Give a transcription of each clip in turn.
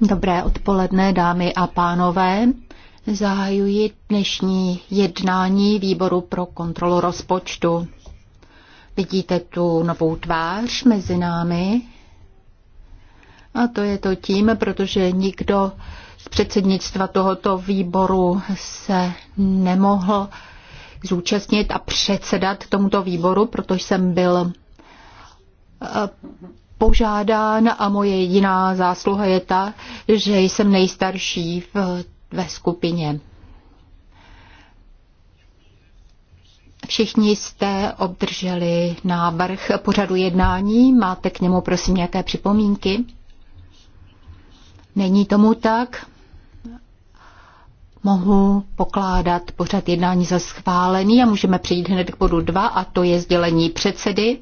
Dobré odpoledne, dámy a pánové. Zahajuji dnešní jednání výboru pro kontrolu rozpočtu. Vidíte tu novou tvář mezi námi, a to je to tím, protože nikdo z předsednictva tohoto výboru se nemohl zúčastnit a předsedat tomuto výboru, protože jsem byl eh, požádán a moje jediná zásluha je ta, že jsem nejstarší v, ve skupině. Všichni jste obdrželi návrh pořadu jednání. Máte k němu, prosím, nějaké připomínky? Není tomu tak? Mohu pokládat pořad jednání za schválený a můžeme přejít hned k bodu 2 a to je sdělení předsedy.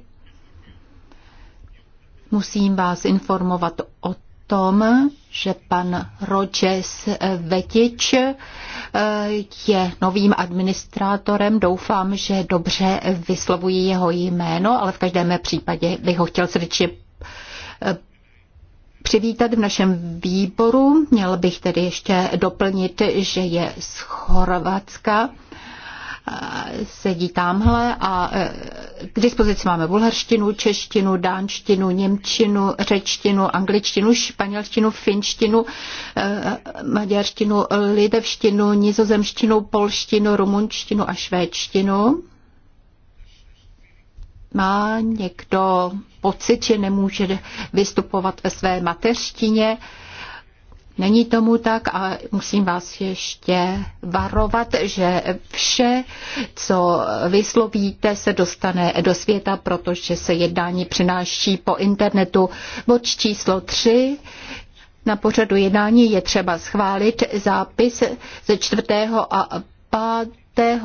Musím vás informovat o tom, že pan Rodžes Vetič eh, je novým administrátorem. Doufám, že dobře vyslovuji jeho jméno, ale v každém případě bych ho chtěl srdečně eh, přivítat v našem výboru. Měl bych tedy ještě doplnit, že je z Chorvatska sedí tamhle a e, k dispozici máme bulharštinu, češtinu, dánštinu, němčinu, řečtinu, angličtinu, španělštinu, finštinu, e, maďarštinu, lidevštinu, nizozemštinu, polštinu, rumunštinu a švédštinu. Má někdo pocit, že nemůže vystupovat ve své mateřštině? Není tomu tak a musím vás ještě varovat, že vše, co vyslovíte, se dostane do světa, protože se jednání přináší po internetu. Bod číslo 3. Na pořadu jednání je třeba schválit zápis ze 4. a 5.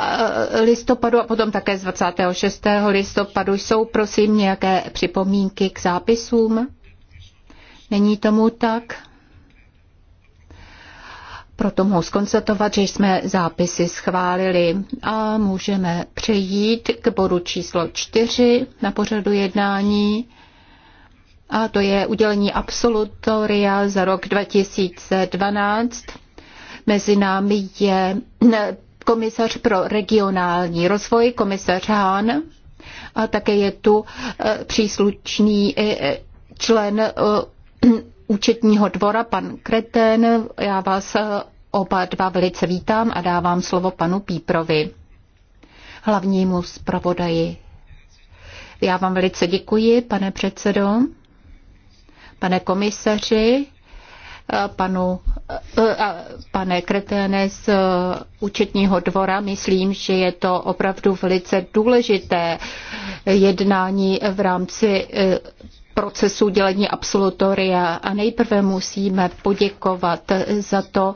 Eh, listopadu a potom také z 26. listopadu. Jsou prosím nějaké připomínky k zápisům? Není tomu tak? Proto mohu skonstatovat, že jsme zápisy schválili a můžeme přejít k bodu číslo 4 na pořadu jednání. A to je udělení absolutoria za rok 2012. Mezi námi je komisař pro regionální rozvoj, komisař Hahn, a také je tu eh, příslušný eh, eh, člen účetního dvora, pan Kreten. Já vás oba dva velice vítám a dávám slovo panu Píprovi, hlavnímu zpravodaji. Já vám velice děkuji, pane předsedo, pane komisaři, panu, eh, eh, pane Kreténe z eh, účetního dvora. Myslím, že je to opravdu velice důležité jednání v rámci procesu dělení absolutoria a nejprve musíme poděkovat za to,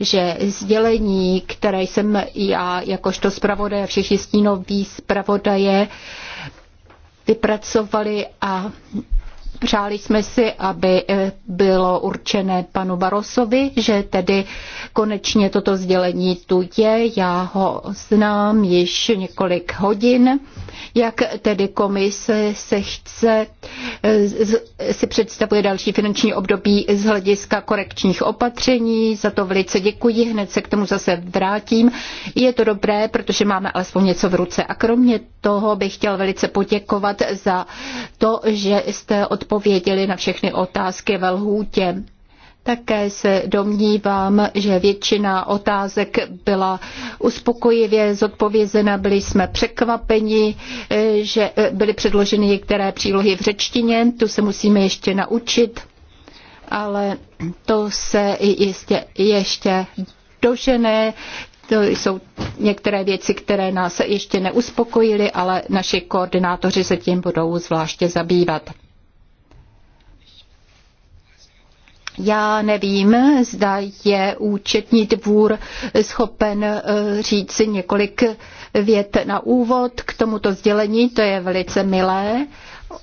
že sdělení, které jsem já jakožto zpravodaj a všichni stínoví zpravodaje vypracovali a Přáli jsme si, aby eh, bylo určené panu Barosovi, že tedy konečně toto sdělení tu je. Já ho znám již několik hodin. Jak tedy komise se chce, eh, si představuje další finanční období z hlediska korekčních opatření. Za to velice děkuji, hned se k tomu zase vrátím. Je to dobré, protože máme alespoň něco v ruce. A kromě toho bych chtěl velice poděkovat za to, že jste odpověděli odpověděli na všechny otázky ve lhůtě. Také se domnívám, že většina otázek byla uspokojivě zodpovězena. Byli jsme překvapeni, že byly předloženy některé přílohy v řečtině. Tu se musíme ještě naučit, ale to se jistě ještě dožené. To jsou některé věci, které nás ještě neuspokojily, ale naši koordinátoři se tím budou zvláště zabývat. Já nevím, zda je účetní dvůr schopen eh, říct si několik vět na úvod k tomuto sdělení, to je velice milé,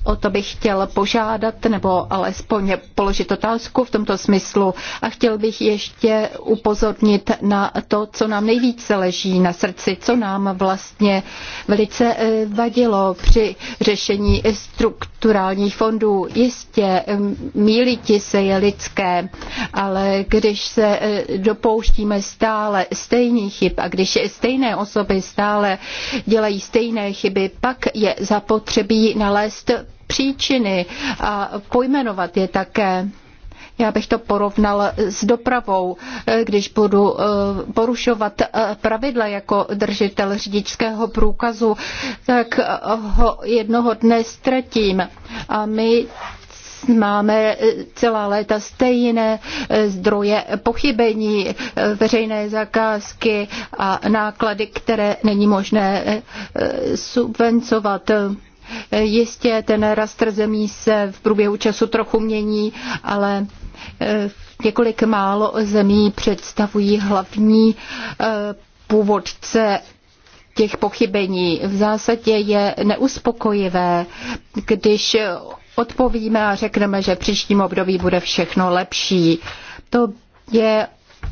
o to bych chtěl požádat, nebo alespoň položit otázku v tomto smyslu. A chtěl bych ještě upozornit na to, co nám nejvíce leží na srdci, co nám vlastně velice eh, vadilo při řešení strukturálních fondů. Jistě míliti se je lidské, ale když se eh, dopouštíme stále stejných chyb a když stejné osoby stále dělají stejné chyby, pak je zapotřebí nalézt příčiny a pojmenovat je také. Já bych to porovnal s dopravou, když budu eh, porušovat eh, pravidla jako držitel řidičského průkazu, tak eh, ho jednoho dne ztratím. A my máme celá léta stejné zdroje pochybení, veřejné zakázky a náklady, které není možné subvencovat. Jistě ten rastr zemí se v průběhu času trochu mění, ale eh, několik málo zemí představují hlavní eh, původce těch pochybení. V zásadě je neuspokojivé, když odpovíme a řekneme, že v příštím období bude všechno lepší. To je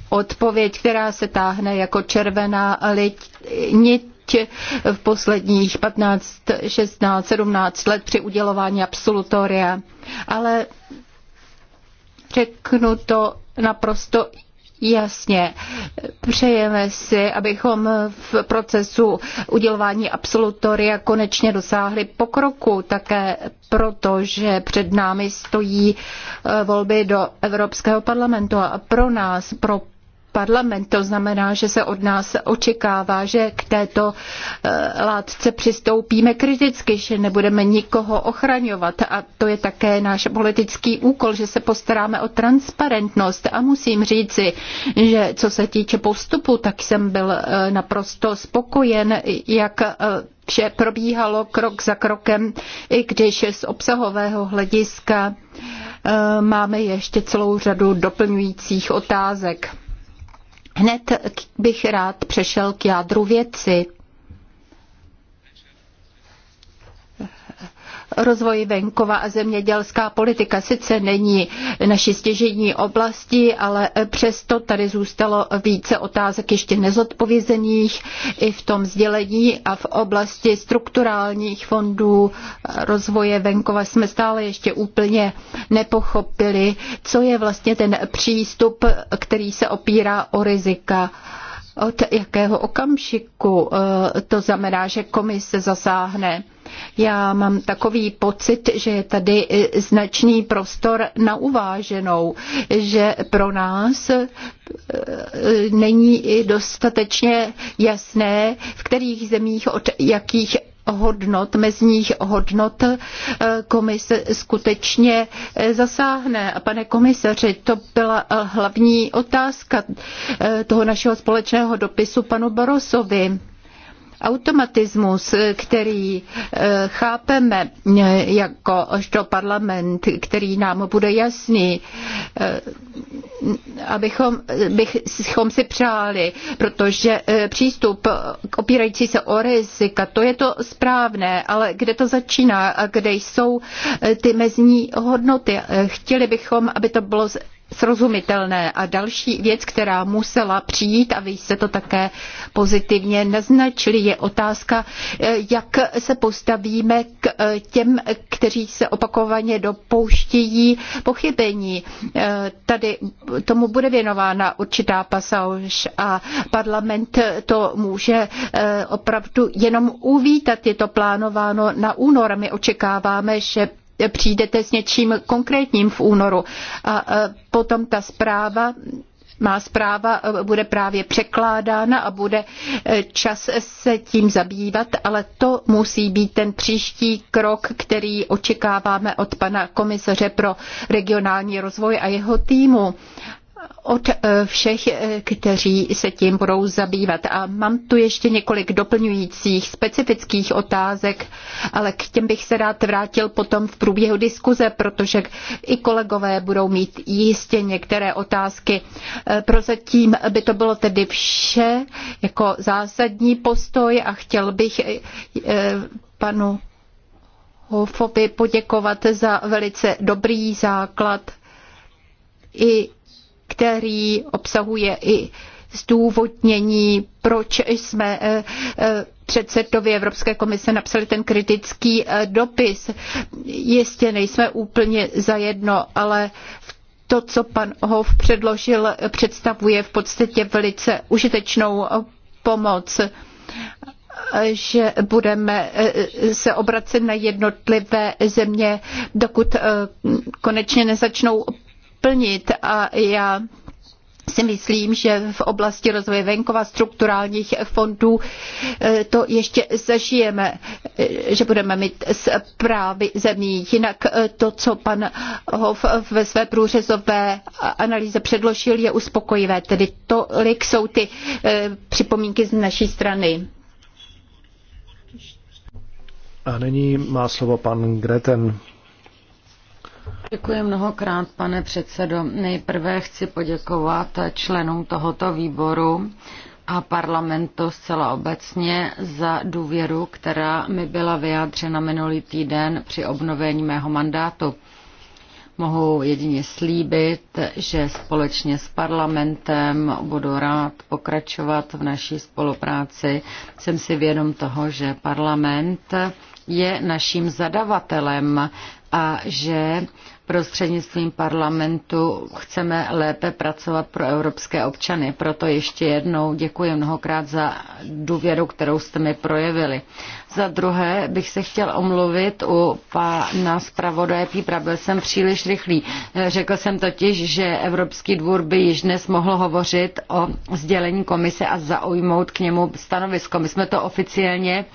odpověď, která se táhne jako červená nit v posledních 15, 16, 17 let při udělování absolutoria. Ale řeknu to naprosto Jasně. Přejeme si, abychom v procesu udělování absolutoria konečně dosáhli pokroku, také proto, že před námi stojí eh, volby do Evropského parlamentu a pro nás, pro parlament. To znamená, že se od nás očekává, že k této eh, látce přistoupíme kriticky, že nebudeme nikoho ochraňovat. A to je také náš politický úkol, že se postaráme o transparentnost. A musím říci, že co se týče postupu, tak jsem byl eh, naprosto spokojen, jak eh, vše probíhalo krok za krokem, i když z obsahového hlediska máme ještě celou řadu doplňujících otázek. Hned bych rád přešel k jádru věci. rozvoji venkova a zemědělská politika sice není naší stěžení oblasti, ale přesto tady zůstalo více otázek ještě nezodpovězených i v tom sdělení a v oblasti strukturálních fondů rozvoje venkova jsme stále ještě úplně nepochopili, co je vlastně ten přístup, který se opírá o rizika od jakého okamžiku eh, to znamená, že komise zasáhne. Já mám takový pocit, že je tady eh, značný prostor na uváženou, že pro nás eh, není dostatečně jasné, v kterých zemích od jakých hodnot, mezních hodnot eh, komise skutečně eh, zasáhne. A pane komisaři, to byla eh, hlavní otázka toho našeho společného dopisu panu Barosovi automatismus, který eh, chápeme eh, jako to parlament, který nám bude jasný, eh, abychom bychom si přáli, protože přístup opírající se o rizika, to je to správné, ale kde to začíná a kde jsou ty mezní hodnoty. Chtěli bychom, aby to bylo srozumitelné. A další věc, která musela přijít, a vy jste to také pozitivně naznačili, je otázka, eh, jak se postavíme k eh, těm, kteří se opakovaně dopouštějí pochybení. Eh, tady tomu bude věnována určitá pasáž a parlament to může opravdu jenom uvítat. Je to plánováno na únor. My očekáváme, že přijdete s něčím konkrétním v únoru. A potom ta zpráva má zpráva eh, bude právě překládána a bude eh, čas se tím zabývat, ale to musí být ten příští krok, který očekáváme od pana komisaře pro regionální rozvoj a jeho týmu od eh, všech, eh, kteří se tím budou zabývat. A mám tu ještě několik doplňujících specifických otázek, ale k těm bych se rád vrátil potom v průběhu diskuze, protože i kolegové budou mít jistě některé otázky. Eh, prozatím by to bylo tedy vše jako zásadní postoj a chtěl bych panu Hofovi poděkovat za velice dobrý základ i který obsahuje i zdůvodnění, proč jsme eh, eh, předsedovi Evropské komise napsali ten kritický eh, dopis. Jistě nejsme úplně zajedno, ale to, co pan Hof předložil, představuje v podstatě velice užitečnou pomoc že budeme se obracet na jednotlivé země, dokud konečně nezačnou plnit a já si myslím, že v oblasti rozvoje venkova strukturálních fondů eh, to ještě zažijeme, eh, že budeme mít zprávy zemí. Jinak eh, to, co pan Hof ve své průřezové analýze předložil, je uspokojivé. Tedy tolik jsou ty připomínky z naší strany. A nyní má slovo pan Greten. Děkuji mnohokrát, pane předsedo. Nejprve chci poděkovat členům tohoto výboru a parlamentu zcela obecně za důvěru, která mi byla vyjádřena minulý týden při obnovení mého mandátu. Mohu jedině slíbit, že společně s parlamentem budu rád pokračovat v naší spolupráci. Jsem si vědom toho, že parlament je naším zadavatelem a že prostřednictvím parlamentu chceme lépe pracovat pro evropské občany. Proto ještě jednou děkuji mnohokrát za důvěru, kterou jste mi projevili. Za druhé bych se chtěl omluvit u pana zpravodaje Pípra. Byl jsem příliš rychlý. Eh, řekl jsem totiž, že Evropský dvůr by již dnes mohl hovořit o sdělení komise a zaujmout k němu stanovisko. My jsme to oficiálně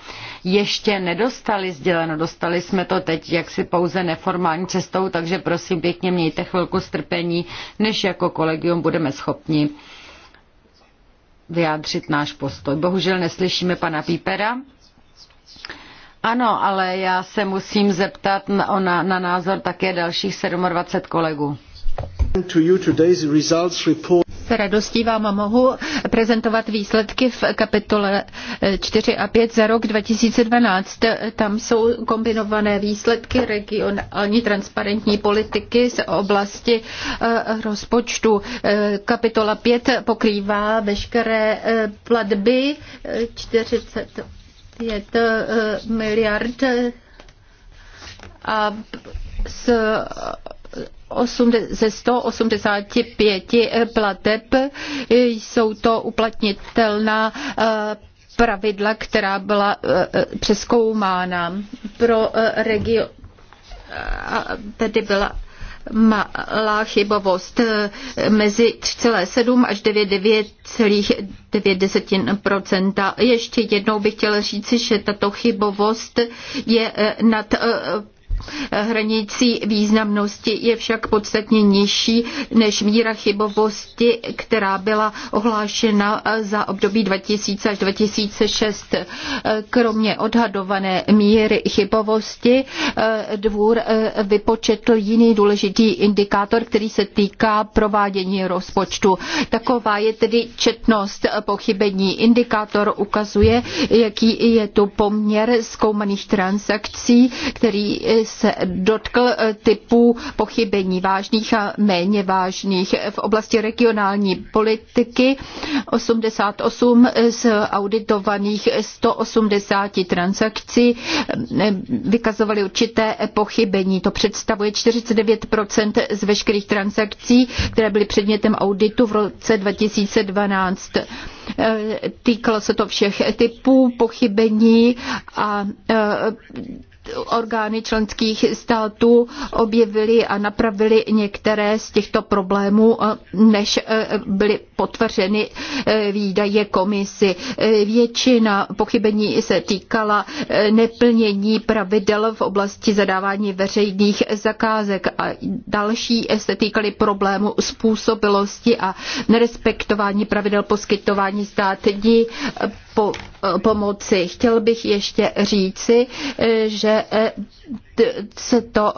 ještě nedostali sděleno. Dostali jsme to teď jaksi pouze neformální cestou, takže prosím pěkně mějte chvilku strpení, než jako kolegium budeme schopni vyjádřit náš postoj. Bohužel neslyšíme pana Pípera. Ano, ale já se musím zeptat na, na, na názor také dalších 27 kolegů. S radostí vám mohu prezentovat výsledky v kapitole 4 a 5 za rok 2012. Tam jsou kombinované výsledky regionální transparentní politiky z oblasti eh, rozpočtu. Eh, kapitola 5 pokrývá veškeré eh, platby 40 je to eh, miliard a z 80, ze 185 eh, plateb jsou to uplatnitelná eh, pravidla, která byla přeskoumána pro region tedy byla malá chybovost mezi 3,7 až 9,9%. Ještě jednou bych chtěla říci, že tato chybovost je nad eh, hranicí významnosti je však podstatně nižší než míra chybovosti, která byla ohlášena za období 2000 až 2006. Kromě odhadované míry chybovosti dvůr vypočetl jiný důležitý indikátor, který se týká provádění rozpočtu. Taková je tedy četnost pochybení. Indikátor ukazuje, jaký je tu poměr zkoumaných transakcí, který se dotkl eh, typů pochybení vážných a méně vážných. V oblasti regionální politiky 88 z auditovaných 180 transakcí eh, vykazovaly určité pochybení. To představuje 49 z veškerých transakcí, které byly předmětem auditu v roce 2012. Eh, týkalo se to všech typů pochybení a orgány členských států objevily a napravily některé z těchto problémů, eh, než eh, byly potvrzeny eh, výdaje komisy. Většina pochybení se týkala neplnění pravidel v oblasti zadávání veřejných zakázek a další se týkaly problému způsobilosti a nerespektování pravidel poskytování státní po, eh, pomoci. Chtěl bych ještě říci, eh, že eh, se to,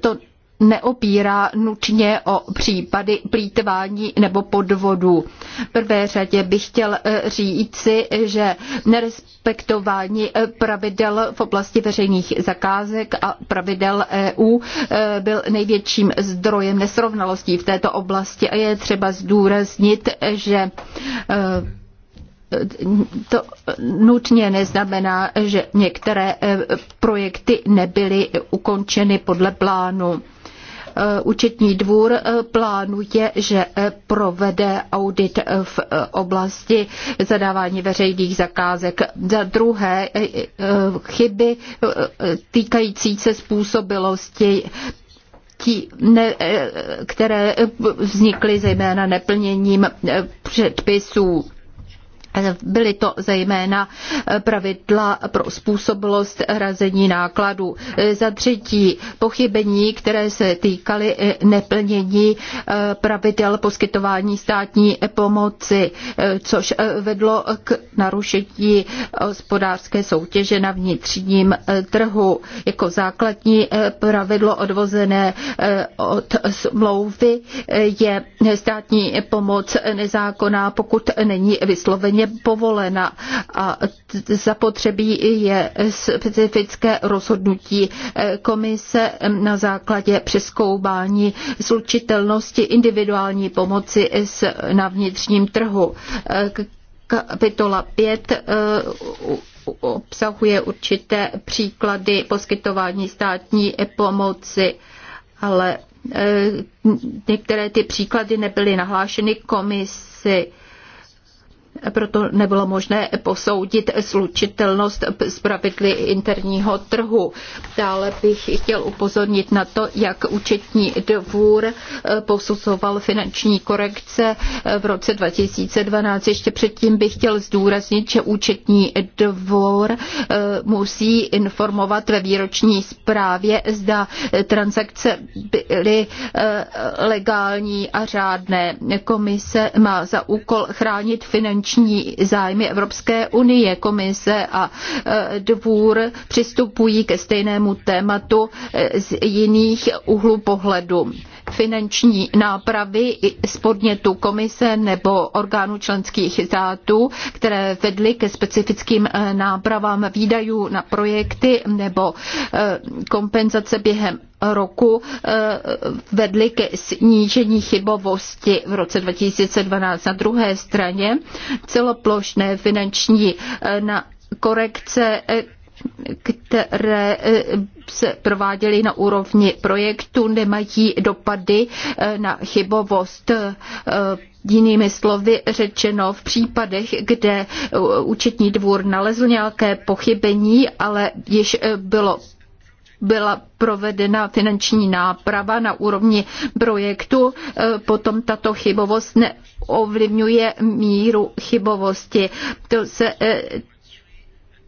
to neopírá nutně o případy plítvání nebo podvodu. V prvé řadě bych chtěl říci, že nerespektování pravidel v oblasti veřejných zakázek a pravidel EU byl největším zdrojem nesrovnalostí v této oblasti a je třeba zdůraznit, že to nutně neznamená, že některé eh, projekty nebyly ukončeny podle plánu. Eh, účetní dvůr eh, plánuje, že provede audit v oblasti zadávání veřejných zakázek. Za druhé, chyby týkající se způsobilosti tí, ne, které vznikly zejména neplněním předpisů. Byly to zejména eh, pravidla pro způsobilost hrazení nákladů. Eh, za třetí pochybení, které se týkaly eh, neplnění pravidel poskytování státní pomoci, což vedlo k narušení hospodářské soutěže na vnitřním trhu. Jako základní pravidlo odvozené od smlouvy je státní pomoc nezákonná, pokud není vysloveně je povolena a zapotřebí je specifické rozhodnutí eh, komise mm, na základě přeskoubání slučitelnosti individuální pomoci na vnitřním trhu. Eh, kapitola 5 eh, obsahuje určité příklady poskytování státní pomoci, ale některé ty příklady nebyly nahlášeny komisi proto nebylo možné posoudit slučitelnost s pravidly interního trhu. Dále bych chtěl upozornit na to, jak účetní dvůr eh, posuzoval finanční korekce eh, v roce 2012. Ještě předtím bych chtěl zdůraznit, že účetní dvůr eh, musí informovat ve výroční zprávě, zda transakce byly legální a řádné. Komise má za úkol chránit finanční vnitřní zájmy Evropské unie. Komise a e, dvůr přistupují ke stejnému tématu e, z jiných úhlů pohledu finanční nápravy z podnětu komise nebo orgánů členských států, které vedly ke specifickým eh, nápravám výdajů na projekty nebo eh, kompenzace během roku eh, vedly ke snížení chybovosti v roce 2012. Na druhé straně celoplošné finanční na korekce které eh, se prováděly na úrovni projektu, nemají dopady eh, na chybovost eh, Jinými slovy řečeno, v případech, kde účetní dvůr nalezl nějaké pochybení, ale již bylo byla provedena finanční náprava na úrovni projektu, potom tato chybovost neovlivňuje míru chybovosti. To se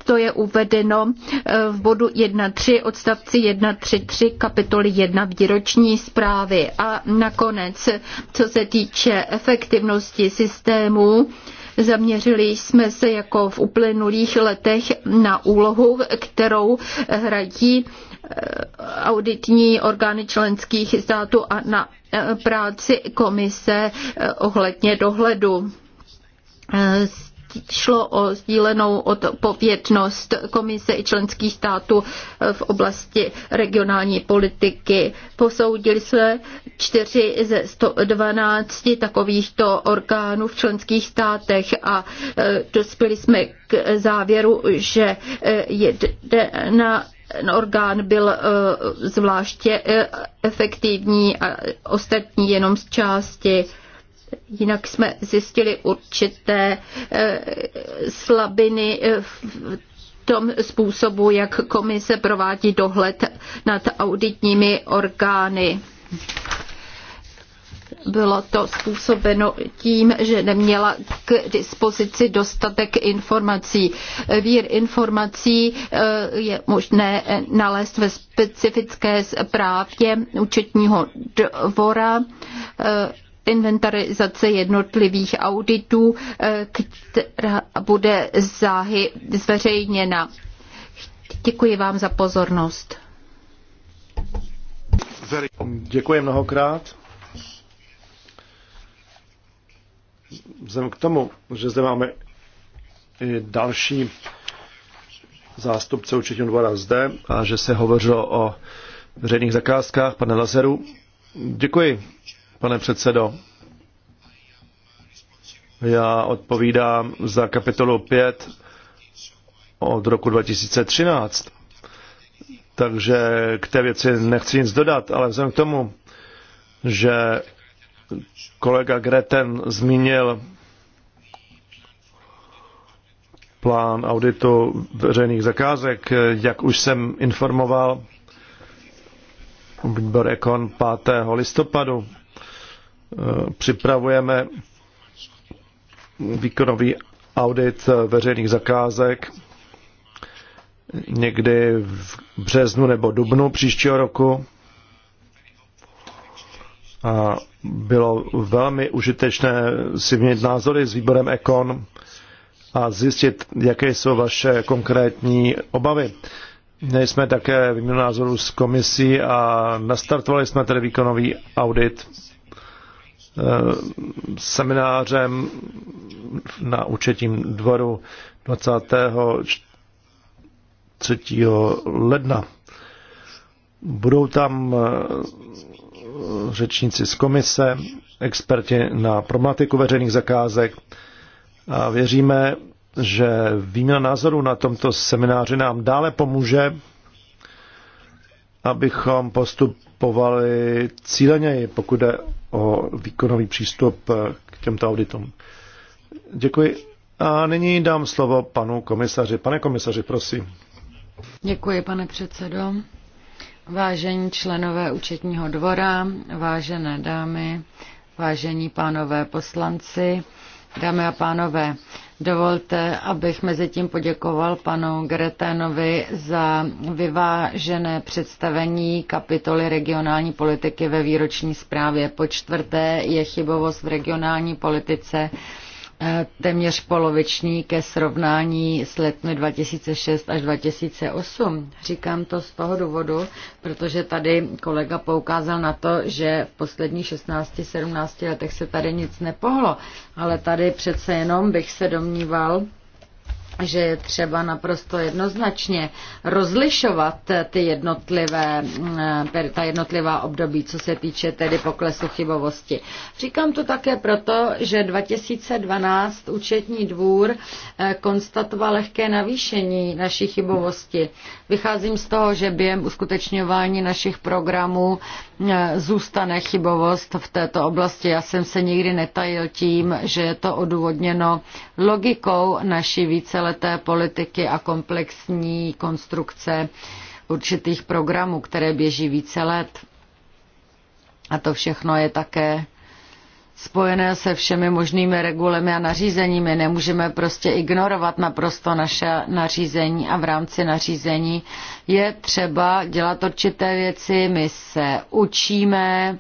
to je uvedeno eh, v bodu 1.3 odstavci 1.3.3 kapitoly 1 výroční zprávy. A nakonec, co se týče efektivnosti systému, Zaměřili jsme se jako v uplynulých letech na úlohu, kterou hrají eh, auditní orgány členských států a na eh, práci komise ohledně dohledu šlo o sdílenou odpovědnost komise i členských států v oblasti regionální politiky. Posoudili jsme čtyři ze 112 takovýchto orgánů v členských státech a e, dospěli jsme k závěru, že e, jeden orgán byl e, zvláště efektivní a ostatní jenom z části. Jinak jsme zjistili určité eh, slabiny eh, v tom způsobu, jak komise provádí dohled nad auditními orgány. Bylo to způsobeno tím, že neměla k dispozici dostatek informací. Vír informací eh, je možné nalézt ve specifické zprávě účetního dvora inventarizace jednotlivých auditů, eh, která bude záhy zveřejněna. Děkuji vám za pozornost. Děkuji mnohokrát. Vzhledem k tomu, že zde máme i další zástupce určitě dvora zde a že se hovořilo o veřejných zakázkách pana Lazeru. Děkuji pane předsedo. Já odpovídám za kapitolu 5 od roku 2013. Takže k té věci nechci nic dodat, ale vzhledem k tomu, že kolega Greten zmínil plán auditu veřejných zakázek, jak už jsem informoval, výbor Ekon 5. listopadu připravujeme výkonový audit veřejných zakázek někdy v březnu nebo dubnu příštího roku. A bylo velmi užitečné si mít názory s výborem Ekon a zjistit, jaké jsou vaše konkrétní obavy. Měli jsme také výměnu názoru s komisí a nastartovali jsme tedy výkonový audit Eh, seminářem na účetním dvoru 23. ledna. Budou tam eh, řečníci z komise, experti na problematiku veřejných zakázek a věříme, že výměna názorů na tomto semináři nám dále pomůže abychom postupovali cíleněji, pokud jde o výkonový přístup eh, k těmto auditům. Děkuji. A nyní dám slovo panu komisaři. Pane komisaři, prosím. Děkuji, pane předsedo. Vážení členové účetního dvora, vážené dámy, vážení pánové poslanci, dámy a pánové, Dovolte, abych mezi tím poděkoval panu Greténovi za vyvážené představení kapitoly regionální politiky ve výroční zprávě. Po čtvrté je chybovost v regionální politice Eh, téměř poloviční ke srovnání s letmi 2006 až 2008. Říkám to z toho důvodu, protože tady kolega poukázal na to, že v posledních 16-17 letech se tady nic nepohlo, ale tady přece jenom bych se domníval, že je třeba naprosto jednoznačně rozlišovat ty jednotlivé, mm, ta jednotlivá období, co se týče tedy poklesu chybovosti. Říkám to také proto, že 2012 účetní dvůr eh, konstatoval lehké navýšení naší chybovosti. Vycházím z toho, že během uskutečňování našich programů eh, zůstane chybovost v této oblasti. Já jsem se nikdy netajil tím, že je to odůvodněno logikou naší víceleté politiky a komplexní konstrukce určitých programů, které běží více let. A to všechno je také spojené se všemi možnými regulemi a nařízeními. Nemůžeme prostě ignorovat naprosto naše nařízení a v rámci nařízení je třeba dělat určité věci. My se učíme,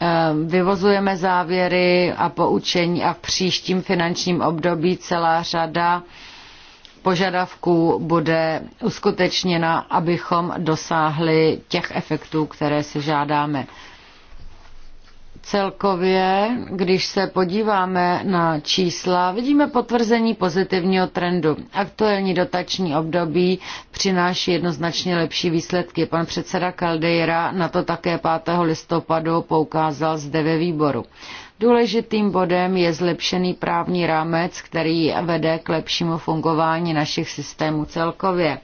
Ehm, vyvozujeme závěry a poučení a v příštím finančním období celá řada požadavků bude uskutečněna, abychom dosáhli těch efektů, které si žádáme. Celkově, když se podíváme na čísla, vidíme potvrzení pozitivního trendu. Aktuální dotační období přináší jednoznačně lepší výsledky. Pan předseda Caldeira na to také 5. listopadu poukázal zde ve výboru. Důležitým bodem je zlepšený právní rámec, který vede k lepšímu fungování našich systémů celkově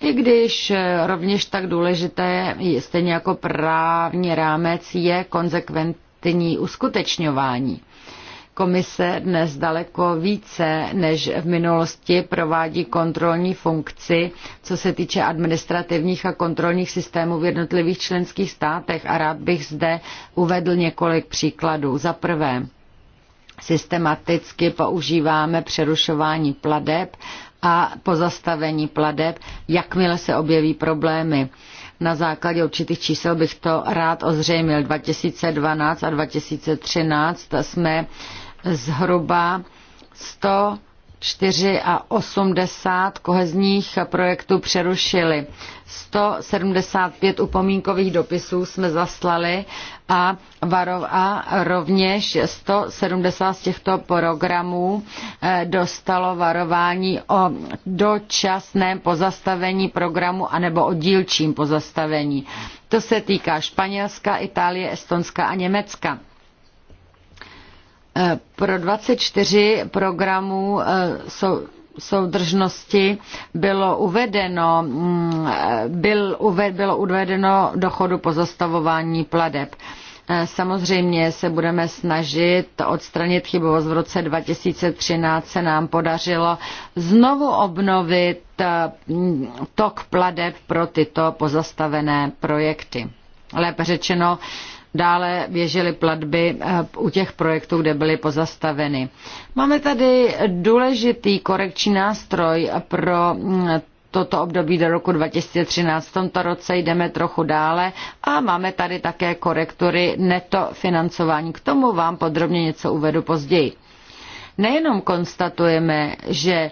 i když eh, rovněž tak důležité, stejně jako právní rámec, je konzekventní uskutečňování. Komise dnes daleko více než v minulosti provádí kontrolní funkci, co se týče administrativních a kontrolních systémů v jednotlivých členských státech a rád bych zde uvedl několik příkladů. Za prvé, systematicky používáme přerušování pladeb a pozastavení pladeb, jakmile se objeví problémy. Na základě určitých čísel bych to rád ozřejmil. 2012 a 2013 jsme zhruba 100 4 a 80 kohezních projektů přerušili. 175 upomínkových dopisů jsme zaslali a, varov, rovněž 170 z těchto programů eh, dostalo varování o dočasném pozastavení programu anebo o dílčím pozastavení. To se týká Španělska, Itálie, Estonska a Německa. Eh, pro 24 programů eh, soudržnosti bylo uvedeno, mm, eh, byl, bylo uvedeno dochodu pozastavování pladeb. Samozřejmě se budeme snažit odstranit chybovost. V roce 2013 se nám podařilo znovu obnovit tok pladeb pro tyto pozastavené projekty. Lépe řečeno, dále běžely platby eh, u těch projektů, kde byly pozastaveny. Máme tady důležitý korekční nástroj pro mm, toto období do roku 2013. V tomto roce jdeme trochu dále a máme tady také korektory neto financování. K tomu vám podrobně něco uvedu později. Nejenom konstatujeme, že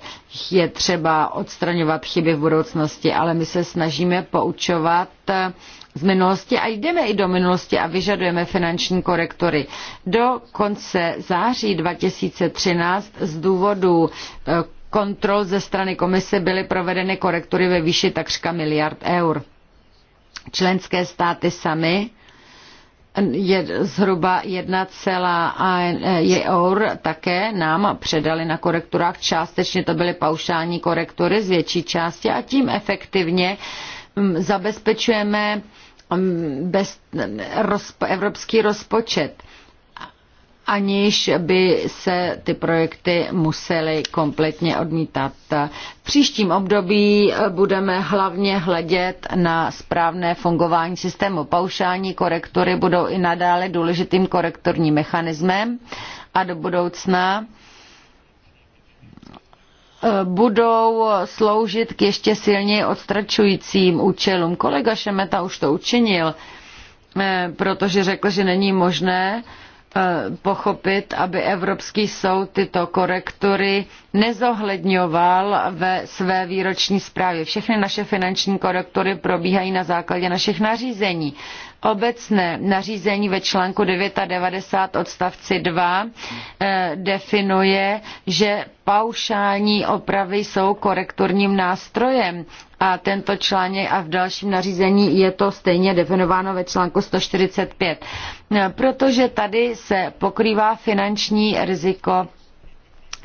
je třeba odstraňovat chyby v budoucnosti, ale my se snažíme poučovat z minulosti a jdeme i do minulosti a vyžadujeme finanční korektory. Do konce září 2013 z důvodu eh, kontrol ze strany komise byly provedeny korektury ve výši takřka miliard eur. Členské státy samy je zhruba 1,1 e, eur také nám předali na korekturách. Částečně to byly paušální korektury z větší části a tím efektivně mm, zabezpečujeme mm, bez, mm, roz, evropský rozpočet aniž by se ty projekty musely kompletně odmítat. V příštím období budeme hlavně hledět na správné fungování systému. Paušální korektory budou i nadále důležitým korektorním mechanismem a do budoucna eh, budou sloužit k ještě silněji odstračujícím účelům. Kolega Šemeta už to učinil, eh, protože řekl, že není možné, Eh, pochopit, aby Evropský soud tyto korektury nezohledňoval ve své výroční zprávě. Všechny naše finanční korektury probíhají na základě našich nařízení. Obecné nařízení ve článku 99 odstavci 2 eh, definuje, že paušální opravy jsou korekturním nástrojem a tento článek a v dalším nařízení je to stejně definováno ve článku 145, protože tady se pokrývá finanční riziko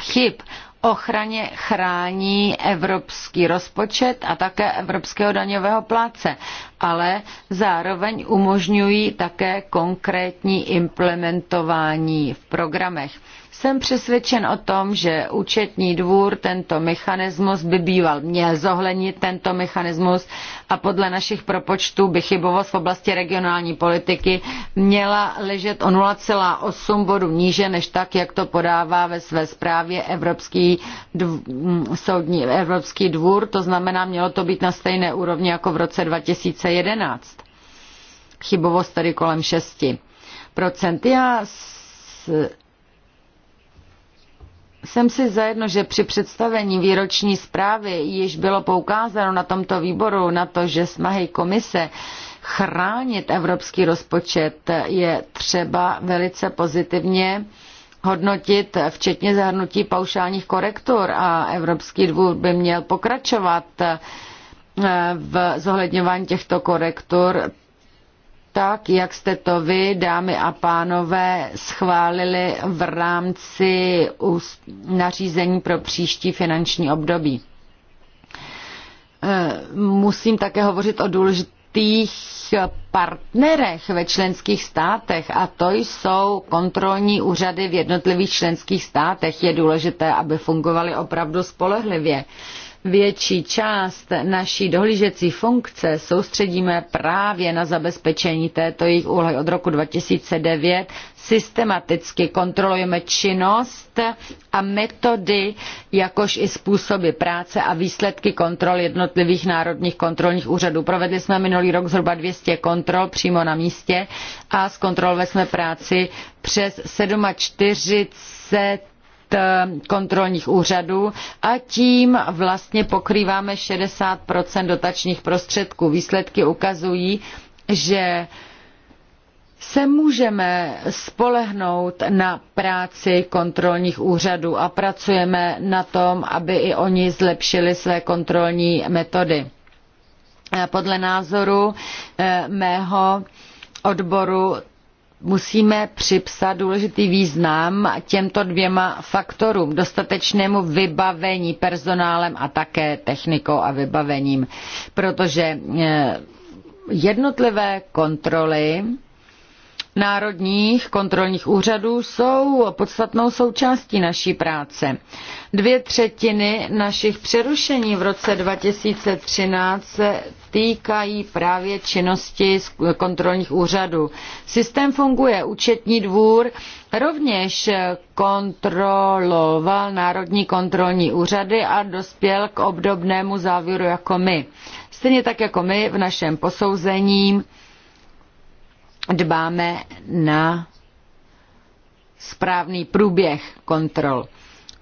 chyb ochraně chrání evropský rozpočet a také evropského daňového pláce, ale zároveň umožňují také konkrétní implementování v programech. Jsem přesvědčen o tom, že účetní dvůr tento mechanismus by býval měl zohlednit tento mechanismus a podle našich propočtů by chybovost v oblasti regionální politiky měla ležet o 0,8 bodu níže než tak, jak to podává ve své zprávě Evropský, dv... soudní, Evropský dvůr, to znamená, mělo to být na stejné úrovni jako v roce 2011. Chybovost tady kolem 6%. Já s jsem si zajedno, že při představení výroční zprávy již bylo poukázáno na tomto výboru na to, že snahy komise chránit evropský rozpočet je třeba velice pozitivně hodnotit, včetně zahrnutí paušálních korektur a Evropský dvůr by měl pokračovat v zohledňování těchto korektur tak, jak jste to vy, dámy a pánové, schválili v rámci nařízení pro příští finanční období. Eh, musím také hovořit o důležitých partnerech ve členských státech a to jsou kontrolní úřady v jednotlivých členských státech. Je důležité, aby fungovaly opravdu spolehlivě větší část naší dohlížecí funkce soustředíme právě na zabezpečení této jejich úlohy. Od roku 2009 systematicky kontrolujeme činnost a metody, jakož i způsoby práce a výsledky kontrol jednotlivých národních kontrolních úřadů. Provedli jsme minulý rok zhruba 200 kontrol přímo na místě a zkontrolovali jsme práci přes 47 Eh, kontrolních úřadů a tím vlastně pokrýváme 60 dotačních prostředků. Výsledky ukazují, že se můžeme spolehnout na práci kontrolních úřadů a pracujeme na tom, aby i oni zlepšili své kontrolní metody. Eh, podle názoru eh, mého odboru musíme připsat důležitý význam těmto dvěma faktorům, dostatečnému vybavení personálem a také technikou a vybavením, protože eh, jednotlivé kontroly národních kontrolních úřadů jsou podstatnou součástí naší práce. Dvě třetiny našich přerušení v roce 2013 se týkají právě činnosti kontrolních úřadů. Systém funguje. Účetní dvůr rovněž kontroloval národní kontrolní úřady a dospěl k obdobnému závěru jako my. Stejně tak jako my v našem posouzení dbáme na správný průběh kontrol.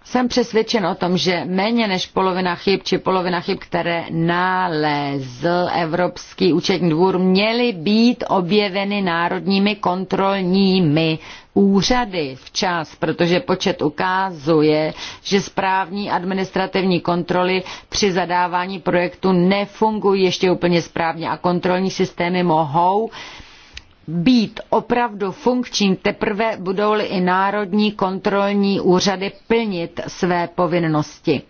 Jsem přesvědčen o tom, že méně než polovina chyb či polovina chyb, které nalezl Evropský účetní dvůr, měly být objeveny národními kontrolními úřady včas, protože počet ukazuje, že správní administrativní kontroly při zadávání projektu nefungují ještě úplně správně a kontrolní systémy mohou uh, být opravdu funkční teprve budou-li i národní kontrolní úřady plnit své povinnosti.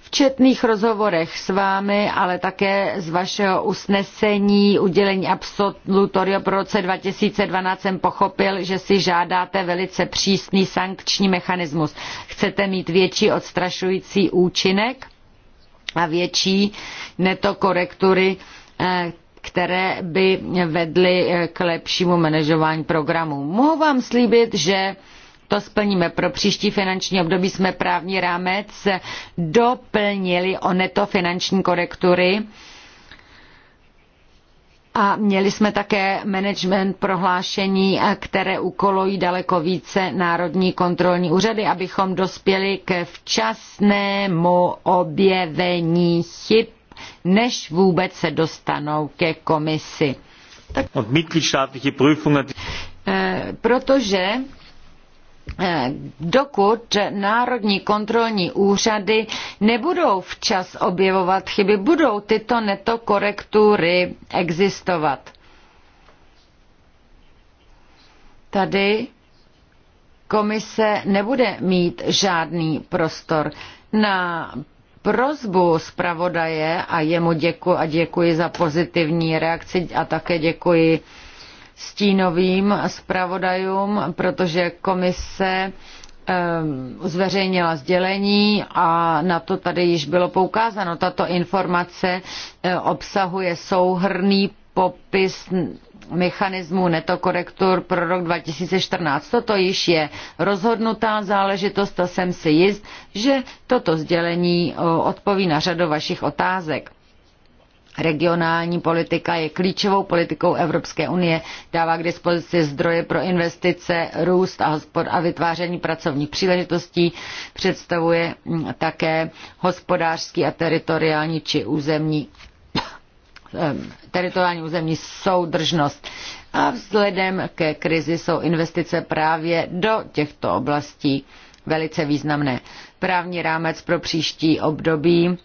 V četných rozhovorech s vámi, ale také z vašeho usnesení udělení absolutoria pro roce 2012 jsem pochopil, že si žádáte velice přísný sankční mechanismus. Chcete mít větší odstrašující účinek a větší netokorektury eh, které by vedly eh, k lepšímu manažování programu. Mohu vám slíbit, že to splníme. Pro příští finanční období jsme právní rámec doplnili o neto finanční korektury a měli jsme také management prohlášení, eh, které ukolují daleko více národní kontrolní úřady, abychom dospěli ke včasnému objevení chyb než vůbec se dostanou ke komisi. Tak... Eh, protože eh, dokud národní kontrolní úřady nebudou včas objevovat chyby, budou tyto netokorektury existovat. Tady komise nebude mít žádný prostor na prozbu zpravodaje a jemu děkuji a děkuji za pozitivní reakci a také děkuji stínovým zpravodajům, protože komise ehm, zveřejnila sdělení a na to tady již bylo poukázáno. Tato informace eh, obsahuje souhrný popis mechanismu netokorektur pro rok 2014. Toto již je rozhodnutá záležitost a jsem si jist, že toto sdělení odpoví na řadu vašich otázek. Regionální politika je klíčovou politikou Evropské unie, dává k dispozici zdroje pro investice, růst a, hospod- a vytváření pracovních příležitostí, představuje také hospodářský a teritoriální či územní Ehm, teritoriální územní soudržnost. A vzhledem ke krizi jsou investice právě do těchto oblastí velice významné. Právní rámec pro příští období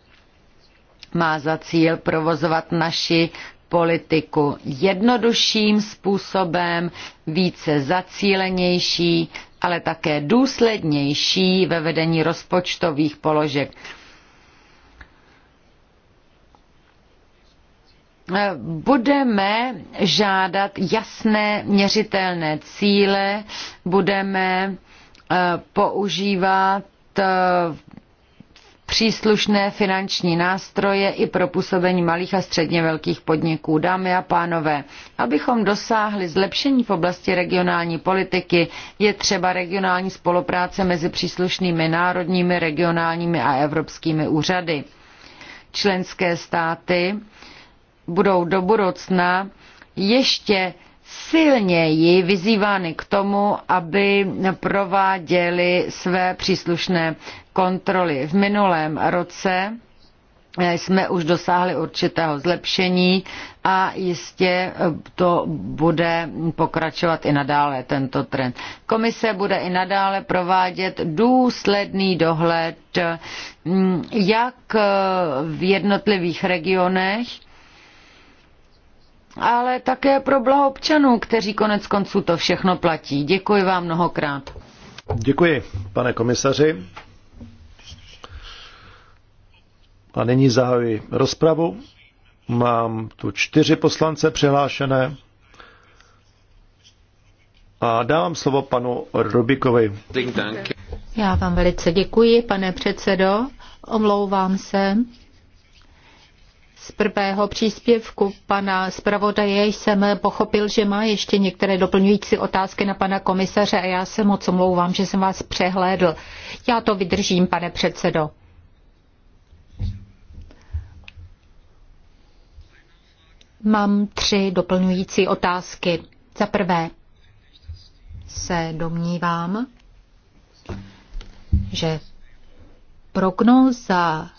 má za cíl provozovat naši politiku jednodušším způsobem, více zacílenější, ale také důslednější ve vedení rozpočtových položek. Eh, budeme žádat jasné měřitelné cíle, budeme eh, používat eh, příslušné finanční nástroje i pro působení malých a středně velkých podniků. Dámy a pánové, abychom dosáhli zlepšení v oblasti regionální politiky, je třeba regionální spolupráce mezi příslušnými národními, regionálními a evropskými úřady. Členské státy budou do budoucna ještě silněji vyzývány k tomu, aby prováděli své příslušné kontroly. V minulém roce eh, jsme už dosáhli určitého zlepšení a jistě eh, to bude pokračovat i nadále, tento trend. Komise bude i nadále provádět důsledný dohled, mm, jak eh, v jednotlivých regionech, ale také pro blaho občanů, kteří konec konců to všechno platí. Děkuji vám mnohokrát. Děkuji, pane komisaři. A nyní zahajuji rozpravu. Mám tu čtyři poslance přihlášené. A dávám slovo panu Rubikovi. Já vám velice děkuji, pane předsedo. Omlouvám se z prvého příspěvku pana zpravodaje jsem pochopil, že má ještě některé doplňující otázky na pana komisaře a já se moc omlouvám, že jsem vás přehlédl. Já to vydržím, pane předsedo. Mám tři doplňující otázky. Za prvé se domnívám, že prognóza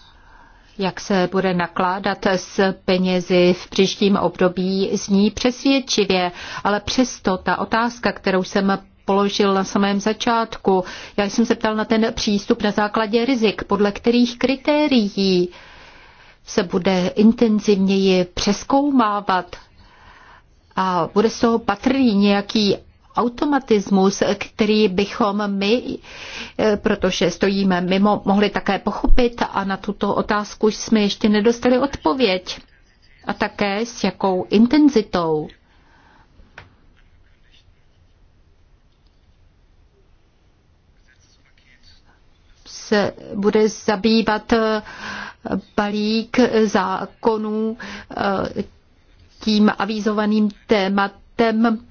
jak se bude nakládat s penězi v příštím období, zní přesvědčivě, ale přesto ta otázka, kterou jsem položil na samém začátku, já jsem se ptal na ten přístup na základě rizik, podle kterých kritérií se bude intenzivněji přeskoumávat a bude z toho patrný nějaký automatismus, který bychom my, eh, protože stojíme mimo, mohli také pochopit a na tuto otázku jsme ještě nedostali odpověď. A také s jakou intenzitou. se bude zabývat eh, balík zákonů eh, tím avizovaným tématem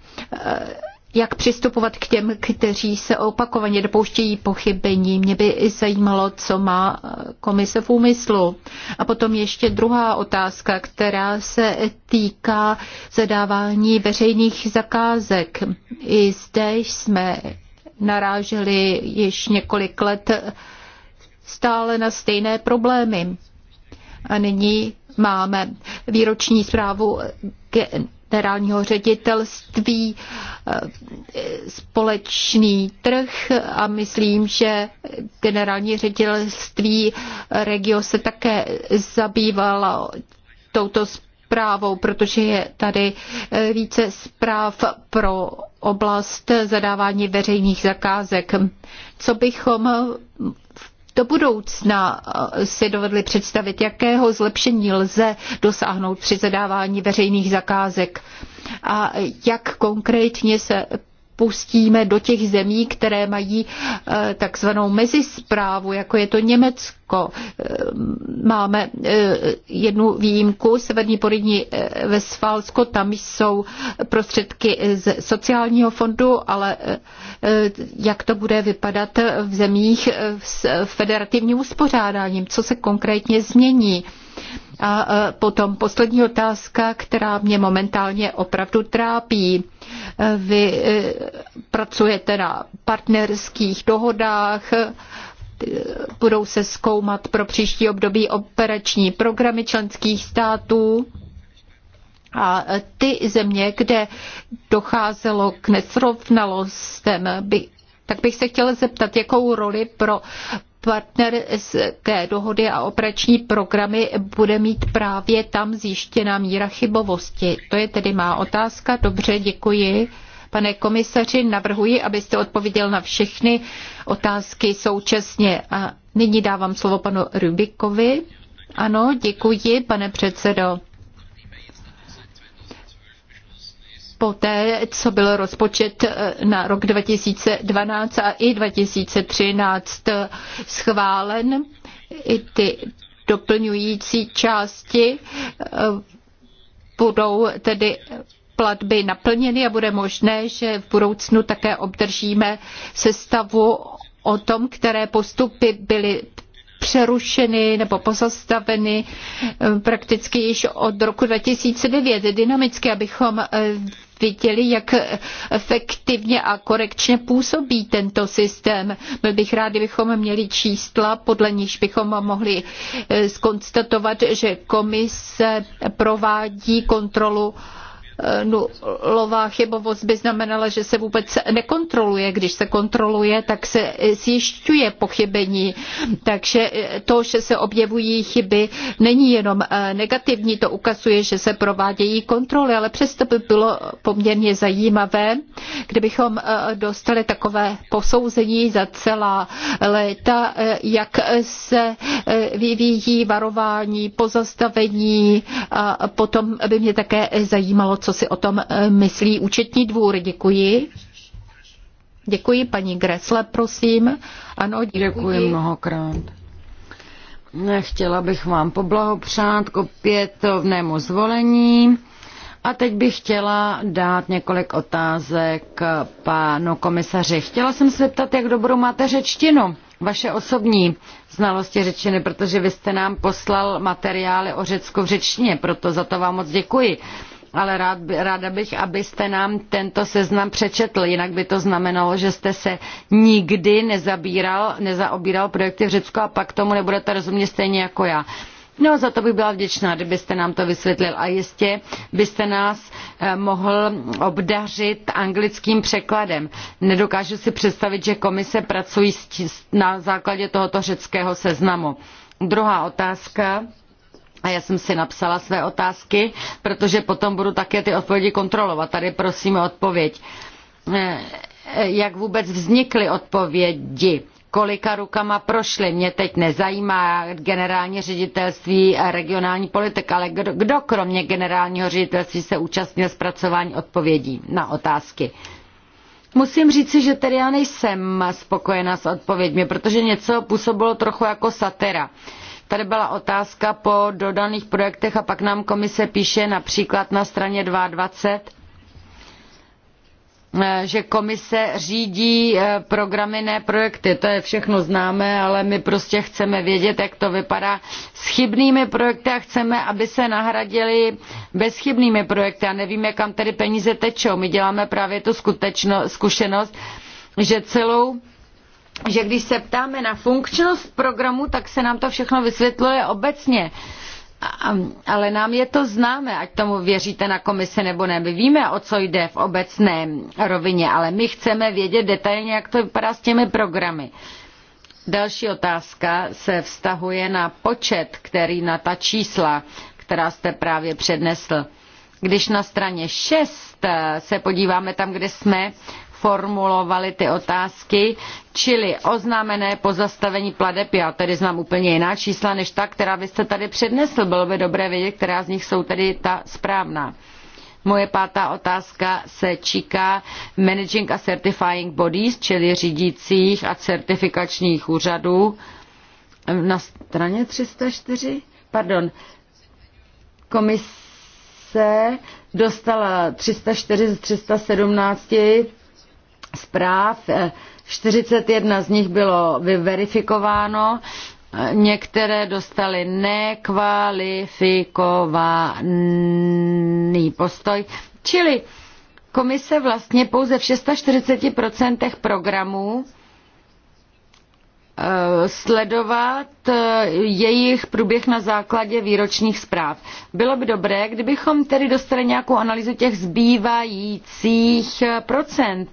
jak přistupovat k těm, kteří se opakovaně dopouštějí pochybení. Mě by i zajímalo, co má komise v úmyslu. A potom ještě druhá otázka, která se týká zadávání veřejných zakázek. I zde jsme naráželi již několik let stále na stejné problémy. A nyní máme výroční zprávu generálního ředitelství eh, společný trh a myslím, že generální ředitelství Regio se také zabývalo touto zprávou, protože je tady eh, více zpráv pro oblast zadávání veřejných zakázek. Co bychom v do budoucna eh, si dovedli představit, jakého zlepšení lze dosáhnout při zadávání veřejných zakázek a jak konkrétně se pustíme do těch zemí, které mají eh, takzvanou mezisprávu, jako je to Německo. Eh, máme eh, jednu výjimku, Severní porodní Vesfálsko, tam jsou prostředky z sociálního fondu, ale jak to bude vypadat v zemích s federativním uspořádáním, co se konkrétně změní. A e, potom poslední otázka, která mě momentálně opravdu trápí. E, vy e, pracujete na partnerských dohodách, budou se zkoumat pro příští období operační programy členských států. A ty země, kde docházelo k nesrovnalostem, by, tak bych se chtěla zeptat, jakou roli pro partnerské dohody a operační programy bude mít právě tam zjištěná míra chybovosti. To je tedy má otázka. Dobře, děkuji. Pane komisaři, navrhuji, abyste odpověděl na všechny otázky současně. A nyní dávám slovo panu Rubikovi. Ano, děkuji, pane předsedo. poté, co byl rozpočet eh, na rok 2012 a i 2013 schválen, i ty doplňující části eh, budou tedy platby naplněny a bude možné, že v budoucnu také obdržíme sestavu o tom, které postupy byly přerušeny nebo pozastaveny eh, prakticky již od roku 2009 dynamicky, abychom viděli, jak efektivně a korektně působí tento systém. Byl bych rád, kdybychom měli čísla, podle nichž bychom mohli eh, skonstatovat, že komise provádí kontrolu Eh, nulová chybovost by znamenala, že se vůbec nekontroluje. Když se kontroluje, tak se zjišťuje pochybení. Takže eh, to, že se objevují chyby, není jenom eh, negativní, to ukazuje, že se provádějí kontroly, ale přesto by bylo poměrně zajímavé, kdybychom dostali takové posouzení za celá léta, jak se vyvíjí varování, pozastavení a potom by mě také zajímalo, co si o tom eh, myslí účetní dvůr. Děkuji. Děkuji paní Gresle, prosím. Ano, děkuji. Děkuji mnohokrát. Chtěla bych vám poblahopřát k opětovnému zvolení. A teď bych chtěla dát několik otázek panu komisaři. Chtěla jsem se zeptat, jak dobrou máte řečtinu, vaše osobní znalosti řečtiny, protože vy jste nám poslal materiály o Řecku v řečtině, proto za to vám moc děkuji ale rád, ráda bych, abyste nám tento seznam přečetl, jinak by to znamenalo, že jste se nikdy nezabíral, nezaobíral projekty v Řecku a pak tomu nebudete rozumět stejně jako já. No, za to bych byla vděčná, kdybyste nám to vysvětlil a jistě byste nás eh, mohl obdařit anglickým překladem. Nedokážu si představit, že komise pracují na základě tohoto řeckého seznamu. Druhá otázka a já jsem si napsala své otázky, protože potom budu také ty odpovědi kontrolovat. Tady prosím o odpověď. Eh, eh, jak vůbec vznikly odpovědi? kolika rukama prošly. Mě teď nezajímá generální ředitelství a regionální politik, ale kdo, kdo kromě generálního ředitelství se účastnil zpracování odpovědí na otázky? Musím říci, že tedy já nejsem spokojena s odpověďmi, protože něco působilo trochu jako satira. Tady byla otázka po dodaných projektech a pak nám komise píše například na straně 22 eh, že komise řídí eh, programy, ne projekty. To je všechno známé, ale my prostě chceme vědět, jak to vypadá s chybnými projekty a chceme, aby se nahradili bezchybnými projekty. A nevíme, kam tedy peníze tečou. My děláme právě tu skutečno, zkušenost, že celou že když se ptáme na funkčnost programu, tak se nám to všechno vysvětluje obecně. Ale nám je to známe, ať tomu věříte na komise nebo ne. My víme, o co jde v obecné rovině, ale my chceme vědět detailně, jak to vypadá s těmi programy. Další otázka se vztahuje na počet, který na ta čísla, která jste právě přednesl. Když na straně 6 se podíváme tam, kde jsme, formulovali ty otázky, čili oznámené pozastavení pladeb, já tedy znám úplně jiná čísla než ta, která byste tady přednesl. Bylo by dobré vědět, která z nich jsou tedy ta správná. Moje pátá otázka se číká Managing a Certifying Bodies, čili řídících a certifikačních úřadů. Na straně 304, pardon, komise dostala 304 z 317 zpráv, 41 eh, z nich bylo vyverifikováno, eh, některé dostali nekvalifikovaný postoj, čili komise vlastně pouze v 640% programů eh, sledovat jejich průběh na základě výročních zpráv. Bylo by dobré, kdybychom tedy dostali nějakou analýzu těch zbývajících procent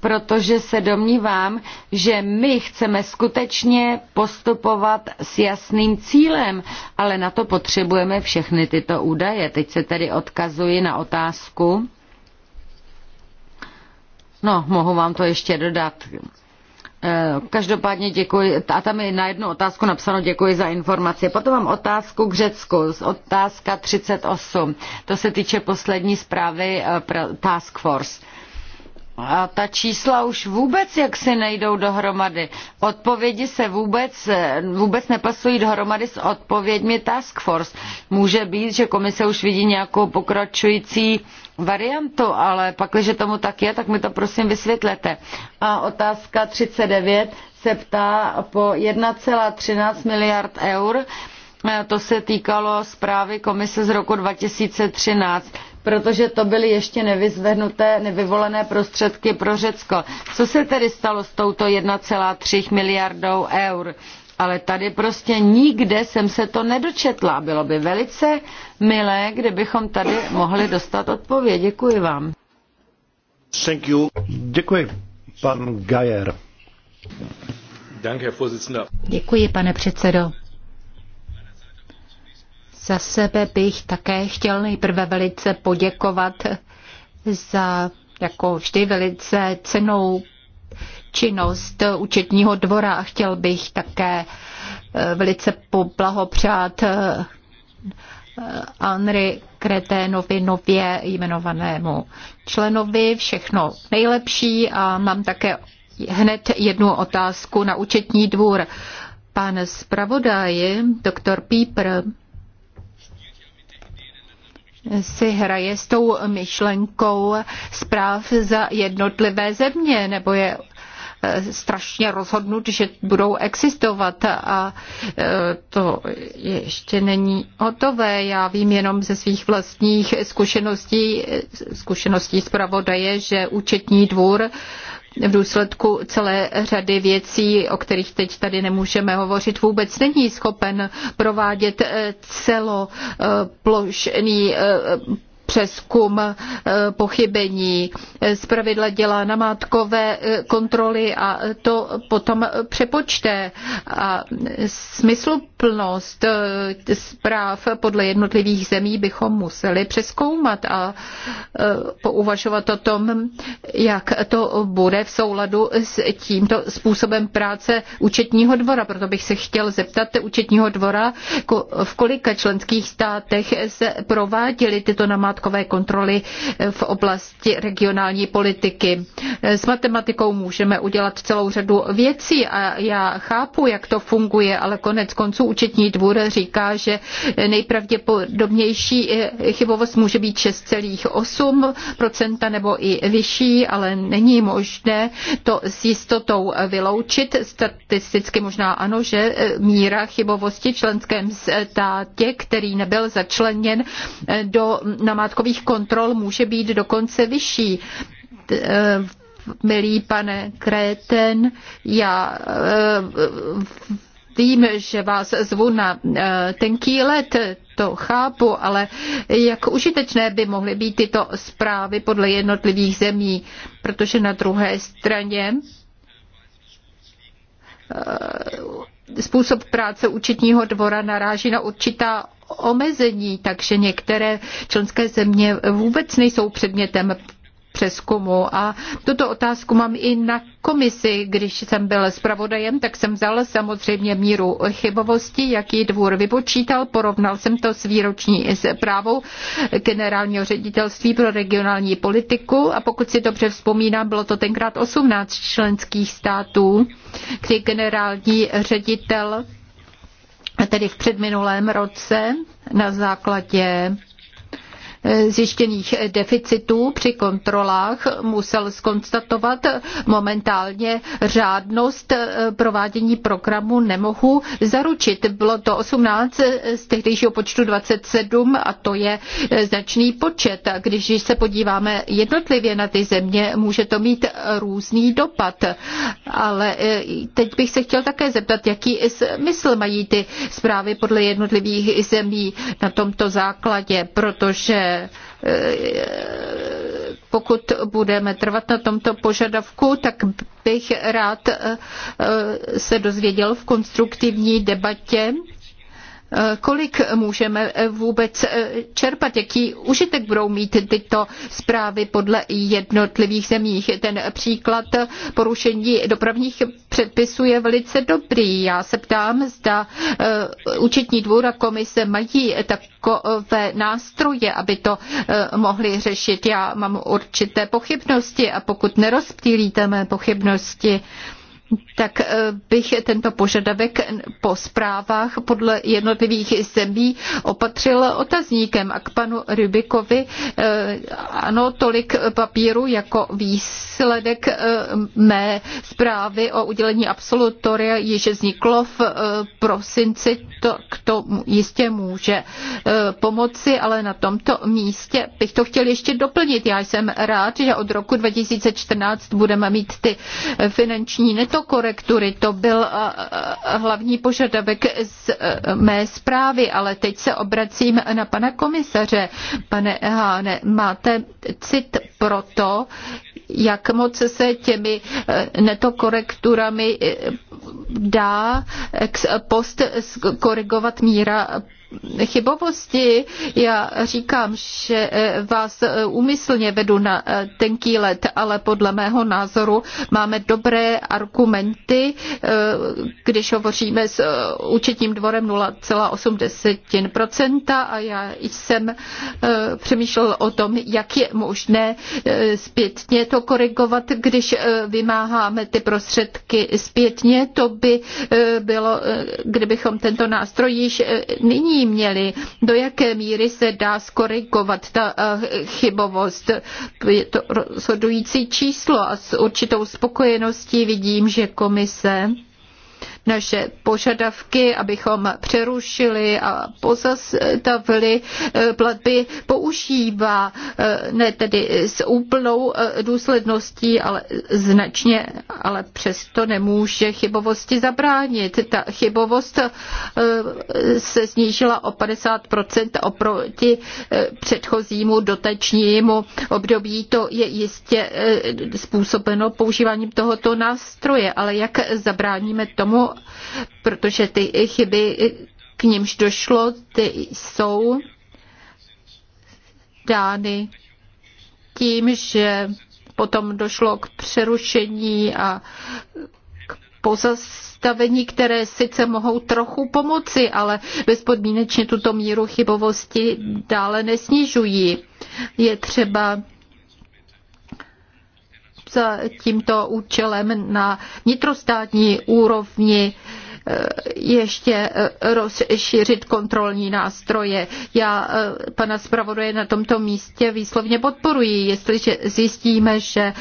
protože se domnívám, že my chceme skutečně postupovat s jasným cílem, ale na to potřebujeme všechny tyto údaje. Teď se tedy odkazuji na otázku. No, mohu vám to ještě dodat. E, každopádně děkuji, a tam je na jednu otázku napsáno děkuji za informaci. Potom mám otázku k Řecku, otázka 38. To se týče poslední zprávy e, Task Force. No a ta čísla už vůbec jak si nejdou dohromady. Odpovědi se vůbec, eh, vůbec nepasují dohromady s odpověďmi Task Force. Může být, že komise už vidí nějakou pokračující variantu, ale pak, když tomu tak je, tak mi to prosím vysvětlete. A otázka 39 se ptá po 1,13 miliard eur. Eh, to se týkalo zprávy komise z roku 2013 protože to byly ještě nevyzvednuté, nevyvolené prostředky pro Řecko. Co se tedy stalo s touto 1,3 miliardou eur? Ale tady prostě nikde jsem se to nedočetla. Bylo by velice milé, kdybychom tady mohli dostat odpověď. Děkuji vám. Thank you. Děkuji, pan Gajer. Děkuji, pane předsedo. Za sebe bych také chtěl nejprve velice poděkovat za jako vždy velice cenou činnost účetního dvora a chtěl bych také eh, velice poblahopřát Anry eh, Kreténovi nově jmenovanému členovi. Všechno nejlepší a mám také hned jednu otázku na účetní dvůr. Pan zpravodaj, doktor Pípr, si hraje s tou myšlenkou zpráv za jednotlivé země, nebo je eh, strašně rozhodnut, že budou existovat a eh, to ještě není hotové. Já vím jenom ze svých vlastních zkušeností, eh, zkušeností zpravodaje, že účetní dvůr v důsledku celé řady věcí, o kterých teď tady nemůžeme hovořit, vůbec není schopen provádět eh, celoplošný eh, eh, přeskum pochybení. Zpravidla dělá namátkové kontroly a to potom přepočte. A smyslu úplnost eh, zpráv podle jednotlivých zemí bychom museli přeskoumat a eh, pouvažovat o tom, jak to bude v souladu s tímto způsobem práce účetního dvora. Proto bych se chtěl zeptat účetního dvora, v kolika členských státech se prováděly tyto namátkové kontroly eh, v oblasti regionální politiky. S matematikou můžeme udělat celou řadu věcí a já chápu, jak to funguje, ale konec konců účetní dvůr říká, že nejpravděpodobnější eh, chybovost může být 6,8% nebo i vyšší, ale není možné to s jistotou vyloučit. Statisticky možná ano, že eh, míra chybovosti v členském státě, který nebyl začleněn eh, do namátkových kontrol, může být dokonce vyšší milý pane Kréten, já Vím, že vás zvu na eh, tenký let, to chápu, ale jak užitečné by mohly být tyto zprávy podle jednotlivých zemí, protože na druhé straně eh, způsob práce účetního dvora naráží na určitá omezení, takže některé členské země vůbec nejsou předmětem přeskumu. A tuto otázku mám i na komisi. Když jsem byl zpravodajem, tak jsem vzal samozřejmě míru chybovosti, jaký dvůr vypočítal. Porovnal jsem to s výroční zprávou generálního ředitelství pro regionální politiku a pokud si dobře vzpomínám, bylo to tenkrát 18 členských států, kdy generální ředitel tedy v předminulém roce na základě zjištěných deficitů při kontrolách musel skonstatovat momentálně řádnost eh, provádění programu nemohu zaručit. Bylo to 18 z tehdejšího počtu 27 a to je eh, značný počet. A když se podíváme jednotlivě na ty země, může to mít různý dopad. Ale eh, teď bych se chtěl také zeptat, jaký smysl mají ty zprávy podle jednotlivých zemí na tomto základě, protože pokud budeme trvat na tomto požadavku, tak bych rád eh, se dozvěděl v konstruktivní debatě, kolik můžeme vůbec čerpat, jaký užitek budou mít tyto zprávy podle jednotlivých zemích. Ten příklad porušení dopravních předpisů je velice dobrý. Já se ptám, zda eh, účetní dvůr a komise mají takové nástroje, aby to eh, mohli řešit. Já mám určité pochybnosti a pokud nerozptýlíte mé pochybnosti, tak eh, bych tento požadavek po zprávách podle jednotlivých zemí opatřil otazníkem. A k panu Rybikovi, eh, ano, tolik papíru jako výsledek eh, mé zprávy o udělení absolutoria již vzniklo v prosinci, to k tomu jistě může pomoci, ale na tomto místě bych to chtěl ještě doplnit. Já jsem rád, že od roku 2014 budeme mít ty finanční neto autokorektury. To byl eh, eh, hlavní požadavek z eh, mé zprávy, ale teď se obracím na pana komisaře. Pane Háne, máte cit pro to, jak moc se těmi netokorekturami dá ex post korigovat míra chybovosti. Já říkám, že eh, vás eh, úmyslně vedu na eh, tenký let, ale podle mého názoru máme dobré argumenty, když hovoříme s účetním dvorem 0,8% a já jsem přemýšlel o tom, jak je možné zpětně to korigovat, když vymáháme ty prostředky zpětně. To by bylo, kdybychom tento nástroj již nyní měli, do jaké míry se dá skorigovat ta eh, chybovost. Je to rozhodující číslo a s určitou spokojeností vidím, že komise naše požadavky, abychom přerušili a pozastavili eh, platby, používá eh, ne tedy s úplnou eh, důsledností, ale značně, ale přesto nemůže chybovosti zabránit. Ta chybovost se snížila o 50% oproti předchozímu dotačnímu období. To je jistě způsobeno používáním tohoto nástroje, ale jak zabráníme tomu, protože ty chyby, k nímž došlo, ty jsou dány tím, že potom došlo k přerušení a k pozastavení, které sice mohou trochu pomoci, ale bezpodmínečně tuto míru chybovosti dále nesnižují. Je třeba za tímto účelem na nitrostátní úrovni eh, ještě eh, rozšířit kontrolní nástroje. Já eh, pana zpravodaje na tomto místě výslovně podporuji, jestliže zjistíme, že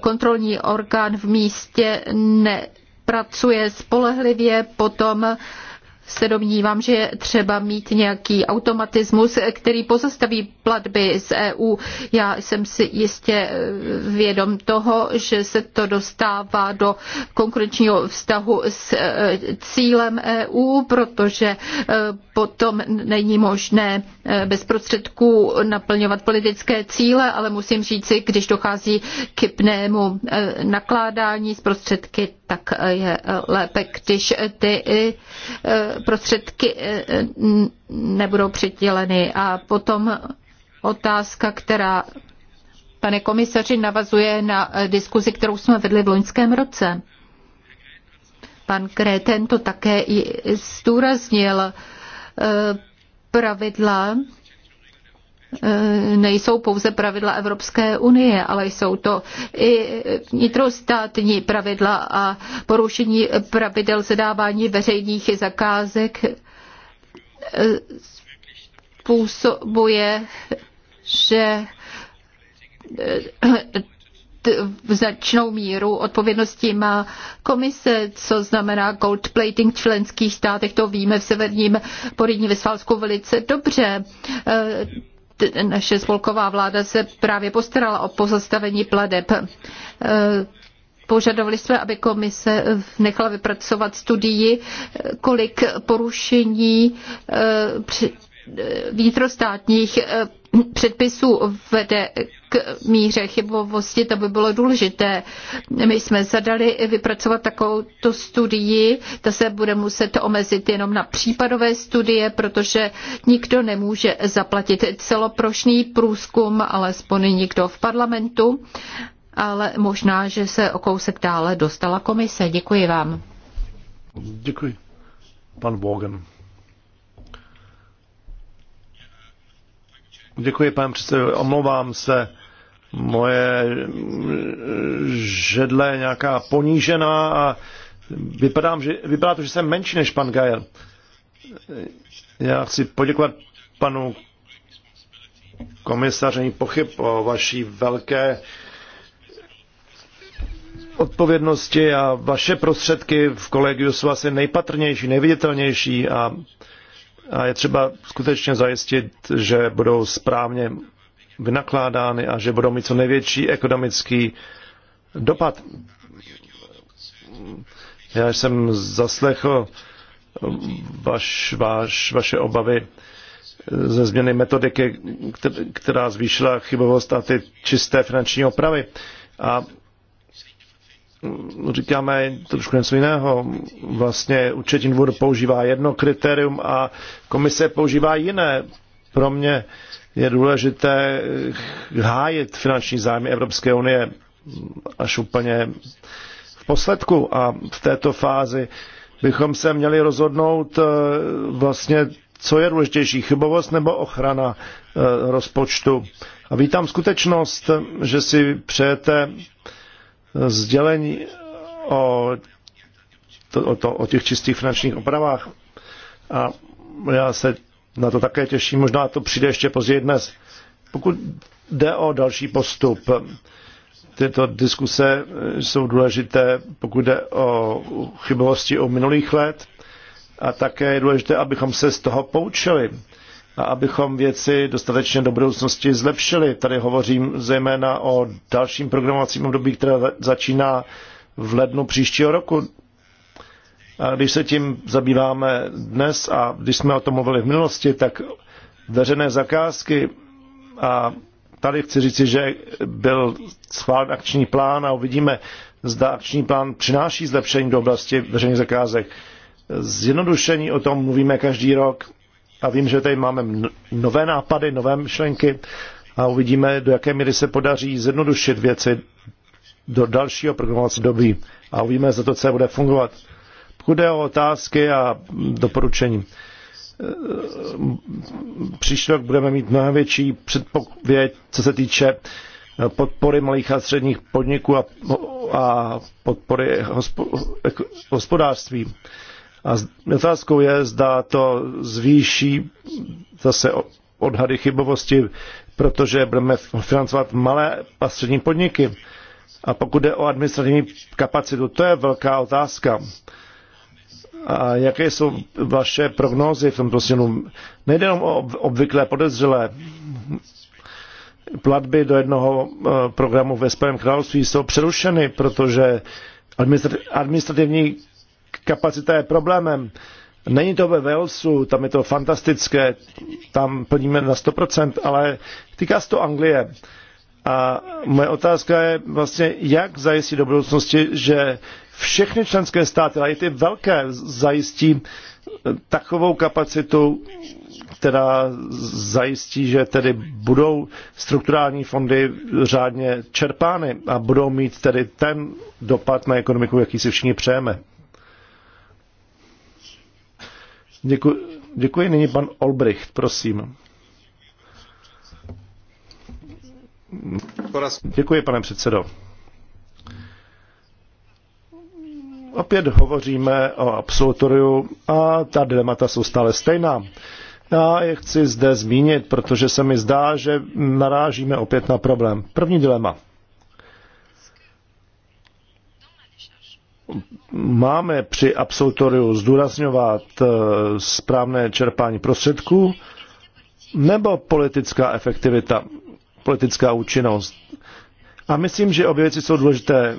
kontrolní orgán v místě nepracuje spolehlivě, potom se domnívám, že je třeba mít nějaký automatismus, který pozastaví platby z EU. Já jsem si jistě vědom toho, že se to dostává do konkurenčního vztahu s e, cílem EU, protože e, potom není možné e, bez prostředků naplňovat politické cíle, ale musím říci, když dochází k nakládání s prostředky, tak je lépe, když ty eh, prostředky eh, nebudou přiděleny. A potom otázka, která, pane komisaři, navazuje na eh, diskuzi, kterou jsme vedli v loňském roce. Pan Kréten to také zdůraznil pravidla E, nejsou pouze pravidla Evropské unie, ale jsou to i vnitrostátní pravidla a porušení pravidel zadávání veřejných zakázek e, způsobuje, že e, v značnou míru odpovědnosti má komise, co znamená gold plating v členských státech, to víme v severním porydní Vesfálsku velice dobře naše spolková vláda se právě postarala o pozastavení pladeb. E, požadovali jsme, aby komise nechala vypracovat studii, kolik porušení e, e, vnitrostátních předpisů vede k míře chybovosti, to by bylo důležité. My jsme zadali vypracovat takovou tu studii, ta se bude muset omezit jenom na případové studie, protože nikdo nemůže zaplatit celoprošný průzkum, alespoň nikdo v parlamentu, ale možná, že se o kousek dále dostala komise. Děkuji vám. Děkuji. Pan Bogen. Děkuji, pane předsedo. Omlouvám se. Moje žedle je nějaká ponížená a vypadám, že, vypadá to, že jsem menší než pan Gajer. Já chci poděkovat panu komisaření pochyb o vaší velké odpovědnosti a vaše prostředky v kolegiu jsou asi nejpatrnější, nejviditelnější a a je třeba skutečně zajistit, že budou správně vynakládány a že budou mít co největší ekonomický dopad. Já jsem zaslechl vaš, vaš, vaše obavy ze změny metodiky, která zvýšila chybovost a ty čisté finanční opravy. A No, říkáme trošku něco jiného. Vlastně účetní dvůr používá jedno kritérium a komise používá jiné. Pro mě je důležité hájit finanční zájmy Evropské unie až úplně v posledku a v této fázi bychom se měli rozhodnout eh, vlastně, co je důležitější, chybovost nebo ochrana eh, rozpočtu. A vítám skutečnost, že si přejete sdělení o, to, o, to, o těch čistých finančních opravách. A já se na to také těším, možná to přijde ještě později dnes. Pokud jde o další postup, tyto diskuse jsou důležité, pokud jde o chybovosti o minulých let, a také je důležité, abychom se z toho poučili a abychom věci dostatečně do budoucnosti zlepšili. Tady hovořím zejména o dalším programovacím období, které začíná v lednu příštího roku. A když se tím zabýváme dnes a když jsme o tom mluvili v minulosti, tak veřejné zakázky a tady chci říci, že byl schválen akční plán a uvidíme, zda akční plán přináší zlepšení do oblasti veřejných zakázek. Zjednodušení o tom mluvíme každý rok a vím, že tady máme nové nápady, nové myšlenky a uvidíme, do jaké míry se podaří zjednodušit věci do dalšího programovacího doby a uvidíme, za to, co bude fungovat. Pokud jde o otázky a doporučení, eh, příští rok budeme mít mnohem větší předpověď, co se týče eh, podpory malých a středních podniků a, a podpory hospo, hospodářství. A otázkou je, zda to zvýší zase odhady chybovosti, protože budeme financovat malé a střední podniky. A pokud jde o administrativní kapacitu, to je velká otázka. A jaké jsou vaše prognózy v tomto směru? Nejde jenom o obvyklé podezřelé. Platby do jednoho eh, programu ve Spojeném království jsou přerušeny, protože administrativní kapacita je problémem. Není to ve Walesu, tam je to fantastické, tam plníme na 100%, ale týká se to Anglie. A moje otázka je vlastně, jak zajistit do budoucnosti, že všechny členské státy, ale i ty velké, zajistí eh, takovou kapacitu, která zajistí, že tedy budou strukturální fondy řádně čerpány a budou mít tedy ten dopad na ekonomiku, jaký si všichni přejeme. Děkuji, děkuji. Nyní pan Olbricht, prosím. Děkuji, pane předsedo. Opět hovoříme o absolutoriu a ta dilemata jsou stále stejná. Já je chci zde zmínit, protože se mi zdá, že narážíme opět na problém. První dilema. máme při absolutoriu zdůrazňovat eh, správné čerpání prostředků nebo politická efektivita, politická účinnost. A myslím, že obě věci jsou důležité.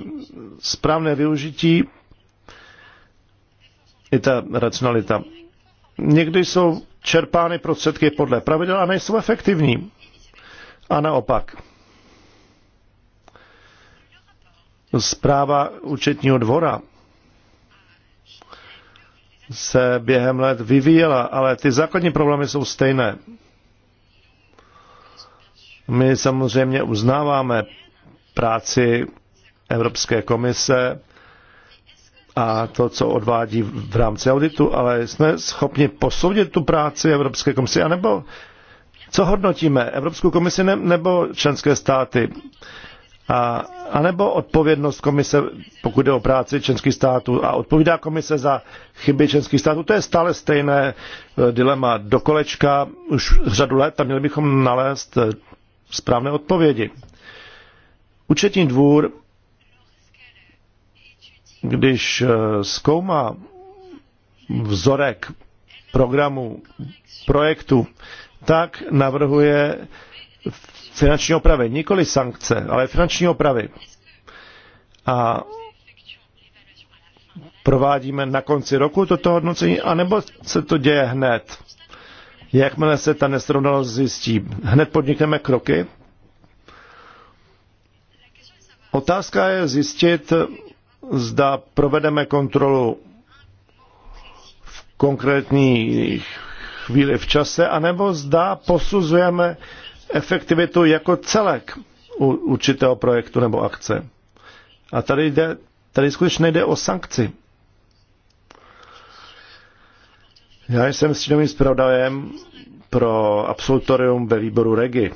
Správné využití i ta racionalita. Někdy jsou čerpány prostředky podle pravidel a nejsou efektivní. A naopak. Zpráva účetního dvora se během let vyvíjela, ale ty základní problémy jsou stejné. My samozřejmě uznáváme práci Evropské komise a to, co odvádí v rámci auditu, ale jsme schopni posoudit tu práci Evropské komise, anebo co hodnotíme, Evropskou komisi ne, nebo členské státy. A, anebo odpovědnost komise, pokud jde o práci členských států a odpovídá komise za chyby členských států, to je stále stejné eh, dilema do kolečka už řadu let a měli bychom nalézt eh, správné odpovědi. Účetní dvůr, když eh, zkoumá vzorek programu projektu, tak navrhuje finanční opravy, nikoli sankce, ale finanční opravy. A provádíme na konci roku toto hodnocení, anebo se to děje hned? Jakmile se ta nesrovnalost zjistí, hned podnikneme kroky? Otázka je zjistit, zda provedeme kontrolu v konkrétní chvíli v čase, anebo zda posuzujeme efektivitu jako celek u určitého projektu nebo akce. A tady, jde, tady skutečně nejde o sankci. Já jsem střídavým zpravodajem pro absolutorium ve výboru Regi.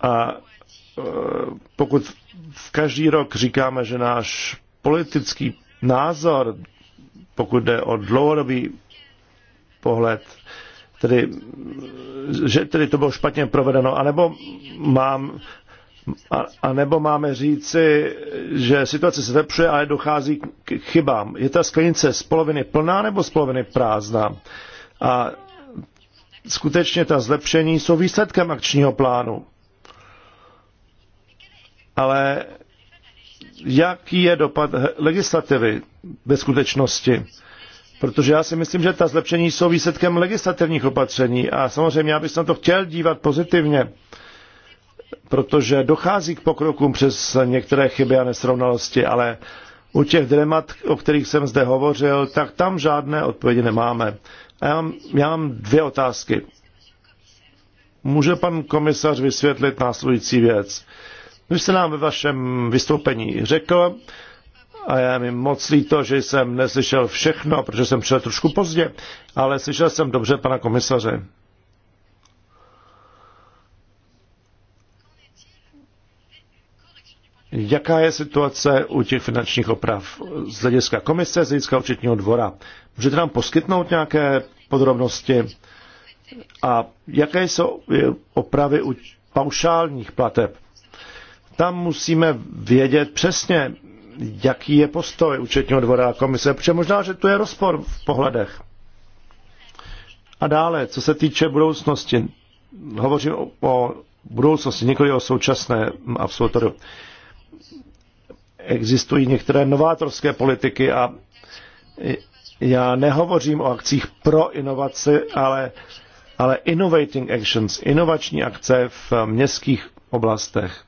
A e, pokud v každý rok říkáme, že náš politický názor, pokud jde o dlouhodobý pohled, tedy, že tedy to bylo špatně provedeno, anebo mám a, a nebo máme říci, že situace se zlepšuje, ale dochází k chybám. Je ta sklenice z poloviny plná nebo z poloviny prázdná? A skutečně ta zlepšení jsou výsledkem akčního plánu. Ale jaký je dopad legislativy ve skutečnosti? Protože já si myslím, že ta zlepšení jsou výsledkem legislativních opatření a samozřejmě já bych se na to chtěl dívat pozitivně, protože dochází k pokrokům přes některé chyby a nesrovnalosti, ale u těch dilemat, o kterých jsem zde hovořil, tak tam žádné odpovědi nemáme. A já mám, já mám dvě otázky. Může pan komisař vysvětlit následující věc? Vy jste nám ve vašem vystoupení řekl, a já mi moc líto, že jsem neslyšel všechno, protože jsem přišel trošku pozdě, ale slyšel jsem dobře pana komisaře. Jaká je situace u těch finančních oprav z hlediska komise, z hlediska účetního dvora? Můžete nám poskytnout nějaké podrobnosti? A jaké jsou opravy u paušálních plateb? Tam musíme vědět přesně, jaký je postoj účetního dvora a komise, protože možná, že tu je rozpor v pohledech. A dále, co se týče budoucnosti, hovořím o, o budoucnosti, nikoli o současné absolutoru. Existují některé novátorské politiky a já nehovořím o akcích pro inovaci, ale, ale innovating actions, inovační akce v městských oblastech.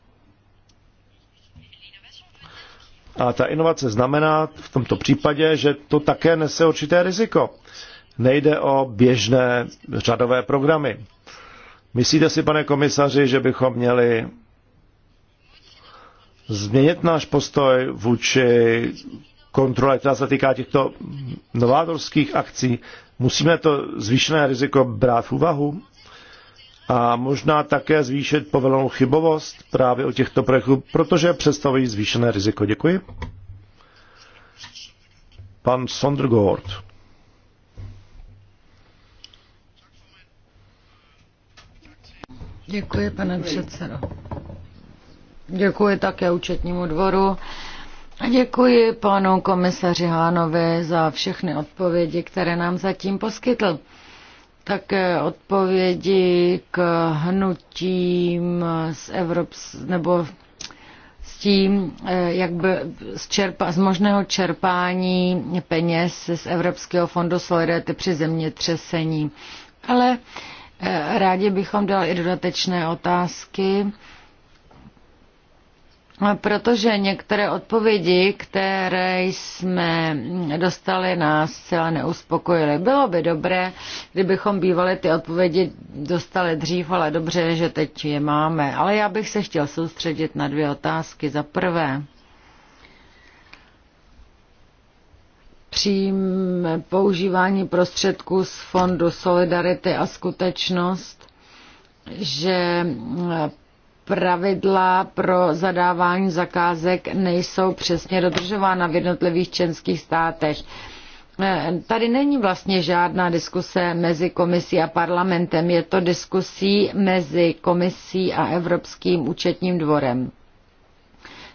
A ta inovace znamená v tomto případě, že to také nese určité riziko. Nejde o běžné řadové programy. Myslíte si, pane komisaři, že bychom měli změnit náš postoj vůči kontrole, která se týká těchto novátorských akcí? Musíme to zvýšené riziko brát v úvahu? a možná také zvýšit povolenou chybovost právě u těchto projektů, protože představují zvýšené riziko. Děkuji. Pan Sondergaard. Děkuji, pane předsedo. Děkuji také účetnímu dvoru. A děkuji panu komisaři Hánovi za všechny odpovědi, které nám zatím poskytl také odpovědi k hnutím s Evrops, nebo s tím, eh, jak by z, čerpa, z možného čerpání peněz z Evropského fondu Solidarity při zemětřesení. Ale eh, rádi bychom dali i dodatečné otázky protože některé odpovědi, které jsme dostali, nás zcela neuspokojily. Bylo by dobré, kdybychom bývali ty odpovědi dostali dřív, ale dobře, že teď je máme. Ale já bych se chtěl soustředit na dvě otázky. Za prvé, přím používání prostředků z Fondu Solidarity a skutečnost, že pravidla pro zadávání zakázek nejsou přesně dodržována v jednotlivých členských státech. Eh, tady není vlastně žádná diskuse mezi komisí a parlamentem, je to diskusí mezi komisí a Evropským účetním dvorem.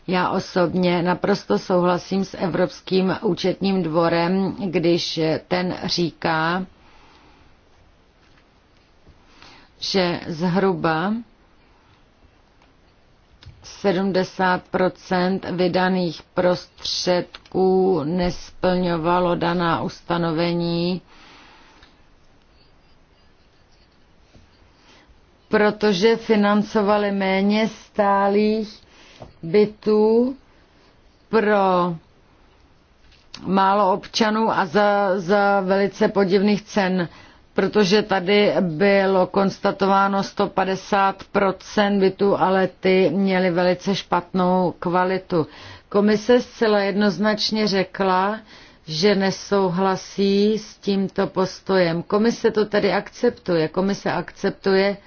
Já osobně naprosto souhlasím s Evropským účetním dvorem, když ten říká, že zhruba 70 vydaných prostředků nesplňovalo daná ustanovení, protože financovali méně stálých bytů pro málo občanů a za, za velice podivných cen protože tady bylo konstatováno 150% bytů, ale ty měly velice špatnou kvalitu. Komise zcela jednoznačně řekla, že nesouhlasí s tímto postojem. Komise to tedy akceptuje. Komise akceptuje,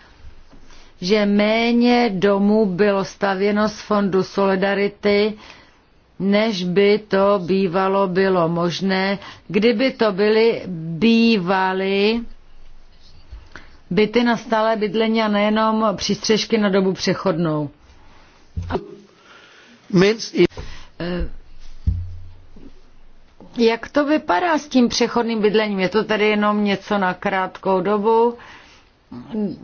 že méně domů bylo stavěno z Fondu Solidarity, než by to bývalo bylo možné, kdyby to byly bývaly byty na stále bydlení a nejenom přístřežky na dobu přechodnou. Eh, jak to vypadá s tím přechodným bydlením? Je to tady jenom něco na krátkou dobu?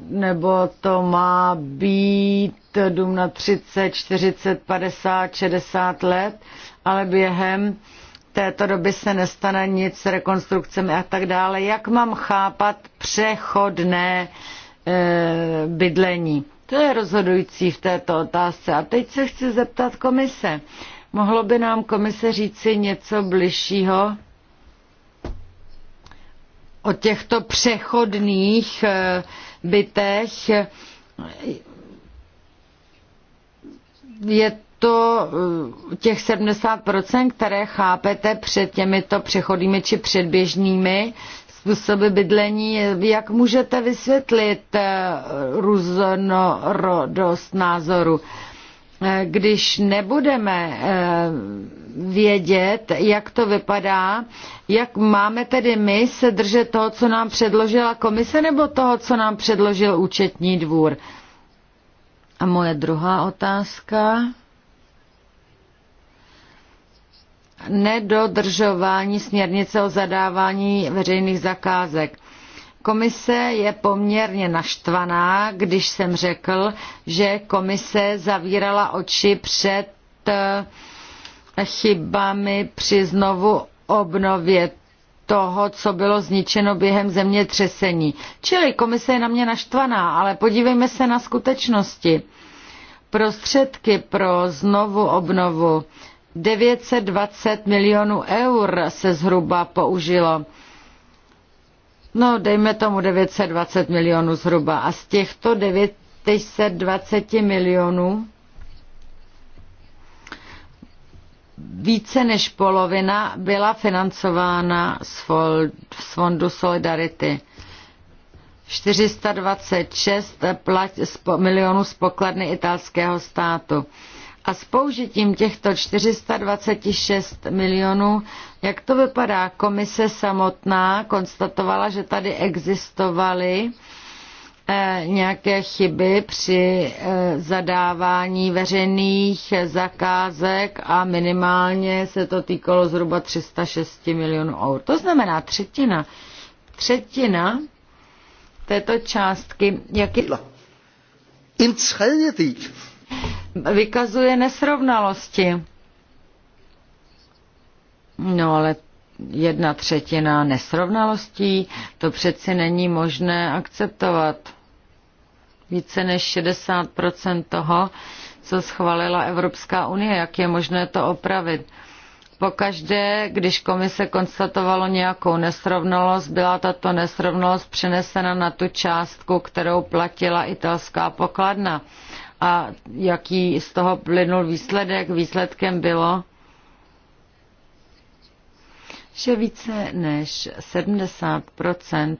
Nebo to má být dům na 30, 40, 50, 60 let, ale během této doby se nestane nic s rekonstrukcemi a tak dále. Jak mám chápat přechodné e, bydlení? To je rozhodující v této otázce. A teď se chci zeptat komise. Mohlo by nám komise říci něco bližšího o těchto přechodných e, bytech? Je to eh, těch 70%, které chápete před těmito přechodnými či předběžnými způsoby bydlení, jak můžete vysvětlit eh, různorodost názoru? Eh, když nebudeme vědět, jak to vypadá, jak máme tedy my se držet toho, co nám předložila komise, nebo toho, co nám předložil účetní dvůr? A moje druhá otázka. nedodržování směrnice o zadávání veřejných zakázek. Komise je poměrně naštvaná, když jsem řekl, že komise zavírala oči před eh, chybami při znovu obnově toho, co bylo zničeno během zemětřesení. Čili komise je na mě naštvaná, ale podívejme se na skutečnosti. Prostředky pro znovu obnovu 920 milionů eur se zhruba použilo. No, dejme tomu 920 milionů zhruba. A z těchto 920 milionů více než polovina byla financována z Fondu Solidarity. 426 milionů z pokladny italského státu. A s použitím těchto 426 milionů, jak to vypadá, komise samotná konstatovala, že tady existovaly eh, nějaké chyby při eh, zadávání veřejných zakázek a minimálně se to týkalo zhruba 306 milionů eur. To znamená třetina. Třetina této částky, jak je vykazuje nesrovnalosti. No ale jedna třetina nesrovnalostí, to přeci není možné akceptovat. Více než 60% toho, co schválila Evropská unie, jak je možné to opravit. Pokaždé, když komise konstatovalo nějakou nesrovnalost, byla tato nesrovnalost přenesena na tu částku, kterou platila italská pokladna a jaký z toho plynul výsledek? Výsledkem bylo, že více než 70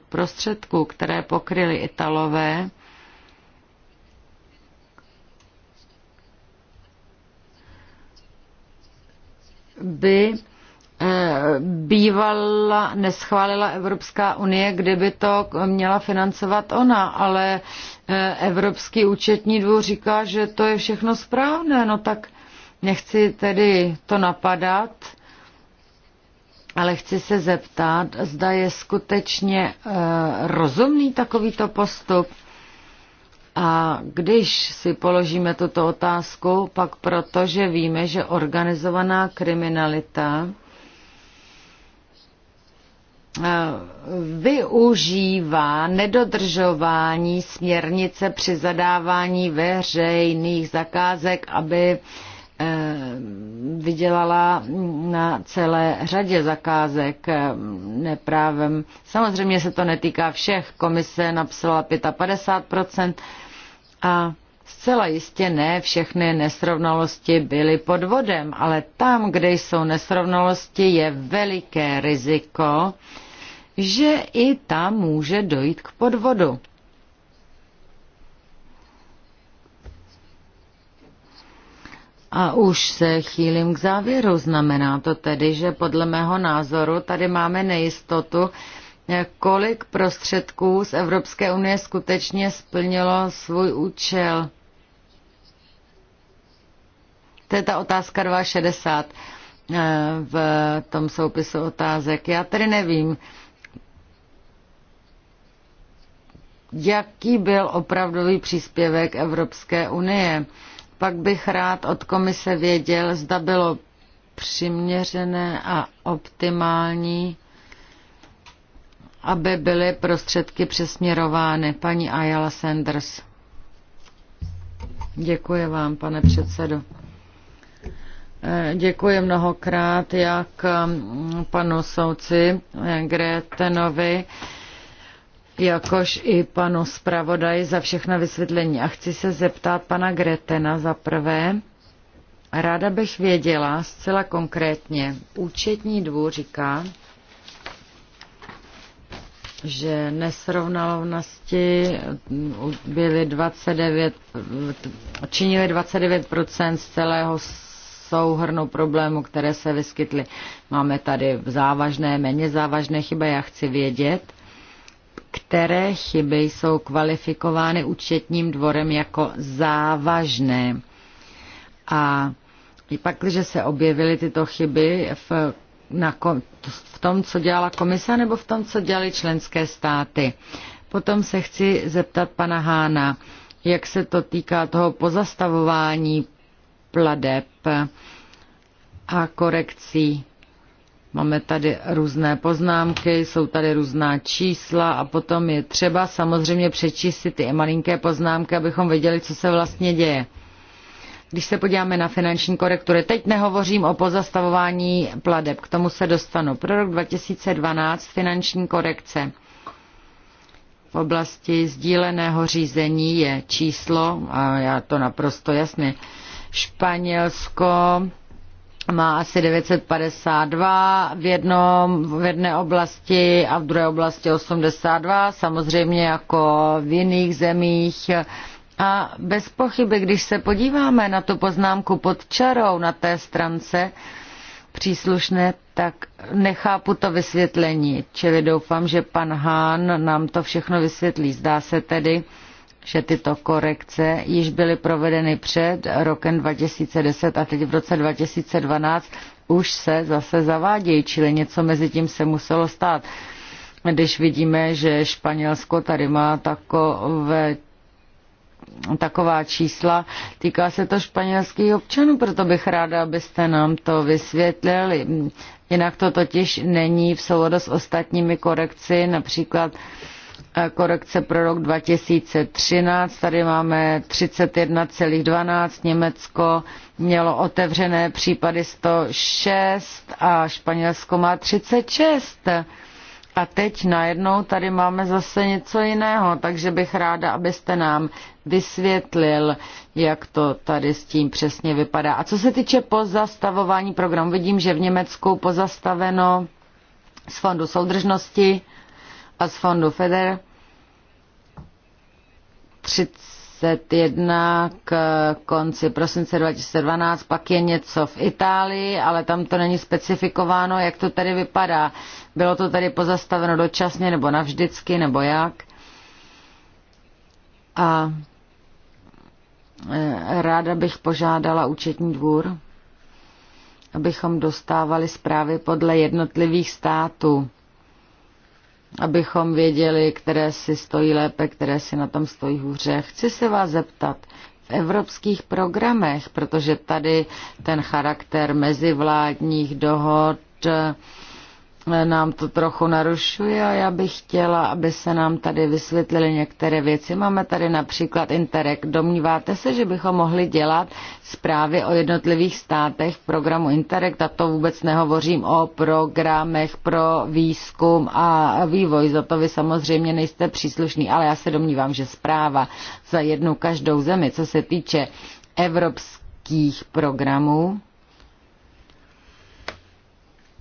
prostředků, které pokryly Italové, by eh, bývala neschválila Evropská unie, kdyby to měla financovat ona, ale Evropský účetní dvůr říká, že to je všechno správné, no tak nechci tedy to napadat, ale chci se zeptat, zda je skutečně eh, rozumný takovýto postup. A když si položíme tuto otázku, pak protože víme, že organizovaná kriminalita Eh, využívá nedodržování směrnice při zadávání veřejných zakázek, aby eh, vydělala na celé řadě zakázek eh, neprávem. Samozřejmě se to netýká všech. Komise napsala 55% a Zcela jistě ne všechny nesrovnalosti byly podvodem, ale tam, kde jsou nesrovnalosti, je veliké riziko, že i tam může dojít k podvodu. A už se chýlím k závěru. Znamená to tedy, že podle mého názoru tady máme nejistotu, kolik prostředků z Evropské unie skutečně splnilo svůj účel. To je ta otázka 260 eh, v tom soupisu otázek. Já tedy nevím, jaký byl opravdový příspěvek Evropské unie. Pak bych rád od komise věděl, zda bylo přiměřené a optimální, aby byly prostředky přesměrovány. Paní Ayala Sanders. Děkuji vám, pane předsedo. Děkuji mnohokrát jak panu souci Gretenovi, jakož i panu zpravodaji za všechna vysvětlení. A chci se zeptat pana Gretena za prvé. Ráda bych věděla zcela konkrétně. Účetní dvůr říká, že nesrovnalovnosti byly 29, činili 29% z celého souhrnu problémů, které se vyskytly. Máme tady závažné, méně závažné chyby. Já chci vědět, které chyby jsou kvalifikovány účetním dvorem jako závažné. A pak, když se objevily tyto chyby v, na, v tom, co dělala komise, nebo v tom, co dělali členské státy. Potom se chci zeptat pana Hána, jak se to týká toho pozastavování pladeb a korekcí Máme tady různé poznámky, jsou tady různá čísla a potom je třeba samozřejmě přečíst si ty malinké poznámky, abychom věděli, co se vlastně děje. Když se podíváme na finanční korektury, teď nehovořím o pozastavování pladeb, k tomu se dostanu. Pro rok 2012 finanční korekce v oblasti sdíleného řízení je číslo, a já to naprosto jasně, Španělsko má asi 952 v, jednom, v jedné oblasti a v druhé oblasti 82, samozřejmě jako v jiných zemích. A bez pochyby, když se podíváme na tu poznámku pod čarou na té strance příslušné, tak nechápu to vysvětlení. Čili doufám, že pan Hán nám to všechno vysvětlí. Zdá se tedy, že tyto korekce již byly provedeny před rokem 2010 a teď v roce 2012 už se zase zavádějí, čili něco mezi tím se muselo stát. Když vidíme, že Španělsko tady má takové taková čísla. Týká se to španělských občanů, proto bych ráda, abyste nám to vysvětlili. Jinak to totiž není v souladu s ostatními korekci, například Eh, korekce pro rok 2013. Tady máme 31,12. Německo mělo otevřené případy 106 a Španělsko má 36. A teď najednou tady máme zase něco jiného, takže bych ráda, abyste nám vysvětlil, jak to tady s tím přesně vypadá. A co se týče pozastavování programu, vidím, že v Německu pozastaveno z Fondu soudržnosti a z Fondu FEDER 31 k konci prosince 2012, pak je něco v Itálii, ale tam to není specifikováno, jak to tady vypadá. Bylo to tady pozastaveno dočasně nebo navždycky, nebo jak? A e, ráda bych požádala účetní dvůr, abychom dostávali zprávy podle jednotlivých států abychom věděli, které si stojí lépe, které si na tom stojí hůře. Chci se vás zeptat, v evropských programech, protože tady ten charakter mezivládních dohod nám to trochu narušuje a já bych chtěla, aby se nám tady vysvětlily některé věci. Máme tady například Interreg. Domníváte se, že bychom mohli dělat zprávy o jednotlivých státech v programu Interreg? A to vůbec nehovořím o programech pro výzkum a vývoj. Za to vy samozřejmě nejste příslušný, ale já se domnívám, že zpráva za jednu každou zemi, co se týče evropských programů,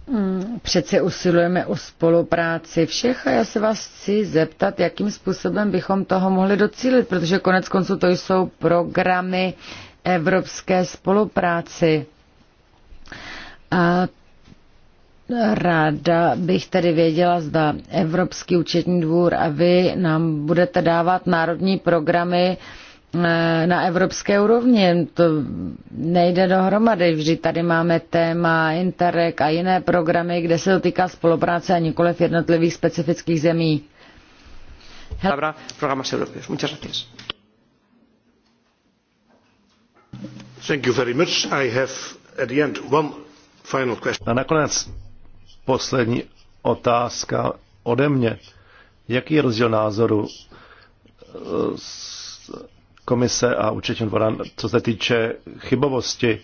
Hmm, přece usilujeme o spolupráci všech a já se vás chci zeptat, jakým způsobem bychom toho mohli docílit, protože konec konců to jsou programy evropské spolupráci. A Ráda bych tedy věděla, zda Evropský účetní dvůr a vy nám budete dávat národní programy E, na evropské úrovni. To nejde dohromady. Vždy tady máme téma Interreg a jiné programy, kde se dotýká spolupráce a v jednotlivých specifických zemí. Hel- programas europeos. Muchas gracias. Thank you very much. I have at the end one final question. A nakonec poslední otázka ode mě. Jaký je rozdíl názoru e, s komise a účetní dvora, co se týče chybovosti,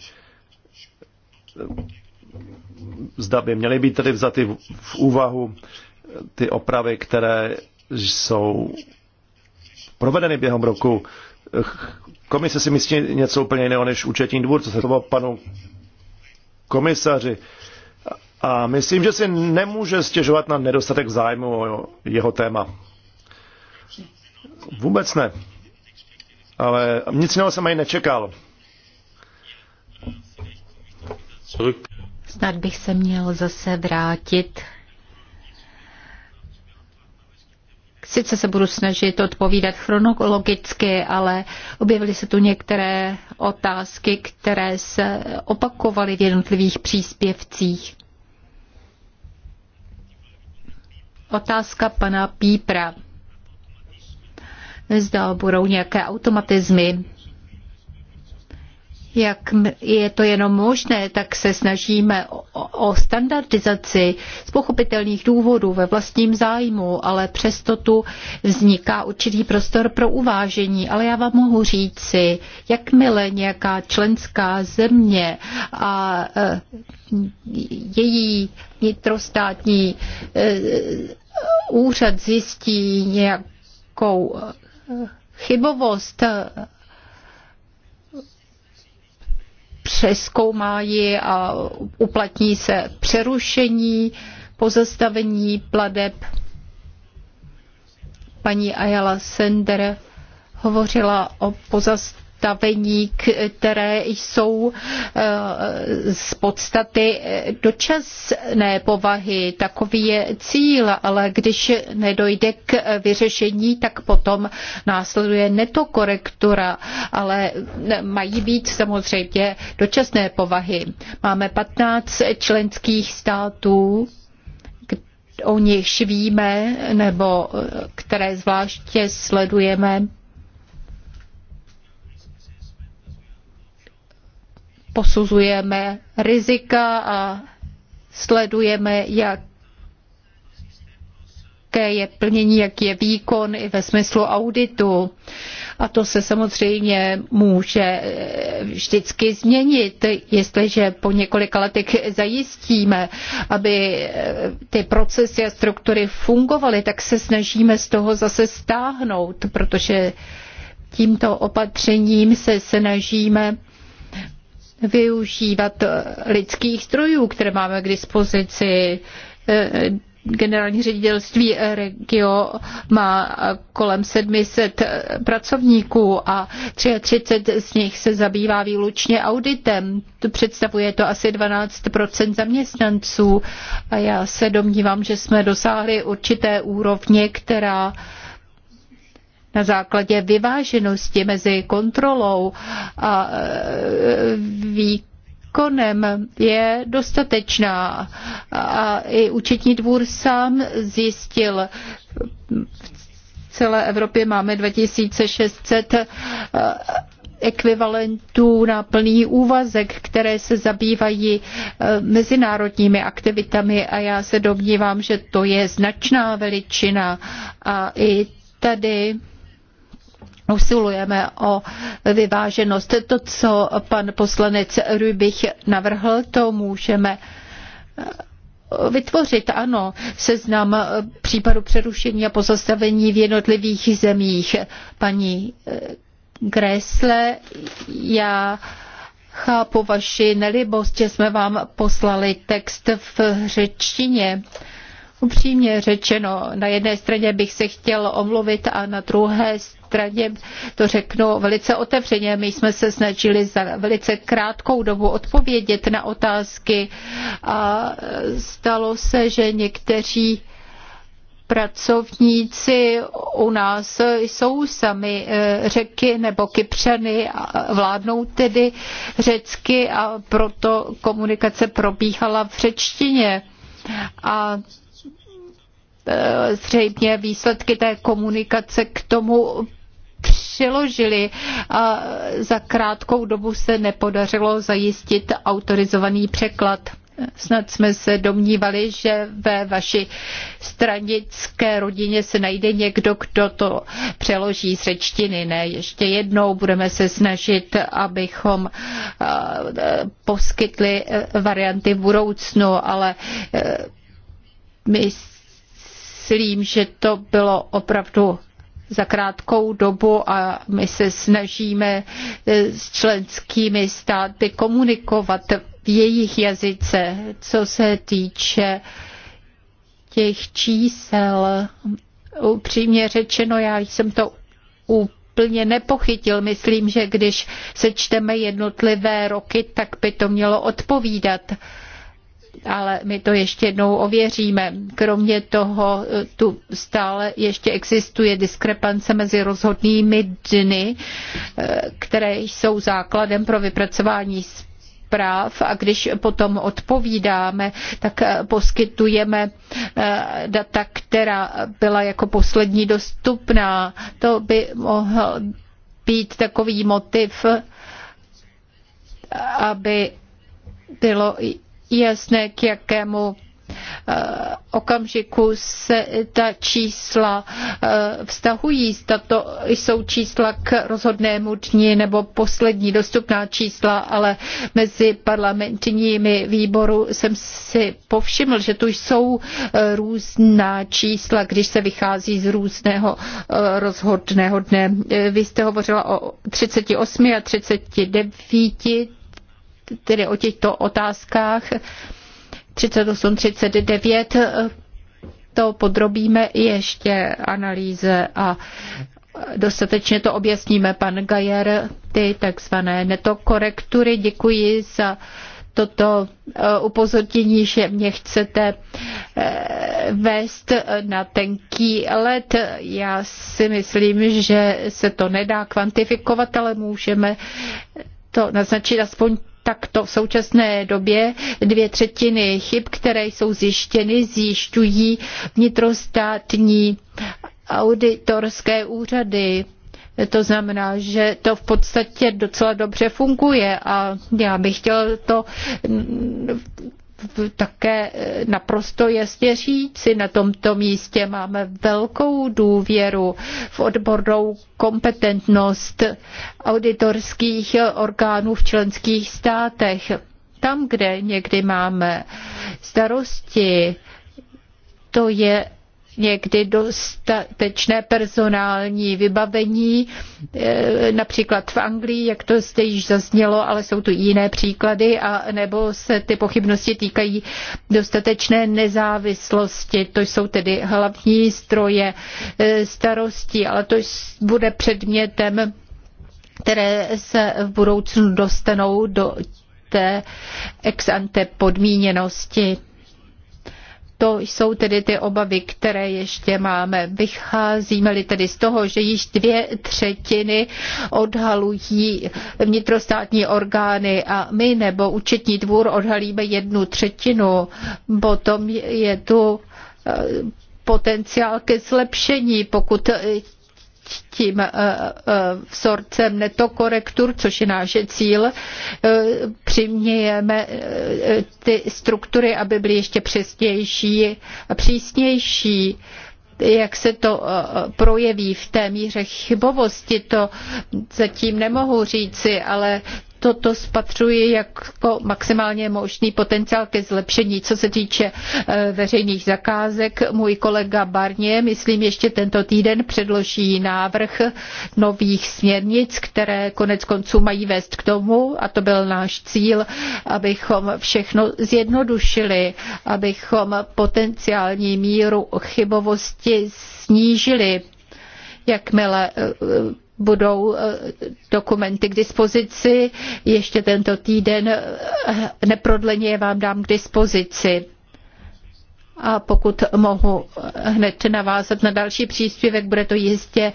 zda by měly být tedy vzaty v úvahu ty opravy, které jsou provedeny během roku. Komise si myslí něco úplně jiného než účetní dvůr, co se toho panu komisaři. A myslím, že si nemůže stěžovat na nedostatek zájmu o jeho téma. Vůbec ne ale nic jiného jsem ani nečekal. Snad bych se měl zase vrátit. Sice se budu snažit odpovídat chronologicky, ale objevily se tu některé otázky, které se opakovaly v jednotlivých příspěvcích. Otázka pana Pípra zda budou nějaké automatizmy. Jak je to jenom možné, tak se snažíme o, o standardizaci z pochopitelných důvodů ve vlastním zájmu, ale přesto tu vzniká určitý prostor pro uvážení. Ale já vám mohu říci, jakmile nějaká členská země a e, její vnitrostátní e, úřad zjistí nějakou chybovost přeskoumají a uplatní se přerušení, pozastavení pladeb. Paní Ayala Sender hovořila o pozastavení postavení, které jsou eh, z podstaty eh, dočasné povahy. Takový je cíl, ale když nedojde k vyřešení, tak potom následuje netokorektura, ale eh, mají být samozřejmě dočasné povahy. Máme 15 členských států, o nichž víme nebo které zvláště sledujeme posuzujeme rizika a sledujeme, jak jaké je plnění, jaký je výkon i ve smyslu auditu. A to se samozřejmě může eh, vždycky změnit, jestliže po několika letech zajistíme, aby eh, ty procesy a struktury fungovaly, tak se snažíme z toho zase stáhnout, protože tímto opatřením se snažíme využívat eh, lidských strojů, které máme k dispozici. Eh, generální ředitelství Regio má kolem 700 eh, pracovníků a 33 z nich se zabývá výlučně auditem. Představuje to asi 12 zaměstnanců a já se domnívám, že jsme dosáhli určité úrovně, která na základě vyváženosti mezi kontrolou a e, výkonem je dostatečná. A i účetní dvůr sám zjistil v celé Evropě máme 2600 e, ekvivalentů na plný úvazek, které se zabývají e, mezinárodními aktivitami a já se domnívám, že to je značná veličina a i tady usilujeme o vyváženost. To, co pan poslanec Rybich navrhl, to můžeme eh, vytvořit, ano, seznam eh, případu přerušení a pozastavení v jednotlivých zemích. Paní eh, Gressle, já chápu vaši nelibost, že jsme vám poslali text v řečtině. Upřímně řečeno, na jedné straně bych se chtěl omluvit a na druhé straně to řeknu velice otevřeně. My jsme se snažili za velice krátkou dobu odpovědět na otázky a stalo se, že někteří pracovníci u nás jsou sami eh, řeky nebo kypřany, vládnou tedy řecky a proto komunikace probíhala v řečtině. A Eh, zřejmě výsledky té komunikace k tomu přiložili a za krátkou dobu se nepodařilo zajistit autorizovaný překlad. Snad jsme se domnívali, že ve vaší stranické rodině se najde někdo, kdo to přeloží z řečtiny. Ne, ještě jednou budeme se snažit, abychom eh, poskytli eh, varianty v budoucnu, ale my myslím, že to bylo opravdu za krátkou dobu a my se snažíme eh, s členskými státy komunikovat v jejich jazyce, co se týče těch čísel. Upřímně řečeno, já jsem to úplně nepochytil. Myslím, že když sečteme jednotlivé roky, tak by to mělo odpovídat ale my to ještě jednou ověříme. Kromě toho eh, tu stále ještě existuje diskrepance mezi rozhodnými dny, eh, které jsou základem pro vypracování zpráv a když potom odpovídáme, tak eh, poskytujeme data, která byla jako poslední dostupná. To by mohl být takový motiv, aby bylo jasné, k jakému eh, okamžiku se ta čísla eh, vztahují. Tato jsou čísla k rozhodnému dni nebo poslední dostupná čísla, ale mezi parlamentními výboru jsem si povšiml, že tu jsou eh, různá čísla, když se vychází z různého rozhodného dne. Vy jste hovořila o 38 a 39 tedy o těchto otázkách 38-39 to podrobíme ještě analýze a dostatečně to objasníme. Pan Gajer, ty takzvané netokorektury, děkuji za toto eh, upozornění, že mě chcete eh, vést na tenký let. Já si myslím, že se to nedá kvantifikovat, ale můžeme to naznačit aspoň takto v současné době dvě třetiny chyb, které jsou zjištěny, zjišťují vnitrostátní auditorské úřady. To znamená, že to v podstatě docela dobře funguje a já bych chtěl to také eh, naprosto jasně říci na tomto místě. Máme velkou důvěru v odbornou kompetentnost auditorských orgánů v členských státech. Tam, kde někdy máme starosti, to je někdy dostatečné personální vybavení, eh, například v Anglii, jak to zde již zaznělo, ale jsou tu jiné příklady, a nebo se ty pochybnosti týkají dostatečné nezávislosti. To jsou tedy hlavní stroje eh, starostí, ale to bude předmětem které se v budoucnu dostanou do té ex ante podmíněnosti. To jsou tedy ty obavy, které ještě máme. Vycházíme-li tedy z toho, že již dvě třetiny odhalují vnitrostátní orgány a my nebo účetní dvůr odhalíme jednu třetinu, potom je tu eh, potenciál ke zlepšení, pokud tím eh, eh, vzorcem netokorektur, což je náš cíl, eh, přimějeme ty struktury, aby byly ještě přesnější a přísnější jak se to projeví v té míře chybovosti, to zatím nemohu říci, ale toto spatřuji jako maximálně možný potenciál ke zlepšení. Co se týče e, veřejných zakázek, můj kolega Barnier, myslím, ještě tento týden předloží návrh nových směrnic, které konec konců mají vést k tomu, a to byl náš cíl, abychom všechno zjednodušili, abychom potenciální míru chybovosti snížili, jakmile e, budou eh, dokumenty k dispozici. Ještě tento týden eh, neprodleně je vám dám k dispozici. A pokud mohu eh, hned navázat na další příspěvek, bude to jistě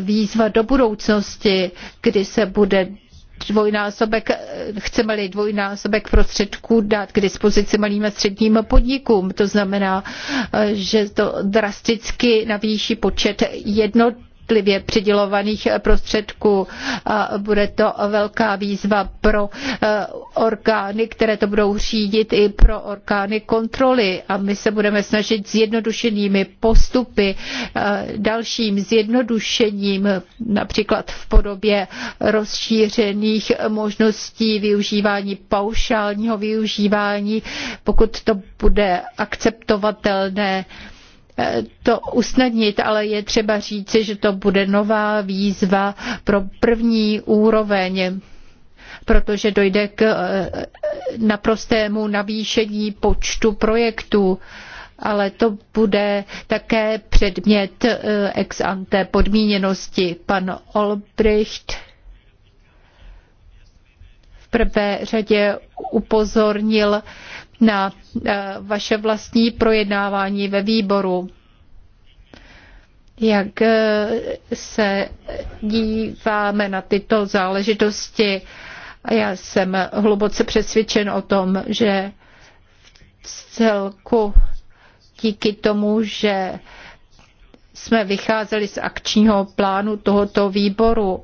výzva do budoucnosti, kdy se bude dvojnásobek, chceme-li dvojnásobek prostředků dát k dispozici malým a středním podnikům. To znamená, že to drasticky navýší počet jednotek jednotlivě přidělovaných prostředků. A bude to velká výzva pro eh, orgány, které to budou řídit i pro orgány kontroly. A my se budeme snažit zjednodušenými postupy, eh, dalším zjednodušením, například v podobě rozšířených možností využívání paušálního využívání, pokud to bude akceptovatelné. Eh, to usnadnit, ale je třeba říci, že to bude nová výzva pro první úroveň protože dojde k eh, naprostému navýšení počtu projektů, ale to bude také předmět eh, ex ante podmíněnosti. Pan Olbricht v prvé řadě upozornil na eh, vaše vlastní projednávání ve výboru. Jak eh, se díváme na tyto záležitosti? Já jsem hluboce přesvědčen o tom, že v celku díky tomu, že jsme vycházeli z akčního plánu tohoto výboru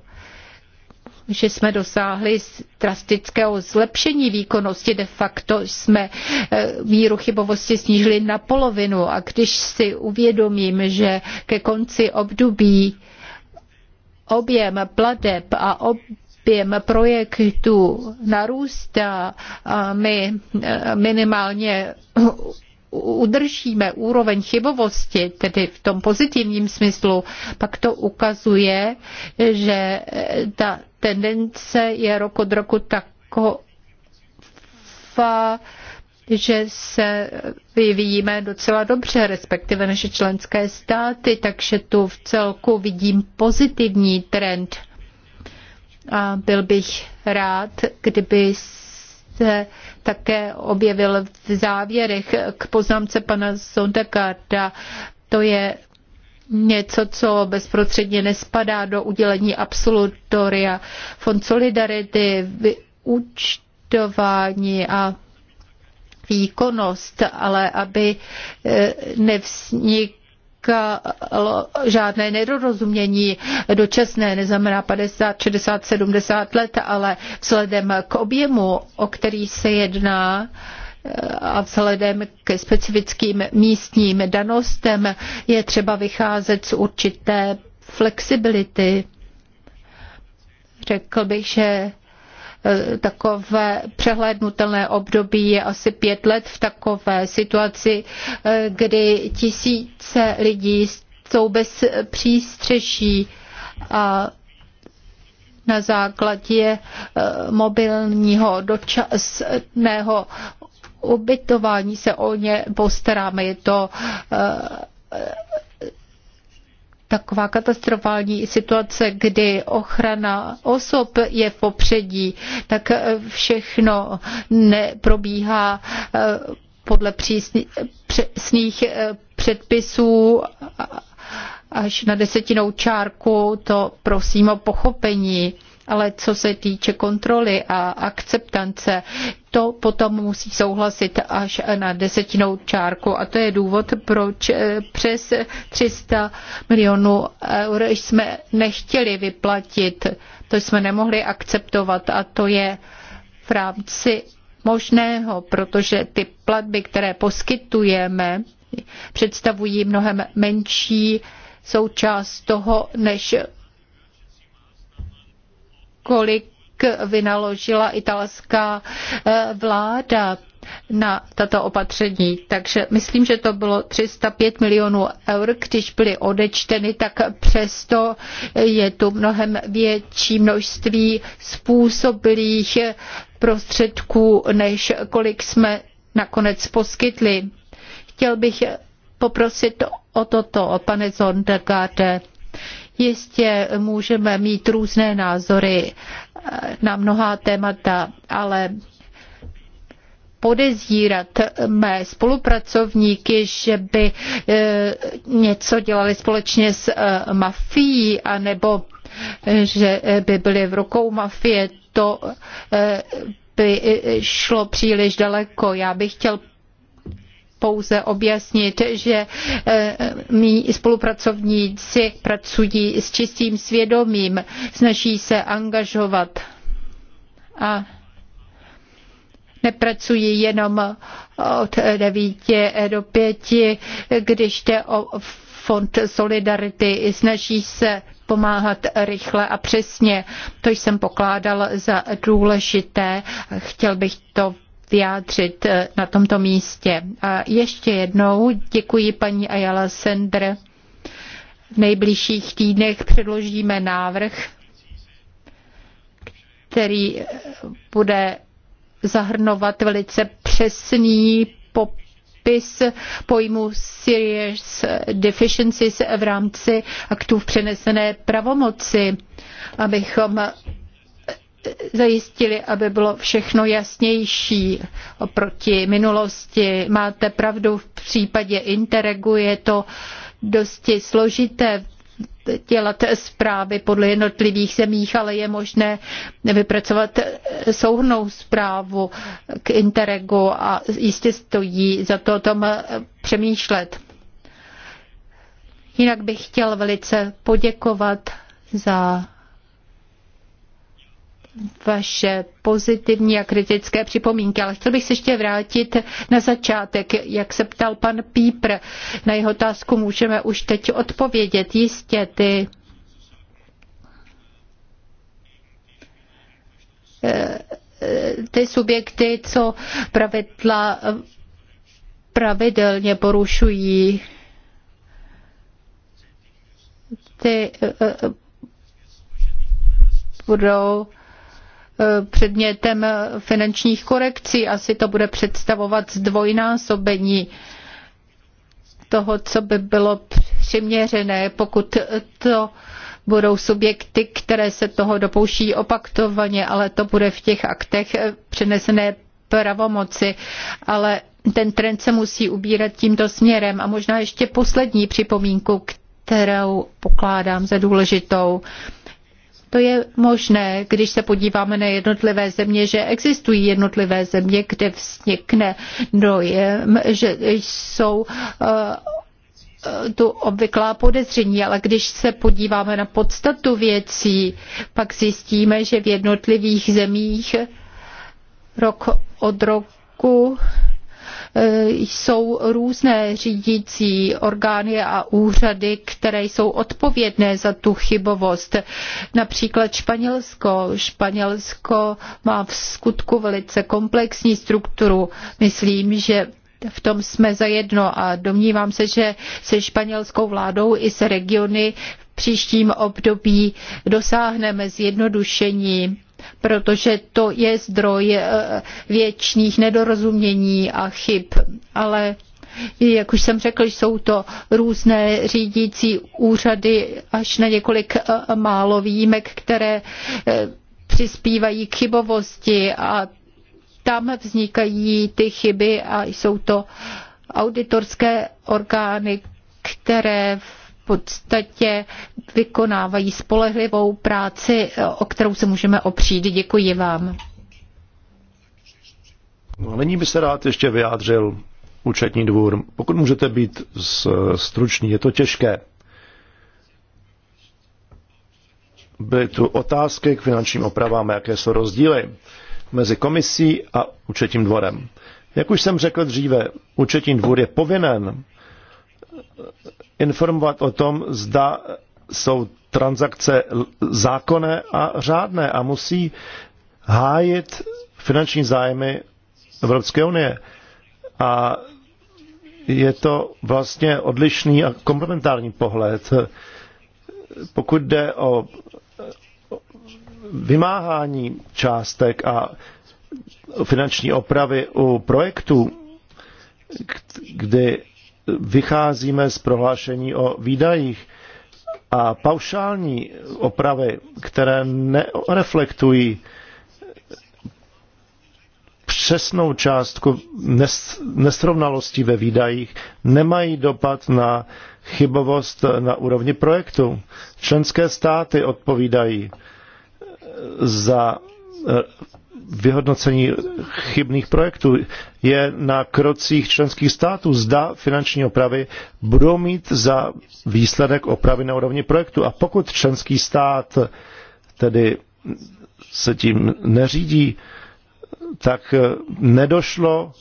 že jsme dosáhli drastického zlepšení výkonnosti. De facto jsme eh, míru chybovosti snížili na polovinu a když si uvědomím, že ke konci období objem pladeb a ob objem projektu narůstá a my eh, minimálně udržíme úroveň chybovosti, tedy v tom pozitivním smyslu, pak to ukazuje, že ta tendence je rok od roku taková, že se vyvíjíme docela dobře, respektive naše členské státy, takže tu v celku vidím pozitivní trend. A byl bych rád, kdyby se také objevil v závěrech k poznámce pana Sondekarda. To je něco, co bezprostředně nespadá do udělení absolutoria. Fond Solidarity, vyúčtování a výkonnost, ale aby eh, nevznik nevznikalo žádné nedorozumění. Dočasné neznamená 50, 60, 70 let, ale vzhledem k objemu, o který se jedná, a vzhledem k specifickým místním danostem je třeba vycházet z určité flexibility. Řekl bych, že Eh, takové přehlédnutelné období je asi pět let v takové situaci, eh, kdy tisíce lidí jsou bez přístřeší a na základě eh, mobilního dočasného ubytování se o ně postaráme. Je to taková katastrofální situace, kdy ochrana osob je v popředí, tak eh, všechno neprobíhá eh, podle přísný, přesných eh, předpisů až na desetinou čárku, to prosím o pochopení ale co se týče kontroly a akceptance, to potom musí souhlasit až na desetinou čárku. A to je důvod, proč eh, přes 300 milionů eur jsme nechtěli vyplatit. To jsme nemohli akceptovat a to je v rámci možného, protože ty platby, které poskytujeme, představují mnohem menší součást toho, než kolik vynaložila italská eh, vláda na tato opatření. Takže myslím, že to bylo 305 milionů eur, když byly odečteny, tak přesto je tu mnohem větší množství způsobilých prostředků, než kolik jsme nakonec poskytli. Chtěl bych poprosit o toto, pane Zondegarde. Jistě můžeme mít různé názory eh, na mnohá témata, ale podezírat mé spolupracovníky, že by eh, něco dělali společně s eh, mafií, anebo že by byli v rukou mafie, to by šlo příliš daleko. Já bych chtěl pouze objasnit, že eh, mý spolupracovníci pracují s čistým svědomím, snaží se angažovat a nepracují jenom od 9 do 5, když jde o Fond Solidarity snaží se pomáhat rychle a přesně. To jsem pokládal za důležité. Chtěl bych to vyjádřit eh, na tomto místě. A ještě jednou děkuji paní Ayala Sender. V nejbližších týdnech předložíme návrh, který eh, bude zahrnovat velice přesný popis pojmu serious deficiencies v rámci aktů v přenesené pravomoci, abychom zajistili, aby bylo všechno jasnější oproti minulosti. Máte pravdu, v případě Interregu je to dosti složité dělat zprávy podle jednotlivých zemích, ale je možné vypracovat souhrnou zprávu k Interregu a jistě stojí za to o tom přemýšlet. Jinak bych chtěl velice poděkovat za vaše pozitivní a kritické připomínky, ale chtěl bych se ještě vrátit na začátek, jak se ptal pan Pípr. Na jeho otázku můžeme už teď odpovědět. Jistě ty eh, ty subjekty, co pravidla pravidelně porušují, ty eh, eh, budou uh, Eh, předmětem finančních korekcí. Asi to bude představovat zdvojnásobení toho, co by bylo přiměřené, pokud to budou subjekty, které se toho dopouští opaktovaně, ale to bude v těch aktech eh, přenesené pravomoci. Ale ten trend se musí ubírat tímto směrem. A možná ještě poslední připomínku, kterou pokládám za důležitou. To je možné, když se podíváme na jednotlivé země, že existují jednotlivé země, kde vznikne dojem, že jsou eh, tu obvyklá podezření, ale když se podíváme na podstatu věcí, pak zjistíme, že v jednotlivých zemích rok od roku Eh, jsou různé řídící orgány a úřady, které jsou odpovědné za tu chybovost. Například Španělsko. Španělsko má v skutku velice komplexní strukturu. Myslím, že v tom jsme zajedno a domnívám se, že se španělskou vládou i se regiony v příštím období dosáhneme zjednodušení protože to je zdroj eh, věčných nedorozumění a chyb. Ale jak už jsem řekl, jsou to různé řídící úřady až na několik eh, málo výjimek, které eh, přispívají k chybovosti a tam vznikají ty chyby a jsou to auditorské orgány, které podstatě vykonávají spolehlivou práci, o kterou se můžeme opřít. Děkuji vám. No a nyní by se rád ještě vyjádřil účetní dvůr. Pokud můžete být stručný, je to těžké. Byly tu otázky k finančním opravám, jaké jsou rozdíly mezi komisí a účetním dvorem. Jak už jsem řekl dříve, účetní dvůr je povinen informovat o tom, zda jsou transakce zákonné a řádné a musí hájit finanční zájmy Evropské unie. A je to vlastně odlišný a komplementární pohled. Pokud jde o vymáhání částek a finanční opravy u projektů, kdy vycházíme z prohlášení o výdajích a paušální opravy, které nereflektují přesnou částku nesrovnalostí ve výdajích, nemají dopad na chybovost na úrovni projektu. Členské státy odpovídají za vyhodnocení chybných projektů je na krocích členských států. Zda finanční opravy budou mít za výsledek opravy na úrovni projektu. A pokud členský stát tedy se tím neřídí, tak nedošlo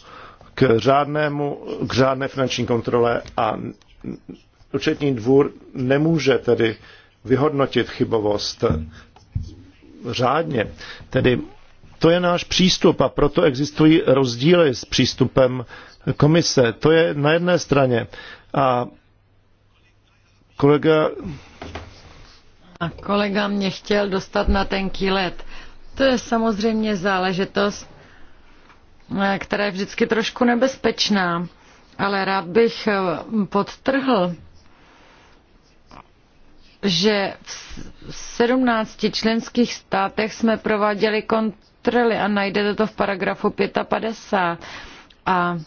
k, řádnému, k řádné finanční kontrole a účetní dvůr nemůže tedy vyhodnotit chybovost řádně. Tedy to je náš přístup a proto existují rozdíly s přístupem komise. To je na jedné straně. A kolega... A kolega mě chtěl dostat na tenký let. To je samozřejmě záležitost, eh, která je vždycky trošku nebezpečná, ale rád bych eh, podtrhl, že v 17 členských státech jsme prováděli kontroly a najdete to v paragrafu 55. A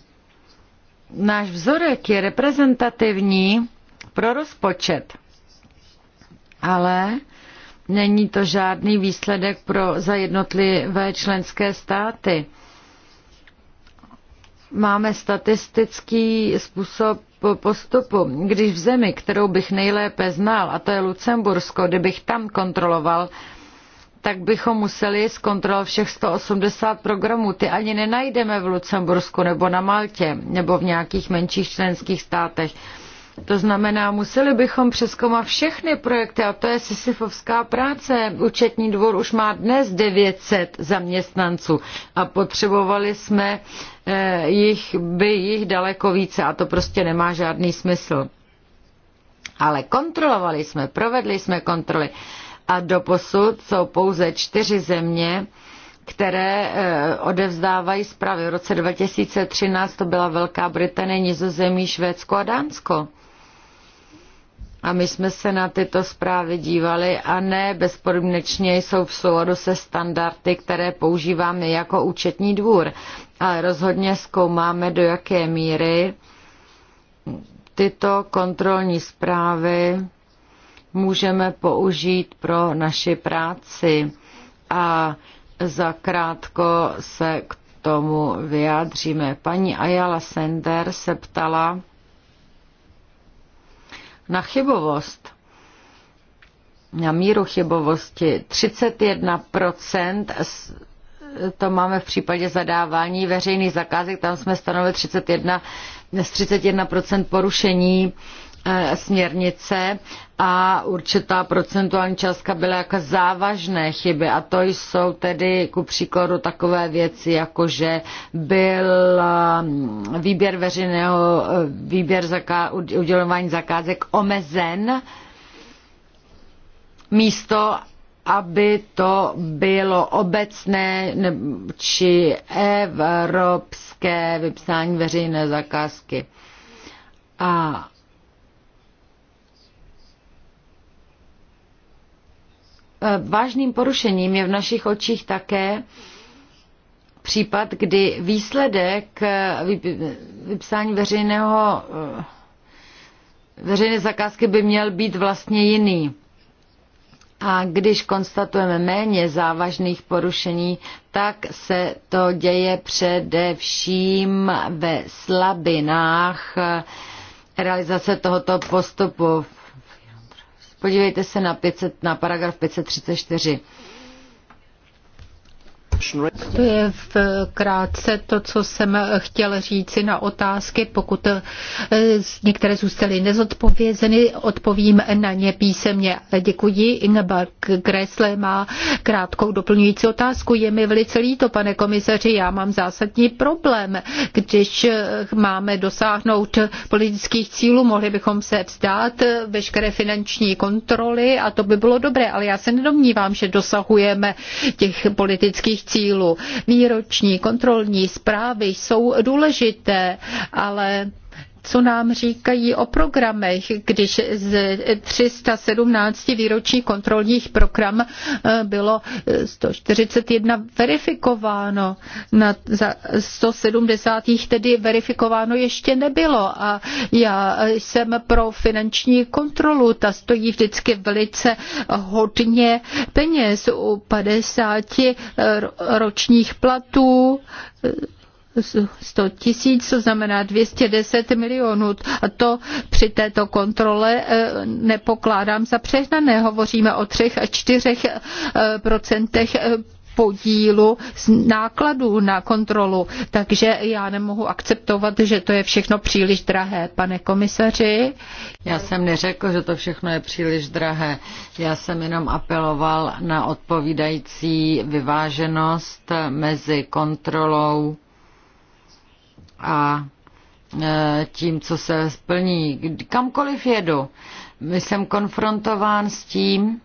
náš vzorek je reprezentativní pro rozpočet, ale není to žádný výsledek pro za jednotlivé členské státy máme statistický způsob postupu. Když v zemi, kterou bych nejlépe znal, a to je Lucembursko, kdybych tam kontroloval, tak bychom museli zkontrolovat všech 180 programů. Ty ani nenajdeme v Lucembursku nebo na Maltě nebo v nějakých menších členských státech. To znamená, museli bychom přeskoumat všechny projekty a to je sisyfovská práce. Účetní dvor už má dnes 900 zaměstnanců a potřebovali jsme eh, jich, by jich daleko více a to prostě nemá žádný smysl. Ale kontrolovali jsme, provedli jsme kontroly a doposud jsou pouze čtyři země, které eh, odevzdávají zprávy. V roce 2013 to byla Velká Británie, Nizozemí, Švédsko a Dánsko. A my jsme se na tyto zprávy dívali a ne bezpodmínečně jsou v souladu se standardy, které používáme jako účetní dvůr. Ale rozhodně zkoumáme, do jaké míry tyto kontrolní zprávy můžeme použít pro naši práci. A zakrátko se k tomu vyjádříme. Paní Ayala Sender se ptala, na chybovost, na míru chybovosti. 31% to máme v případě zadávání veřejných zakázek, tam jsme stanovili 31, 31% porušení eh, směrnice a určitá procentuální částka byla jako závažné chyby a to jsou tedy ku příkladu takové věci, jako že byl um, výběr veřejného, eh, výběr zaká- udělování zakázek omezen místo, aby to bylo obecné či evropské vypsání veřejné zakázky. A Eh, vážným porušením je v našich očích také případ, kdy výsledek eh, vypsání veřejného, eh, veřejné zakázky by měl být vlastně jiný. A když konstatujeme méně závažných porušení, tak se to děje především ve slabinách realizace tohoto postupu. Podívejte se na, 500, na paragraf 534. To je v krátce to, co jsem chtěl říci na otázky. Pokud eh, některé zůstaly nezodpovězeny, odpovím na ně písemně. Děkuji. Ingeborg Gressle má krátkou doplňující otázku. Je mi velice líto, pane komisaři, já mám zásadní problém. Když eh, máme dosáhnout politických cílů, mohli bychom se vzdát veškeré finanční kontroly a to by bylo dobré, ale já se nedomnívám, že dosahujeme těch politických cílů. Výroční kontrolní zprávy jsou důležité, ale co nám říkají o programech, když z 317 výročních kontrolních program eh, bylo 141 verifikováno, na, 170 tedy verifikováno ještě nebylo a já jsem pro finanční kontrolu, ta stojí vždycky velice hodně peněz u 50 eh, ročních platů, eh, 100 tisíc, to znamená 210 milionů. A to při této kontrole eh, nepokládám za přehnané. Hovoříme o 3 a 4 eh, procentech eh, podílu z nákladů na kontrolu. Takže já nemohu akceptovat, že to je všechno příliš drahé, pane komisaři. Já jsem neřekl, že to všechno je příliš drahé. Já jsem jenom apeloval na odpovídající vyváženost mezi kontrolou a e, tím, co se splní. Kamkoliv jedu, jsem konfrontován s tím,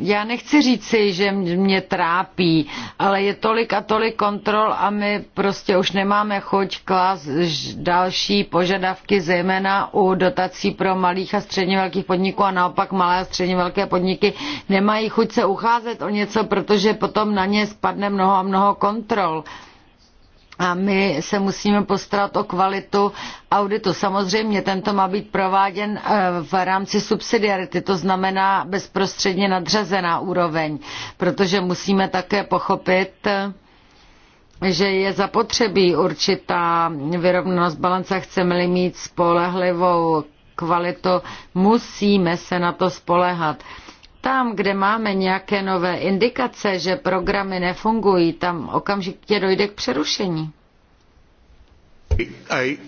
já nechci říci, že mě trápí, ale je tolik a tolik kontrol a my prostě už nemáme choť klas další požadavky, zejména u dotací pro malých a středně velkých podniků a naopak malé a středně velké podniky nemají chuť se ucházet o něco, protože potom na ně spadne mnoho a mnoho kontrol a my se musíme postarat o kvalitu auditu. Samozřejmě tento má být prováděn eh, v rámci subsidiarity, to znamená bezprostředně nadřazená úroveň, protože musíme také pochopit, že je zapotřebí určitá vyrovnanost balance, chceme-li mít spolehlivou kvalitu, musíme se na to spolehat. Tam, kde máme nějaké nové indikace, že programy nefungují, tam okamžitě dojde k přerušení. I,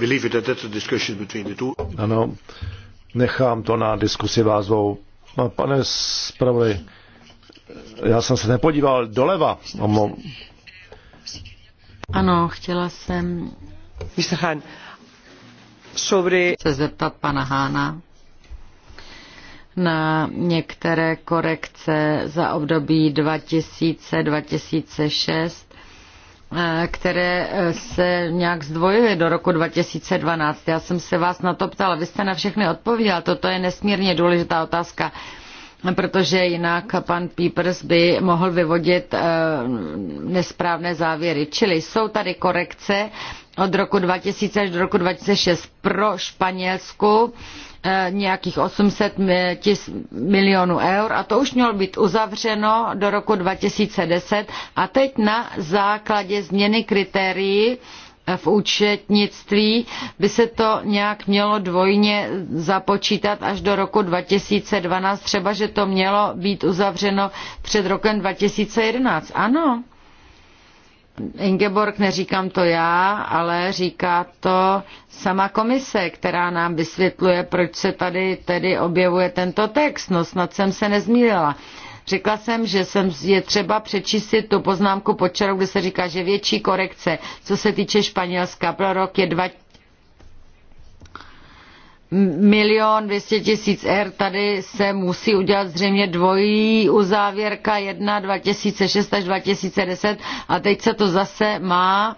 uh, that discussion between the two. Ano, nechám to na diskusi vázou. Pane zpravodaj, já jsem se nepodíval doleva. Ano, chtěla jsem Mr. se zeptat pana Hána na některé korekce za období 2000-2006, eh, které eh, se nějak zdvojily do roku 2012. Já jsem se vás na to ptala, vy jste na všechny odpověděl, toto je nesmírně důležitá otázka protože jinak pan Peepers by mohl vyvodit eh, nesprávné závěry. Čili jsou tady korekce od roku 2000 až do roku 2006 pro Španělsku eh, nějakých 800 milionů eur a to už mělo být uzavřeno do roku 2010 a teď na základě změny kritérií eh, v účetnictví by se to nějak mělo dvojně započítat až do roku 2012, třeba že to mělo být uzavřeno před rokem 2011. Ano, Ingeborg, neříkám to já, ale říká to sama komise, která nám vysvětluje, proč se tady tedy objevuje tento text. No snad jsem se nezmílila. Řekla jsem, že jsem, je třeba přečistit tu poznámku pod čarou, kde se říká, že větší korekce, co se týče Španělska pro rok je 2000 milion dvěstě tisíc R, tady se musí udělat zřejmě dvojí uzávěrka jedna tisíce šest až deset a teď se to zase má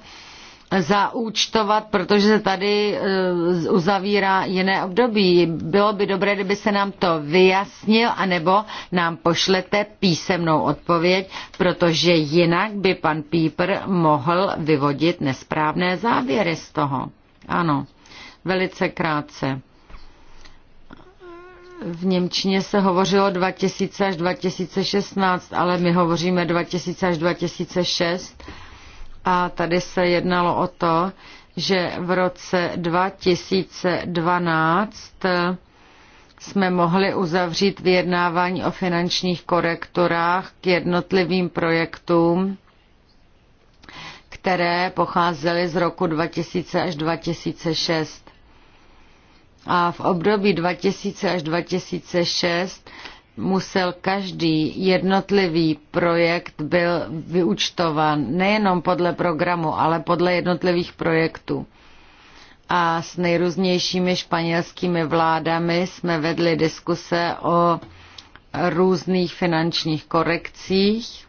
zaúčtovat, protože se tady eh, uzavírá jiné období. Bylo by dobré, kdyby se nám to vyjasnil, anebo nám pošlete písemnou odpověď, protože jinak by pan Píper mohl vyvodit nesprávné závěry z toho. Ano, velice krátce v Němčině se hovořilo 2000 až 2016, ale my hovoříme 2000 až 2006. A tady se jednalo o to, že v roce 2012 jsme mohli uzavřít vyjednávání o finančních korekturách k jednotlivým projektům, které pocházely z roku 2000 až 2006. A v období 2000 až 2006 musel každý jednotlivý projekt byl vyučtovan nejenom podle programu, ale podle jednotlivých projektů. A s nejrůznějšími španělskými vládami jsme vedli diskuse o různých finančních korekcích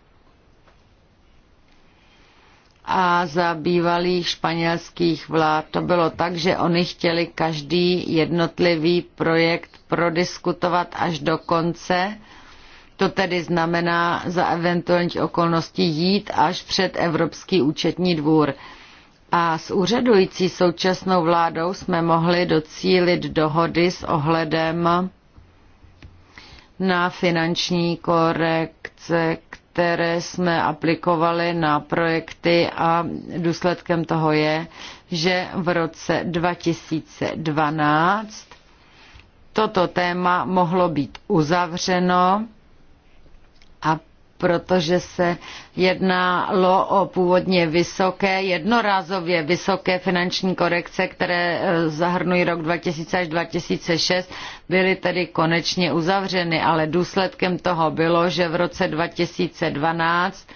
a za bývalých španělských vlád to bylo tak, že oni chtěli každý jednotlivý projekt prodiskutovat až do konce. To tedy znamená za eventuálních okolností jít až před Evropský účetní dvůr. A s úřadující současnou vládou jsme mohli docílit dohody s ohledem na finanční korekce, které jsme aplikovali na projekty a důsledkem toho je, že v roce 2012 toto téma mohlo být uzavřeno a protože se jednalo o původně vysoké, jednorázově vysoké finanční korekce, které eh, zahrnují rok 2000 až 2006, byly tedy konečně uzavřeny, ale důsledkem toho bylo, že v roce 2012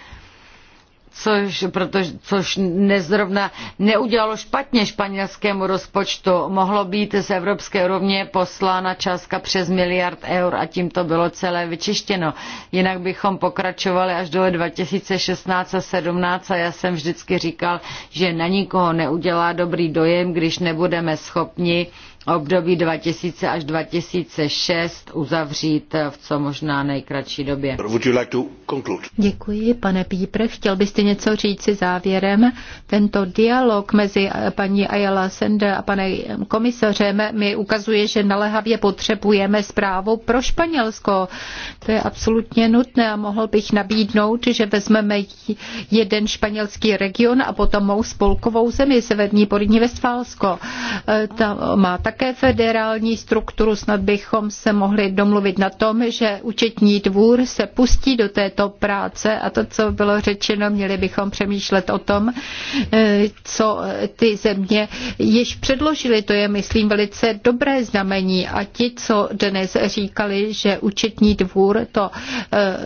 což, protože, což nezrovna neudělalo špatně španělskému rozpočtu. Mohlo být z evropské rovně poslána částka přes miliard eur a tím to bylo celé vyčištěno. Jinak bychom pokračovali až do 2016 a 17 a já jsem vždycky říkal, že na nikoho neudělá dobrý dojem, když nebudeme schopni období 2000 až 2006 uzavřít v co možná nejkratší době. Děkuji, pane Pípr. Chtěl byste něco říct si závěrem? Tento dialog mezi eh, paní Ayala Sende a pane eh, komisařem mi ukazuje, že naléhavě potřebujeme zprávu pro Španělsko. To je absolutně nutné a mohl bych nabídnout, že vezmeme jeden španělský region a potom mou spolkovou zemi, Severní Porní Vestfálsko. Eh, ta má tak také federální strukturu. Snad bychom se mohli domluvit na tom, že účetní dvůr se pustí do této práce a to, co bylo řečeno, měli bychom přemýšlet o tom, eh, co ty země již předložily. To je, myslím, velice dobré znamení a ti, co dnes říkali, že účetní dvůr to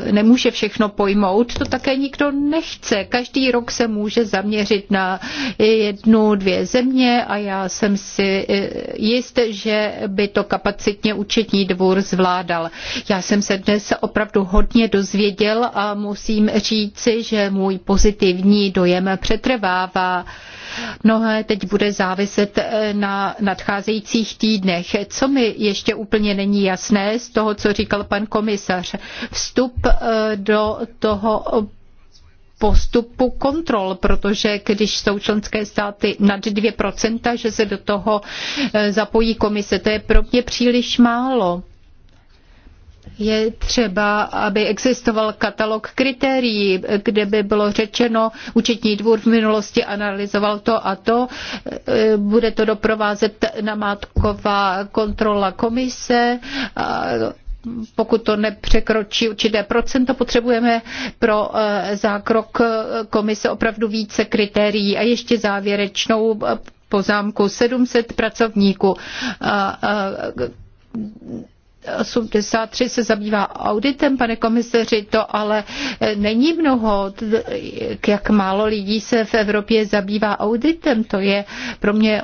eh, nemůže všechno pojmout, to také nikdo nechce. Každý rok se může zaměřit na jednu, dvě země a já jsem si je eh, jist, že by to kapacitně účetní dvůr zvládal. Já jsem se dnes opravdu hodně dozvěděl a musím říci, že můj pozitivní dojem přetrvává. Mnohé teď bude záviset eh, na nadcházejících týdnech. Co mi ještě úplně není jasné z toho, co říkal pan komisař, vstup eh, do toho postupu kontrol, protože když jsou členské státy nad 2%, že se do toho e, zapojí komise, to je pro mě příliš málo. Je třeba, aby existoval katalog kritérií, kde by bylo řečeno, účetní dvůr v minulosti analyzoval to a to, e, bude to doprovázet namátková kontrola komise, pokud to nepřekročí určité procento, potřebujeme pro eh, zákrok eh, komise opravdu více kritérií. A ještě závěrečnou eh, poznámku 700 pracovníků. 83 se zabývá auditem, pane komisaři, to ale není mnoho, jak málo lidí se v Evropě zabývá auditem, to je pro mě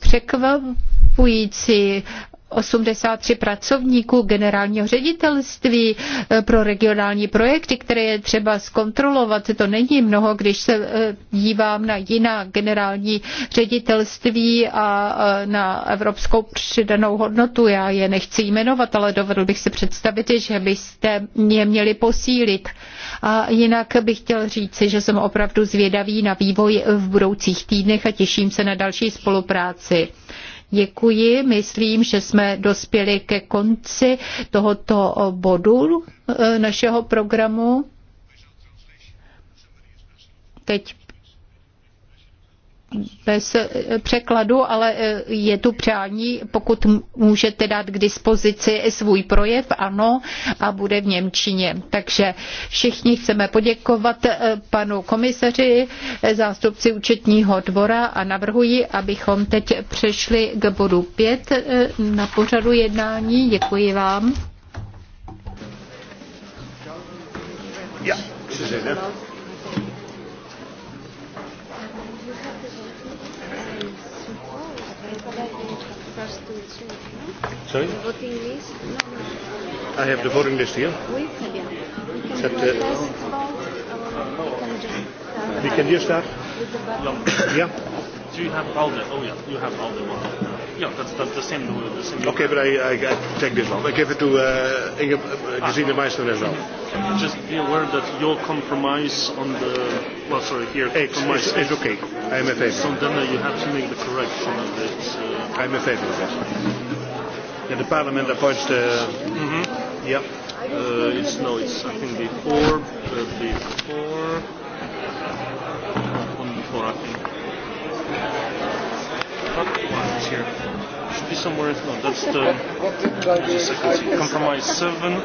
překvapující 83 pracovníků generálního ředitelství eh, pro regionální projekty, které je třeba zkontrolovat. To není mnoho, když se eh, dívám na jiná generální ředitelství a eh, na evropskou přidanou hodnotu. Já je nechci jmenovat, ale dovedl bych si představit, že byste mě měli posílit. A jinak bych chtěl říci, že jsem opravdu zvědavý na vývoj v budoucích týdnech a těším se na další spolupráci. Děkuji, myslím, že jsme dospěli ke konci tohoto bodu eh, našeho programu. Teď bez eh, překladu, ale eh, je tu přání, pokud můžete dát k dispozici svůj projev, ano, a bude v Němčině. Takže všichni chceme poděkovat eh, panu komisaři, zástupci účetního dvora a navrhuji, abychom teď přešli k bodu 5 na pořadu jednání. Děkuji vám. Yeah. first Sorry? The voting list? No, no. I have the voting list here. We can, yeah. We can uh, uh, we can just... Uh, we can just start? yeah. Do you have all the... Oh, yeah. You have all the one. Yeah, that's, that's the same rule. The same okay, but I, I, I take this one. I give it to uh, Inge, uh, eh, Gesine ah. Meister as well. Just be aware that your compromise on the, well, sorry, here, it's, compromise it's, it's okay. I am a favor. So then you have to make the correction of it. Uh, I am a favor of that. Yeah, the parliament appoints the... Mm-hmm. Yeah. Uh, it's, no, it's, I think, before, uh, before, one before, I think. Okay here. should be somewhere. No, that's the, the compromise seven,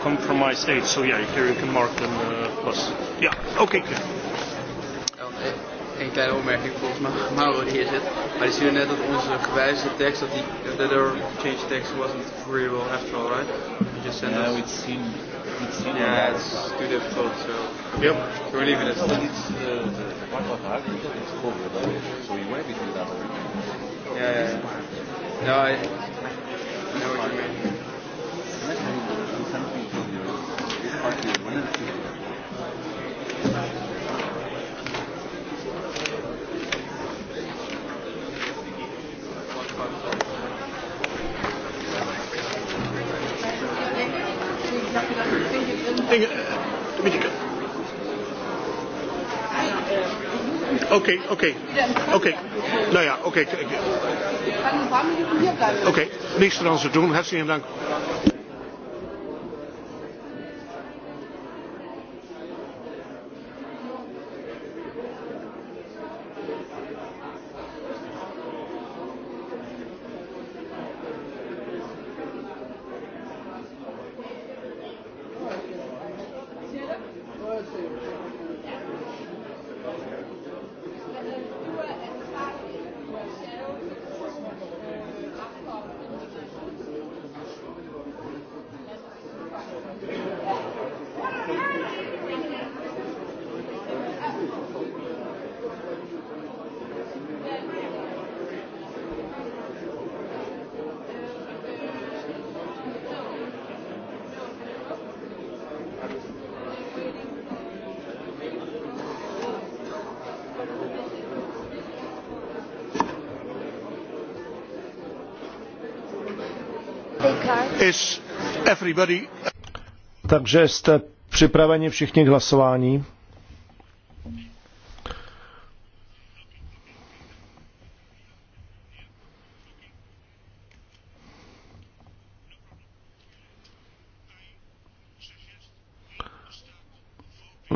compromise eight. So yeah, here you can mark them uh, plus. Yeah. Okay. okay. Een kleine opmerking volgens mij, maar wat hier zit. Maar die zien net dat onze gewijzigde tekst, dat die dat er change text wasn't agreeable after all, right? You just send yeah, us. It seemed, it seemed yeah, it's too difficult, so. Yep. we're leaving it. So it's uh, the, the, the, the, the, the, the, the, the, so you were between that already. Yeah, yeah. No, I know what you mean. Thank you. Okay, okay. Okay. Nou ja, oké. Okay. Oké, okay. niks er aan te doen. Hartstikke dank. Takže jste připraveni všichni k hlasování?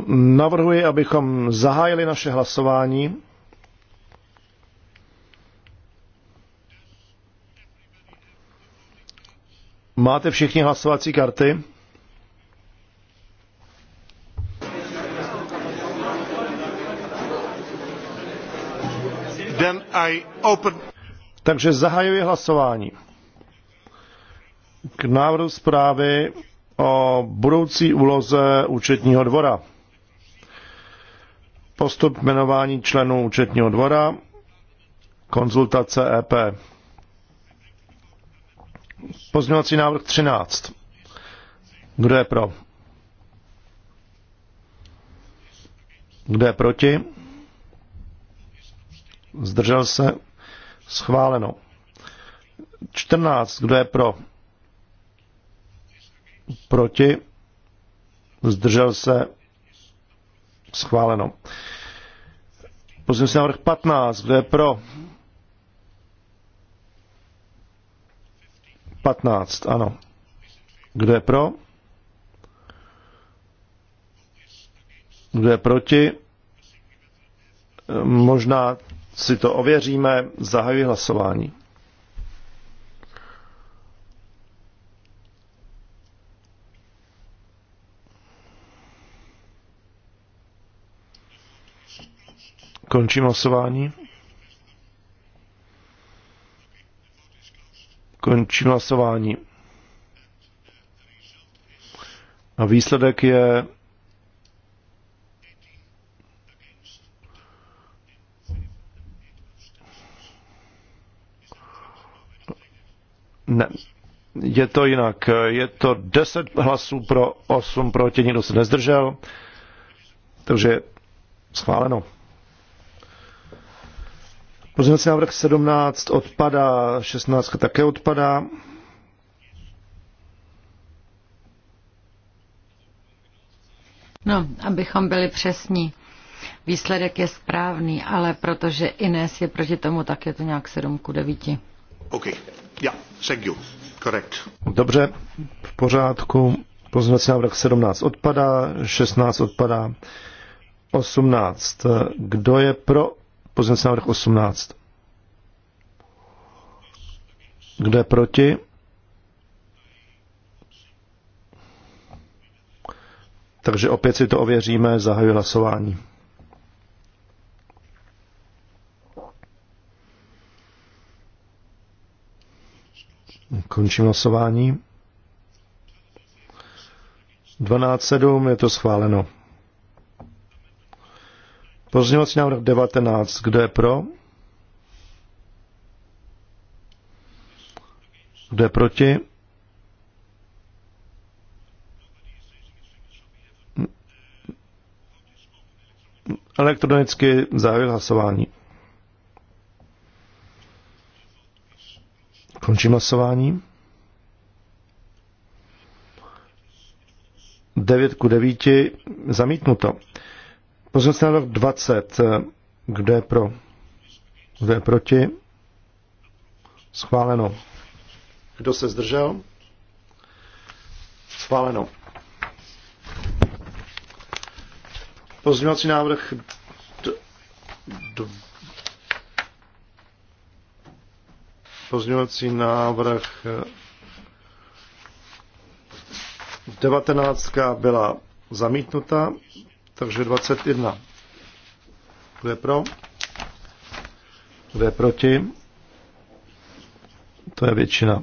Navrhuji, abychom zahájili naše hlasování. Máte všichni hlasovací karty? Then I open... Takže zahajuji hlasování k návrhu zprávy o budoucí úloze účetního dvora. Postup jmenování členů účetního dvora, konzultace EP. Pozměňovací návrh 13. Kdo je pro? Kdo je proti? Zdržel se? Schváleno. 14. Kdo je pro? Proti? Zdržel se? Schváleno. Pozměňovací návrh 15. Kdo je pro? 15, ano. Kdo je pro? Kdo je proti? Možná si to ověříme. Zahajuji hlasování. Končím hlasování. Končím hlasování. A výsledek je 18. Ne, je to jinak. Je to 10 hlasů pro 8 proti, nikdo se nezdržel. Takže schváleno. Pozměňovací návrh 17 odpadá, 16 také odpadá. No, abychom byli přesní. Výsledek je správný, ale protože Ines je proti tomu, tak je to nějak 7 ku 9. OK. Yeah, you. Correct. Dobře, v pořádku. Pozměňovací návrh 17 odpadá, 16 odpadá, 18. Kdo je pro Pozměňovací návrh 18. Kdo je proti? Takže opět si to ověříme, zahajuji hlasování. Končím hlasování. 12.7 je to schváleno. Pozměňovací návrh 19. Kdo je pro? Kdo je proti? Elektronicky zahájil hlasování. Končím hlasování. 9 ku 9 zamítnuto. Pozornost návrh 20. Eh, kdo je pro? Kdo je proti? Schváleno. Kdo se zdržel? Schváleno. Pozměňovací návrh d, d, pozměňovací návrh 19 eh, byla zamítnuta, takže 21. Kdo je pro? Kdo je proti? To je většina.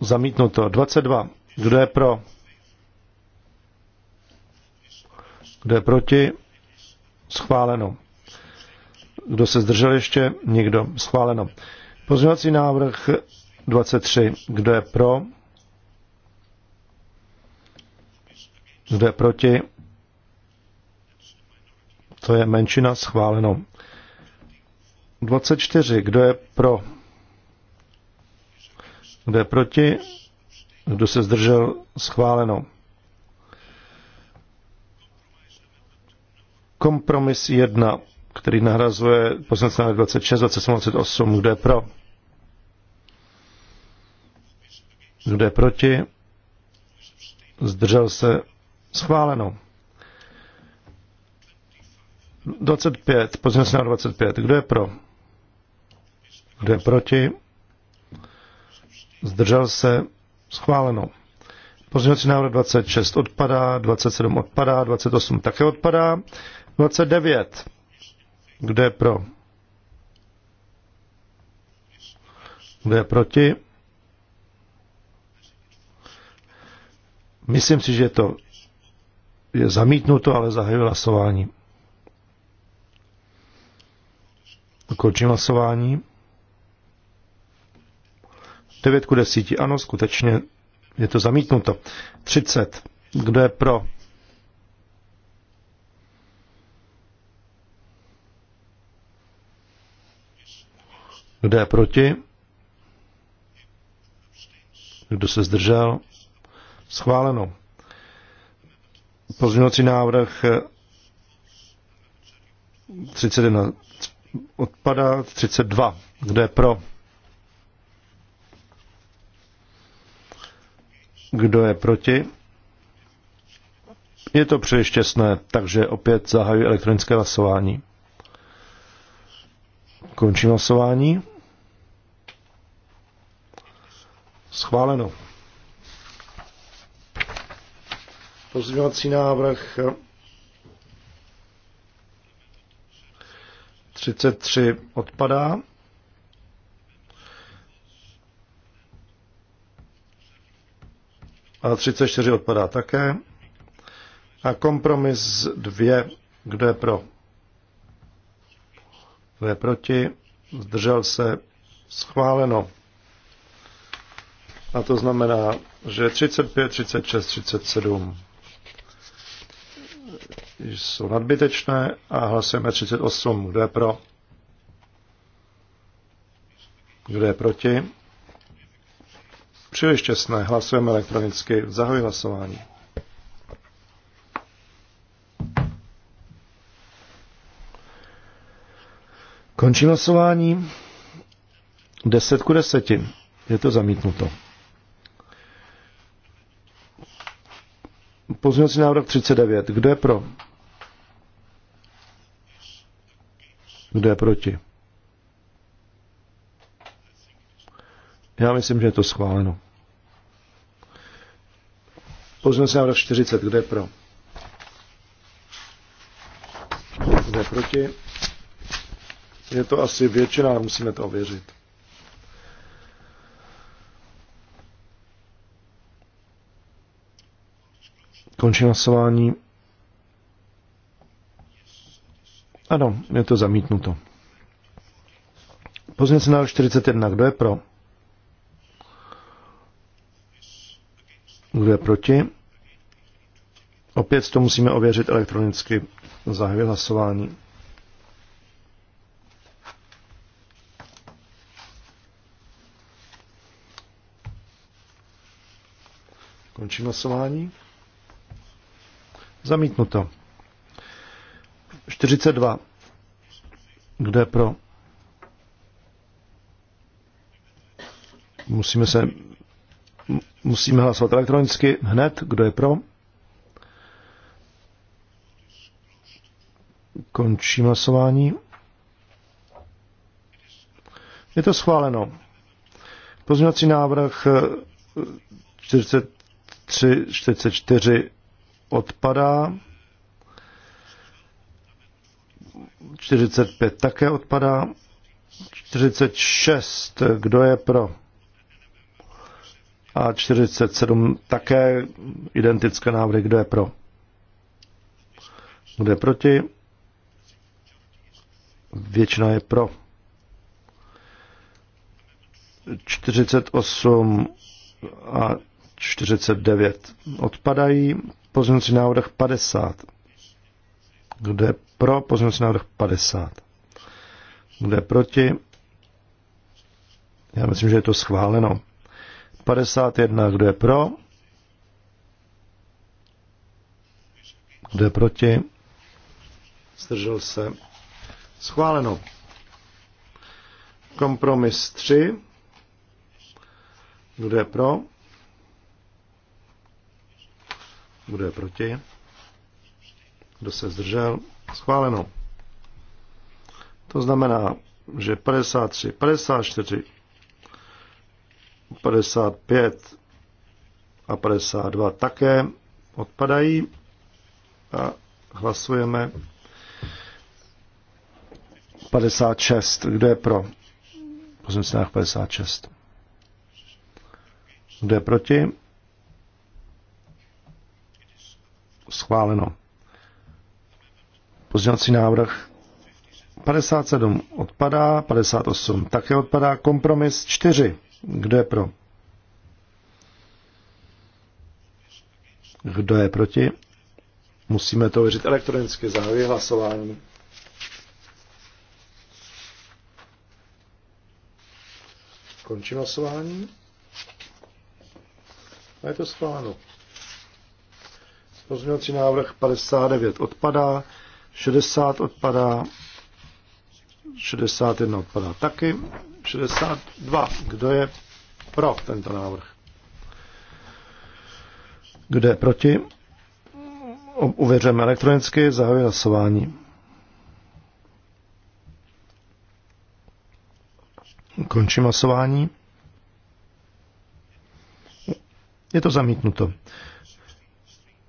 Zamítnuto. 22. Kdo je pro? Kdo je proti? Schváleno. Kdo se zdržel ještě? Nikdo. Schváleno. Pozměňovací návrh 23. Kdo je pro? zde proti, to je menšina schváleno. 24. Kdo je pro? Kdo je proti? Kdo se zdržel? Schváleno. Kompromis 1, který nahrazuje poslanec 26, 27, 28. Kdo je pro? Kdo je proti? Zdržel se? Schváleno. 25, pozměnce na 25. Kdo je pro? Kdo je proti? Zdržel se? Schváleno. Pozměňovací návrh 26 odpadá, 27 odpadá, 28 také odpadá, 29. Kdo je pro? Kdo je proti? Myslím si, že je to je zamítnuto, ale zahajuje hlasování. Končím hlasování. 9 ku 10. Ano, skutečně je to zamítnuto. 30. Kdo je pro? Kdo je proti? Kdo se zdržel? Schváleno. Pozměňovací návrh 31 eh, odpadá, 32. Kdo je pro? Kdo je proti? Je to příliš těsné, takže opět zahajuji elektronické hlasování. Končím hlasování. Schváleno. Pozměňovací návrh 33 odpadá. A 34 odpadá také. A kompromis 2, kdo je pro? Kdo je proti? Zdržel se? Schváleno. A to znamená, že 35, 36, 37 jsou nadbytečné a hlasujeme 38. Kdo je pro? Kdo je proti? Příliš těsné. Hlasujeme elektronicky. Zahoj hlasování. Končí hlasování. 10 ku 10. Je to zamítnuto. Pozměňovací návrh 39. Kdo je pro? Kdo je proti? Já myslím, že je to schváleno. Pozměňovací návrh 40. Kdo je pro? Kdo je proti? Je to asi většina, ale musíme to ověřit. Končím hlasování. Ano, je to zamítnuto. Pozměnce návrh 41. Kdo je pro? Kdo je proti? Opět to musíme ověřit elektronicky. Zahajuji hlasování. Končím hlasování. Zamítnuto. 42. Kdo je pro? Musíme se musíme hlasovat elektronicky hned. Kdo je pro? Končím hlasování. Je to schváleno. Pozměňovací návrh 43, 44 odpadá. 45 také odpadá. 46, kdo je pro? A 47 také identické návrhy, kdo je pro? Kdo je proti? Většina je pro. 48 a 49 odpadají, pozměňovací návrh 50. Kdo je pro pozměňovací návrh 50? Kdo je proti? Já myslím, že je to schváleno. 51. Kdo je pro? Kdo je proti? Zdržel se. Schváleno. Kompromis 3. Kdo je pro? Kdo je proti? Kdo se zdržel? Schváleno. To znamená, že 53, 54, 55 a 52 také odpadají a hlasujeme 56. Kdo je pro? Pozměnce 56. Kdo je proti? schváleno. Pozměňovací návrh 57 odpadá, 58 také odpadá, kompromis 4. Kdo je pro? Kdo je proti? Musíme to věřit elektronicky, zahajuji hlasování. Končím hlasování. A je to schváleno. Pozměňovací návrh 59 odpadá, 60 odpadá, 61 odpadá taky, 62. Kdo je pro tento návrh? Kdo je proti? Uvěřujeme elektronicky, zahajuji hlasování. Končím hlasování. Je to zamítnuto.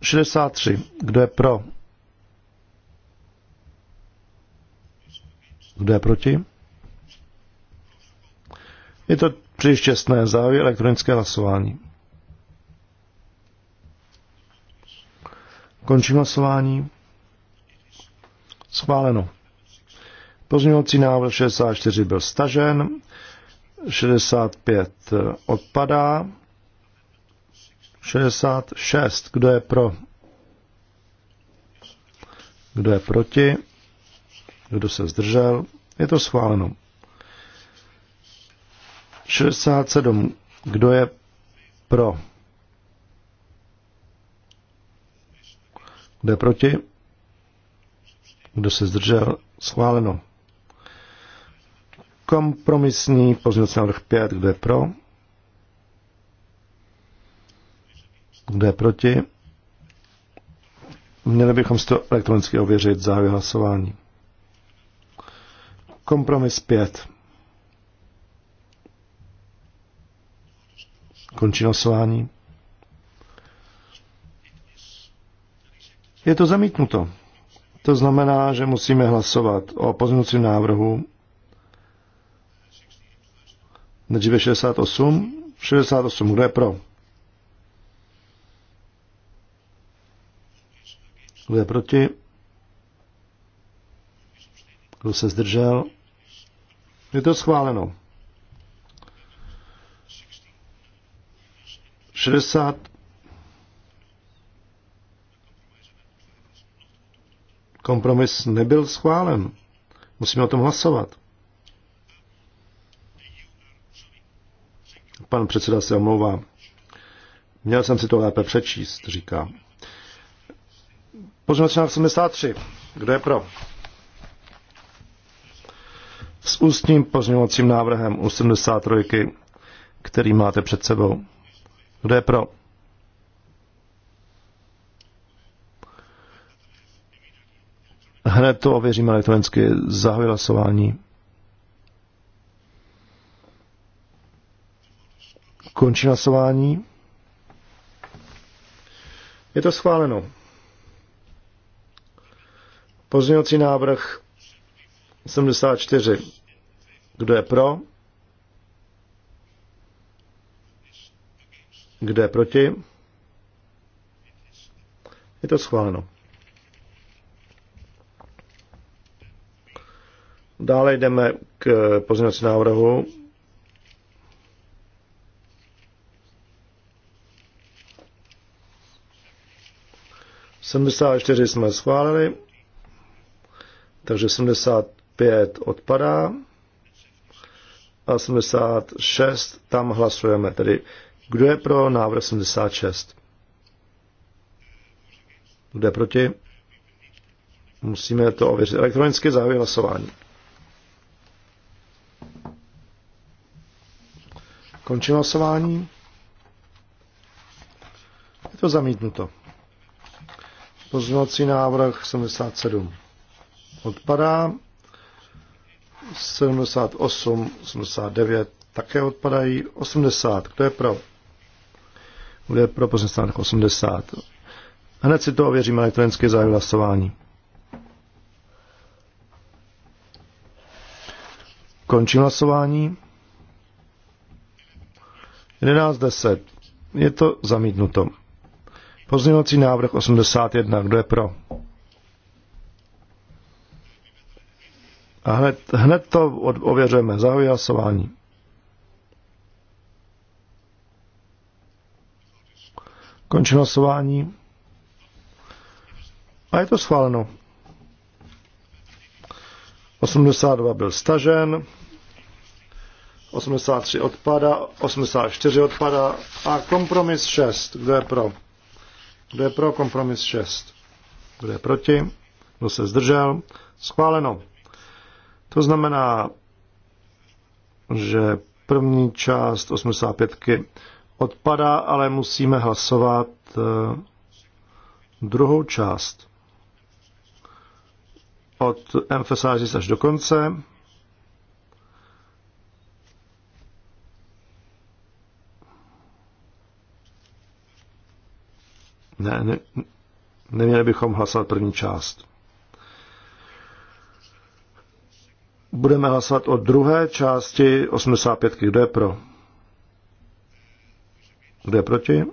63. Kdo je pro? Kdo je proti? Je to příliš čestné závěr elektronické hlasování. Končím hlasování. Schváleno. Pozměňovací návrh 64 byl stažen, 65 odpadá. 66. Kdo je pro? Kdo je proti? Kdo se zdržel? Je to schváleno. 67. Kdo je pro? Kdo je proti? Kdo se zdržel? Schváleno. Kompromisní pozměnce návrh 5. Kdo je pro? Kdo je proti? Měli bychom si to elektronicky ověřit závěr hlasování. Kompromis 5. Končí hlasování. Je to zamítnuto. To znamená, že musíme hlasovat o pozměňovacím návrhu nejdříve 68. 68, kdo je pro? Kdo je proti? Kdo se zdržel? Je to schváleno. 60. Kompromis nebyl schválen. Musíme o tom hlasovat. Pan předseda se omlouvá. Měl jsem si to lépe přečíst, říká. Pozměňovací návrh 73. Kdo je pro? S ústním pozměňovacím návrhem u 73, který máte před sebou. Kdo je pro? Hned to ověříme elektronicky. Zahajuji hlasování. Končí hlasování. Je to schváleno. Pozměňovací návrh 74. Kdo je pro? Kdo je proti? Je to schváleno. Dále jdeme k pozměňovací návrhu Sedmdesát jsme schválili takže 75 odpadá a 76 tam hlasujeme. Tedy kdo je pro návrh 76? Kdo je proti? Musíme to ověřit. Elektronické závěr hlasování. Končím hlasování. Je to zamítnuto. Pozměňovací návrh 77 odpadá. 78, 89 také odpadají. 80, kdo je pro? Kdo je pro pozměnit 80? Hned si to ověříme elektronické zájem hlasování. Končím hlasování. 11.10. Je to zamítnuto. Pozměňovací návrh 81. Kdo je pro? A hned, hned to ověřujeme. Zahajuji hlasování. Končím hlasování. A je to schváleno. 82 byl stažen, 83 odpada, 84 odpada a kompromis 6. Kdo je pro? Kdo je pro kompromis 6? Kdo je proti? Kdo se zdržel? Schváleno. To znamená, že první část 85 odpadá, ale musíme hlasovat eh, druhou část od emfasázis až do konce. Ne, ne, neměli bychom hlasovat první část. Budeme hlasovat o druhé části 85. Kdo je pro? Kdo je proti?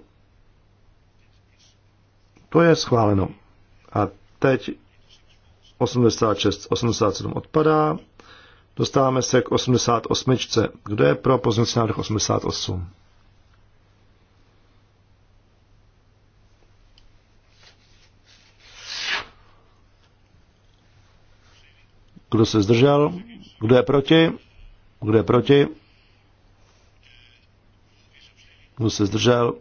To je schváleno. A teď 86, 87 odpadá. Dostáváme se k 88. Kdo je pro pozměnci návrh 88? Kdo se zdržel? Kdo je proti? Kdo je proti? Kdo se zdržel?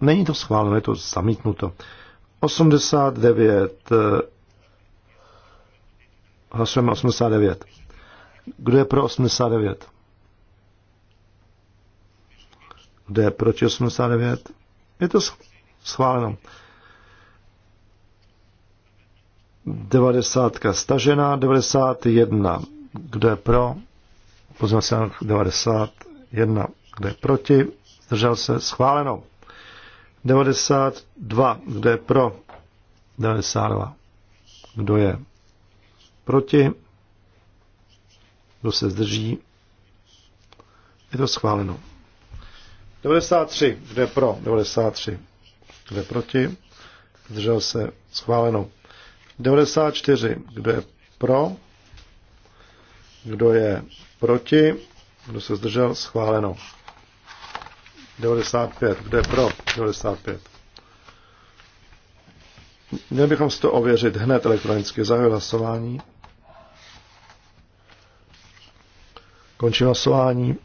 Není to schváleno, je to zamítnuto. 89. Eh, hlasujeme 89. Kdo je pro 89? Kdo je proti 89? Je to schváleno. 90 stažená, 91 kdo je pro, pozměňovací návrh 91 kdo je proti, zdržel se, schváleno. 92 kdo je pro, 92 kdo je proti, kdo se zdrží, je to schváleno. 93, kde pro, 93, kde proti, zdržel se, schváleno. 94. Kdo je pro? Kdo je proti? Kdo se zdržel? Schváleno. 95. Kdo je pro? 95. Měli bychom si to ověřit hned elektronicky. Zahajuji hlasování. Končím hlasování.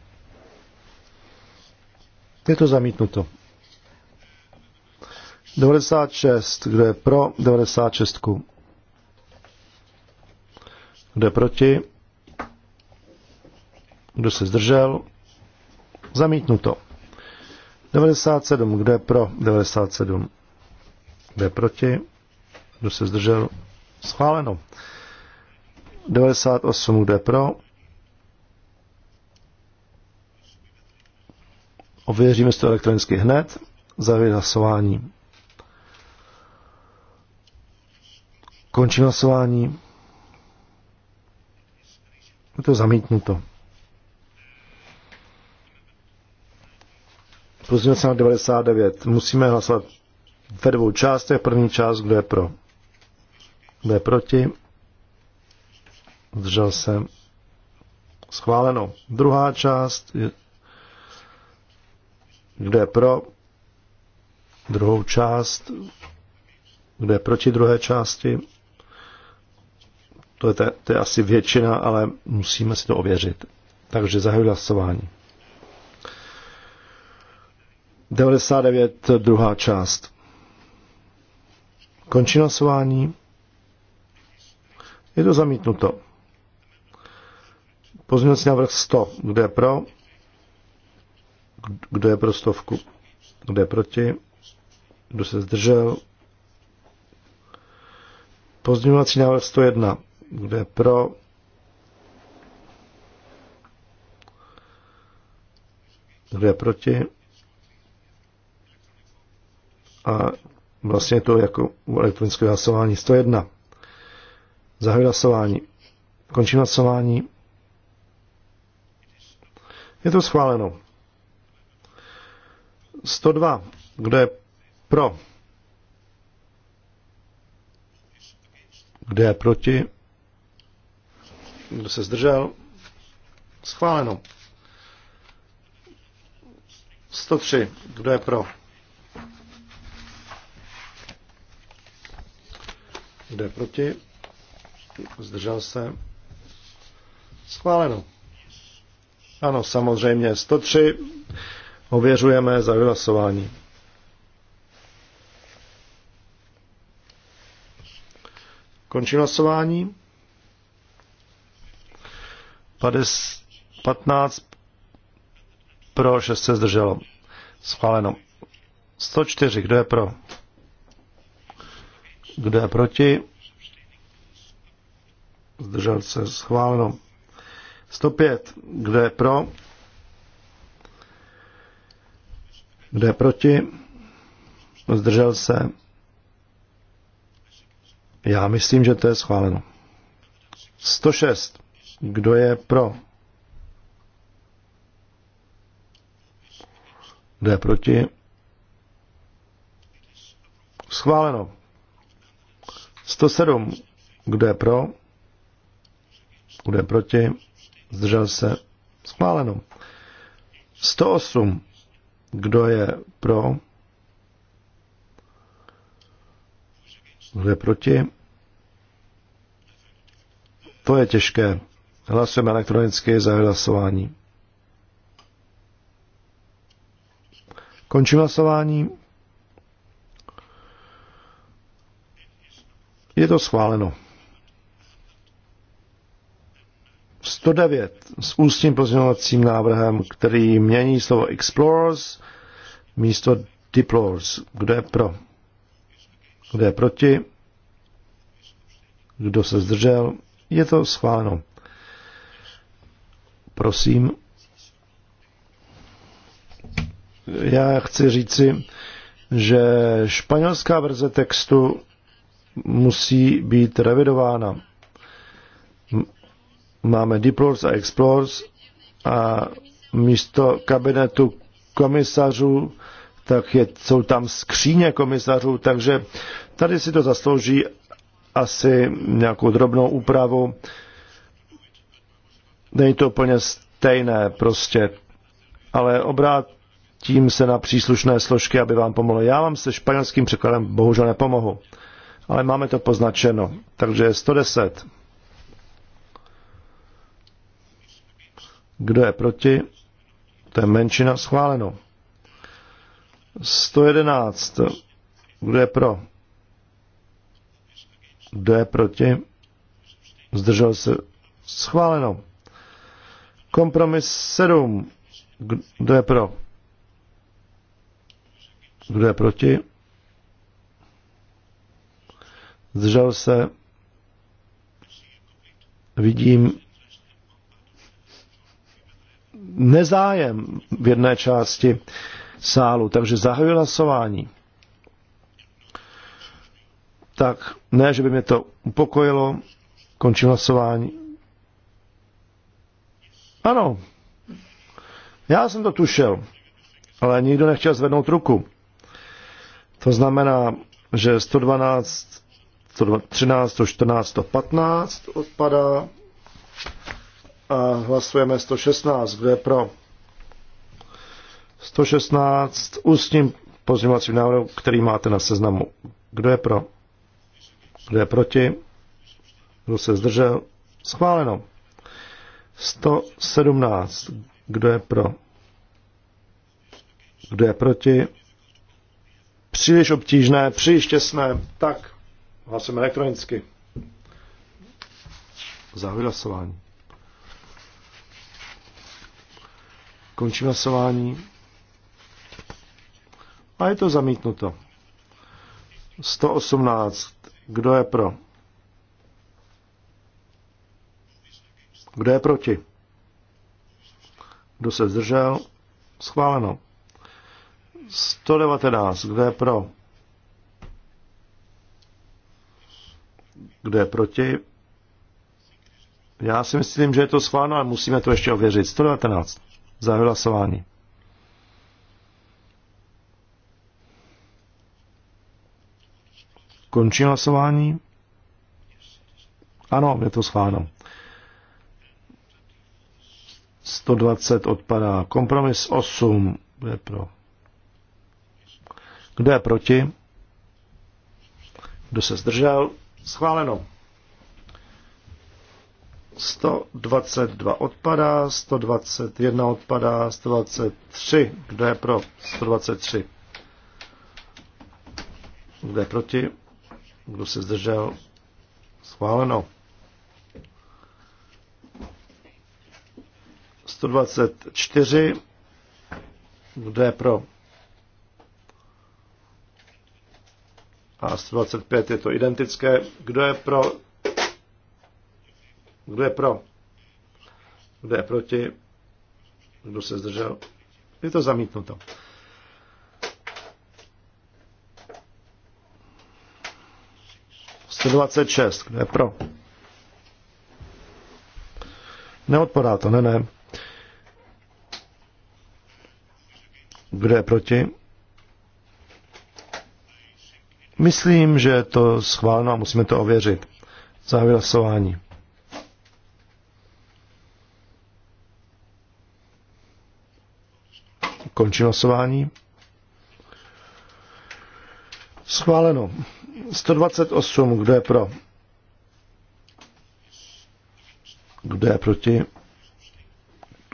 Je to zamítnuto. 96. Kdo je pro? 96. Kdo je proti? Kdo se zdržel? Zamítnuto. 97. Kdo je pro? 97. Kdo je proti? Kdo se zdržel? Schváleno. 98. Kdo je pro? Ověříme to elektronicky hned. za hlasování. Končím hlasování. Je to zamítnuto. se na 99. Musíme hlasovat ve dvou částech. První část, kdo je pro. Kdo je proti. Zdržel se. Schváleno. Druhá část. Je, kdo je pro. Druhou část. Kdo je proti druhé části. To je, to je asi většina, ale musíme si to ověřit. Takže zahajuji hlasování. 99, druhá část. Končí hlasování. Je to zamítnuto. Pozměňovací návrh 100. Kdo je pro? Kdo je pro stovku? Kdo je proti? Kdo se zdržel? Pozměňovací návrh 101. Kdo je pro? Kdo je proti? A vlastně to jako u elektronického hlasování 101. Zahajuji hlasování. Končím hlasování. Je to schváleno. 102. Kdo je pro? Kdo je proti? Kdo se zdržel? Schváleno. 103. Kdo je pro? Kdo je proti? Zdržel se? Schváleno. Ano, samozřejmě. 103. Ověřujeme za vyhlasování. Končím hlasování. 15 pro, 6 se zdrželo. Schváleno. 104, kdo je pro? Kdo je proti? Zdržel se schváleno. 105, kdo je pro? Kdo je proti? Zdržel se. Já myslím, že to je schváleno. 106. Kdo je pro? Kdo je proti? Schváleno. 107. Kdo je pro? Kdo je proti? Zdržel se? Schváleno. 108. Kdo je pro? Kdo je proti? To je těžké. Hlasujeme elektronicky za hlasování. Končím hlasování. Je to schváleno. 109 s ústním pozměňovacím návrhem, který mění slovo explorers místo deplores. Kdo je pro? Kdo je proti? Kdo se zdržel? Je to schváleno. Prosím. Já chci říci, že španělská verze textu musí být revidována. Máme Deplores a Explores a místo kabinetu komisařů, tak je, jsou tam skříně komisařů, takže tady si to zaslouží asi nějakou drobnou úpravu Není to úplně stejné prostě, ale obrátím se na příslušné složky, aby vám pomohlo. Já vám se španělským překladem bohužel nepomohu, ale máme to poznačeno, takže 110. Kdo je proti? To je menšina schváleno. 111. Kdo je pro? Kdo je proti? Zdržel se. Schváleno. Kompromis 7. Kdo je pro? Kdo je proti? Zdržel se. Vidím nezájem v jedné části sálu, takže zahajuji hlasování. Tak ne, že by mě to upokojilo, končím hlasování. Ano, já jsem to tušil, ale nikdo nechtěl zvednout ruku. To znamená, že 112, 113, 114, 115 odpadá a hlasujeme 116. Kdo je pro? 116 ústním pozměňovacím návrhu, který máte na seznamu. Kdo je pro? Kdo je proti? Kdo se zdržel? Schváleno. 117. Kdo je pro? Kdo je proti? Příliš obtížné, příliš těsné. Tak, hlasujeme elektronicky. Za hlasování. Končím hlasování. A je to zamítnuto. 118. Kdo je pro? Kdo je proti? Kdo se zdržel? Schváleno. 119. Kdo je pro? Kdo je proti? Já si myslím, že je to schváleno, ale musíme to ještě ověřit. 119. Za hlasování. Končí hlasování. Ano, je to schváleno. 120 odpadá. Kompromis 8. Kdo je pro? Kdo je proti? Kdo se zdržel? Schváleno. 122 odpadá, 121 odpadá, 123. Kdo je pro? 123. Kdo je proti? Kdo se zdržel? Schváleno. 124. Kdo pro? A 125 je to identické. Kdo je pro? Kdo je pro? Kdo je proti? Kdo se zdržel? Je to zamítnuto. Sto dvacet šest. Kdo je pro? Neodpadá to, ne, ne. Kdo je proti? Myslím, že je to schváleno a musíme to ověřit. Závěr hlasování. Končí hlasování. Schváleno. 128. Kdo je pro? Kdo je proti?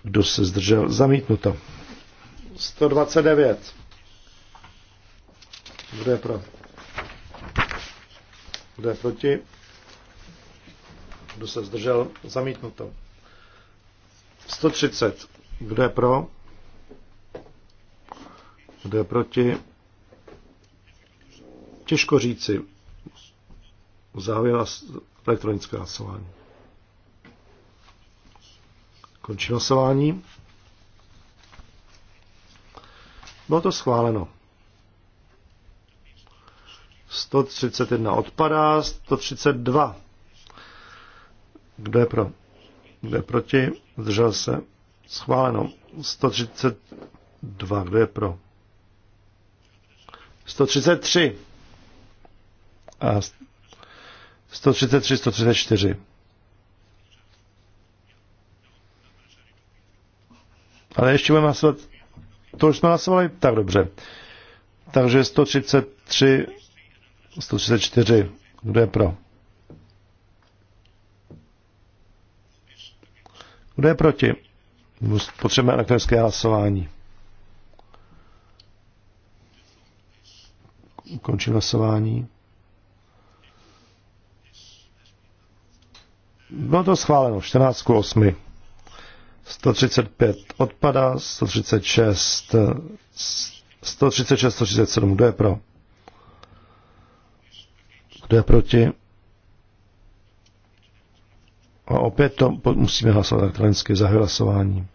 Kdo se zdržel? Zamítnuto. 129. Kdo je pro? Kdo je proti? Kdo se zdržel? Zamítnuto. 130. Kdo je pro? Kdo je proti? Těžko říci. Závěla elektronické hlasování. Končí hlasování. Bylo to schváleno. 131 odpadá, 132. Kdo je pro? Kdo je proti? Zdržel se. Schváleno. 132. Kdo je pro? 133. A 133, 134. Ale ještě budeme hlasovat to už jsme hlasovali tak dobře. Takže 133, 134, kdo je pro? Kdo je proti? Potřebujeme elektronické hlasování. Ukončím hlasování. Bylo to schváleno, 14 8. 135 odpadá, 136, 136, 137, kdo je pro? Kdo je proti? A opět to musíme hlasovat elektronicky za hlasování.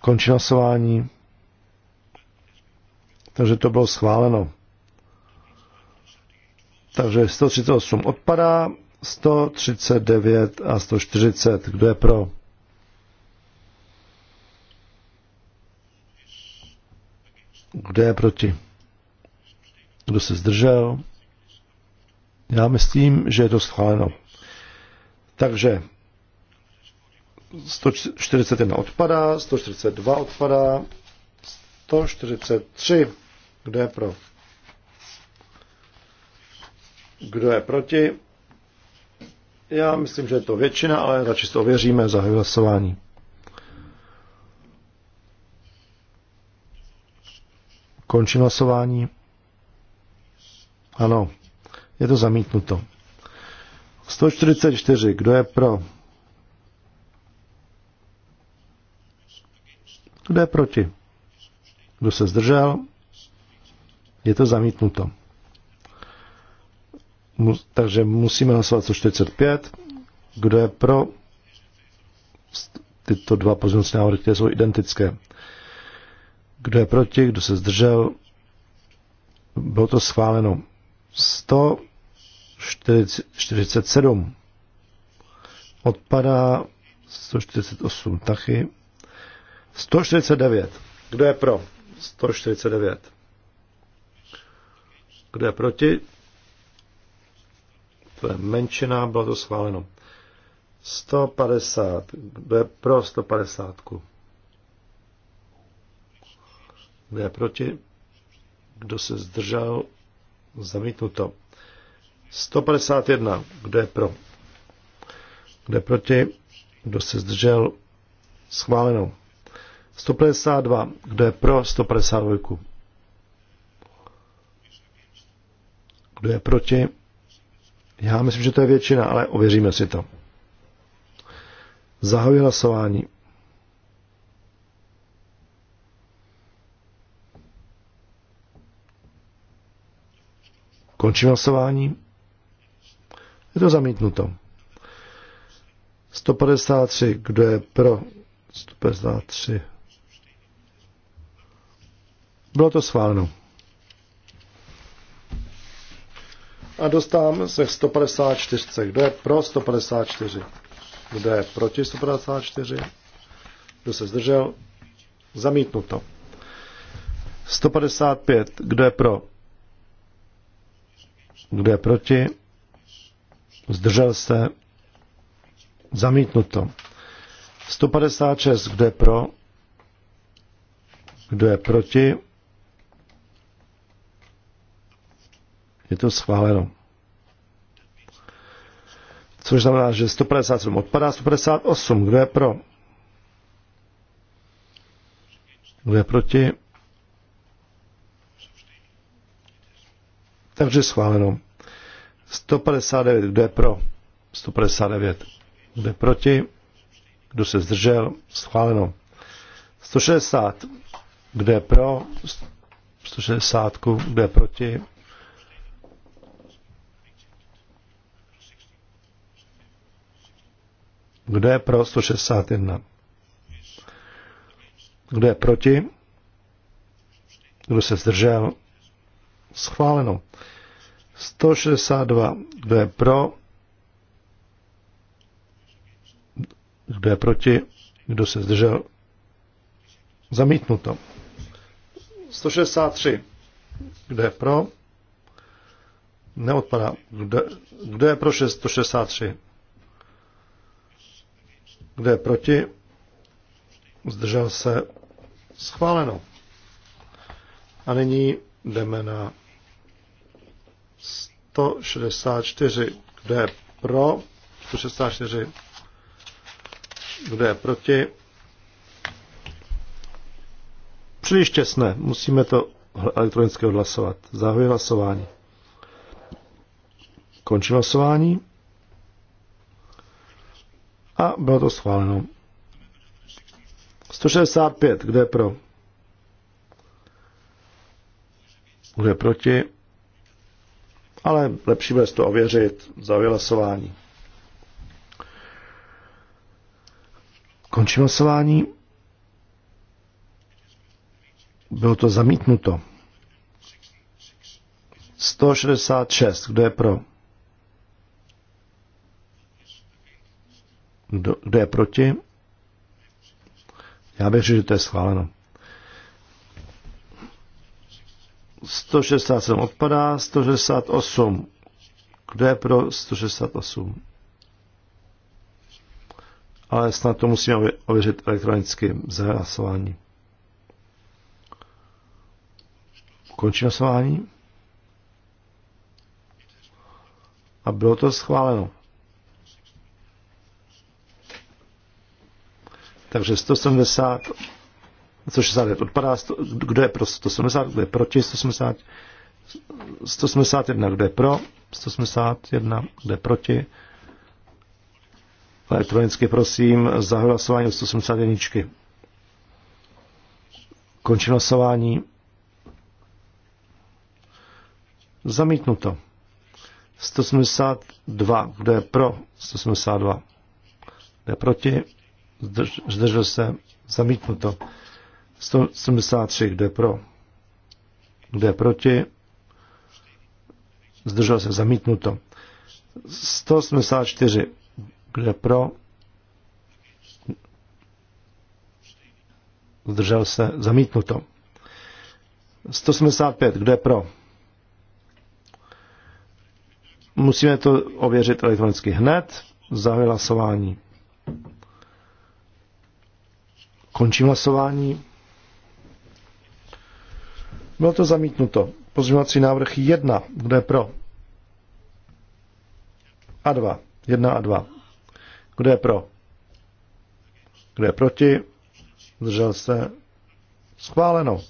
Končí hlasování. Takže to bylo schváleno. Takže 138 odpadá, 139 a 140. Kdo je pro? Kdo je proti? Kdo se zdržel? Já myslím, že je to schváleno. Takže 141 odpadá, 142 odpadá, 143. Kdo je pro? Kdo je proti? Já myslím, že je to většina, ale radši to ověříme za hlasování. Končím hlasování. Ano, je to zamítnuto. 144. Kdo je pro? Kdo je proti? Kdo se zdržel? Je to zamítnuto takže musíme hlasovat 145. Kdo je pro tyto dva pozměňovací návrhy, které jsou identické? Kdo je proti? Kdo se zdržel? Bylo to schváleno. 147 odpadá, 148 taky. 149. Kdo je pro? 149. Kdo je proti? to je menšina, bylo to schváleno. 150, kdo je pro 150? Kdo je proti? Kdo se zdržel? Zamítnuto. 151, kdo je pro? Kdo je proti? Kdo se zdržel? Schváleno. 152, kdo je pro 152? Kdo je proti? Já myslím, že to je většina, ale ověříme si to. Zahajuji hlasování. Končím hlasování. Je to zamítnuto. 153. Kdo je pro? 153. Bylo to schváleno. A dostávám se k 154. Kdo je pro 154? Kdo je proti 154? Kdo se zdržel? Zamítnuto. 155. Kdo je pro? Kdo je proti? Zdržel se? Zamítnuto. 156. Kdo je pro? Kdo je proti? Je to schváleno. Což znamená, že 157 odpadá, 158. Kdo je pro? Kdo je proti? Takže schváleno. 159. Kdo je pro? 159. Kdo je proti? Kdo se zdržel? Schváleno. 160. Kdo je pro? 160. Kdo je proti? Kdo je pro 161? Kdo je proti? Kdo se zdržel? Schváleno. 162. Kdo je pro? Kdo je proti? Kdo se zdržel? Zamítnuto. 163. Kdo je pro? Neodpadá. Kdo, kdo je pro 163? Kdo je proti? Zdržel se? Schváleno. A nyní jdeme na 164. Kdo je pro? 164. Kdo je proti? Příliš těsné. Musíme to elektronicky odhlasovat. Zahajuji hlasování. Končí hlasování. A bylo to schváleno. 165, kde je pro? Kdo je proti? Ale lepší bude to ověřit za vylasování. Končím hlasování. Bylo to zamítnuto. 166. Kdo je pro? Kdo, kdo je proti? Já věřím, že to je schváleno. 167 odpadá, 168. Kdo je pro 168? Ale snad to musíme ověřit elektronicky za hlasování. Končí hlasování. A bylo to schváleno. Takže 170, 169 odpadá, kdo je pro 170, kdo je proti 180, 181, kdo je pro, 181, kdo je proti. Elektronicky prosím za hlasování o 171. Končím hlasování. Zamítnuto. 182, kdo je pro, 182, kdo je proti zdržel se, zamítnuto. 173, kdo je pro, kdo je proti, zdržel se, zamítnuto. 184, kdo je pro, zdržel se, zamítnuto. 175, kdo je pro? Musíme to ověřit elektronicky hned. Zahajuji hlasování. Končím hlasování. Bylo to zamítnuto. Pozměňovací návrh 1. Kdo je pro? A 2. 1 a 2. Kdo je pro? Kdo je proti? Zdržel se? Schváleno.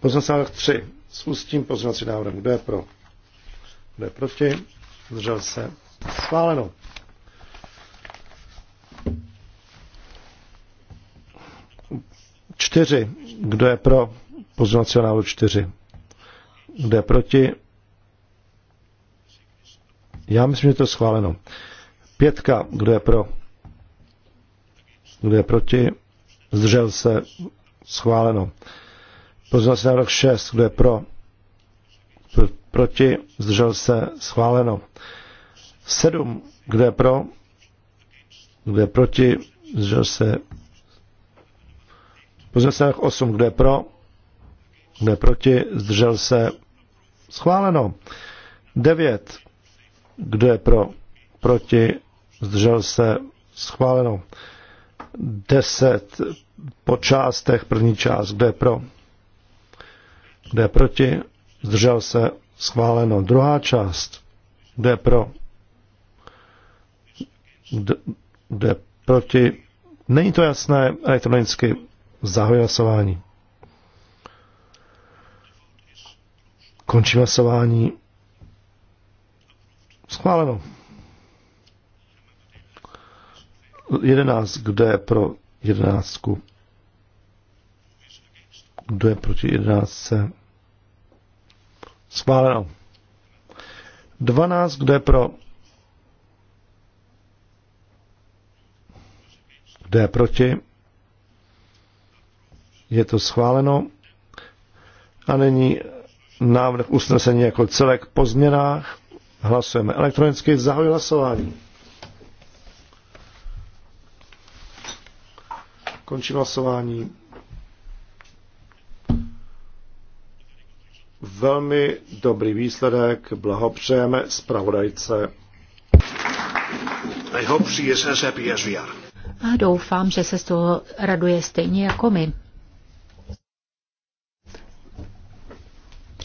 Pozměňovací návrh 3. S ústím pozměňovací návrhem. Kdo je pro? Kdo je proti? Zdržel se? Schváleno. 4. Kdo je pro pozměňovacího návrh 4? Kdo je proti? Já myslím, že to je schváleno. Pětka, kdo je pro? Kdo je proti? Zdržel se? Schváleno. Pozměňovací návrh 6, kdo je pro? pro? proti? Zdržel se? Schváleno. 7, kdo je pro? Kdo je proti? Zdržel se? Pozměňovací 8, kdo je pro, kdo je proti, zdržel se, schváleno. 9, kdo je pro, proti, zdržel se, schváleno. 10 po částech, první část, kdo je pro, kdo je proti, zdržel se, schváleno. Druhá část, kdo je pro, kdo, kdo je proti, není to jasné elektronicky, Zahoji hlasování. Končím hlasování. Schváleno. 11. Kdo je pro 11? Kdo je proti 11? Schváleno. 12. Kdo je pro? Kdo je proti? Je to schváleno. A nyní návrh usnesení jako celek po změnách. Hlasujeme elektronicky. Zahoj hlasování. Končím hlasování. Velmi dobrý výsledek. Blahopřejeme zpravodajce. A doufám, že se z toho raduje stejně jako my.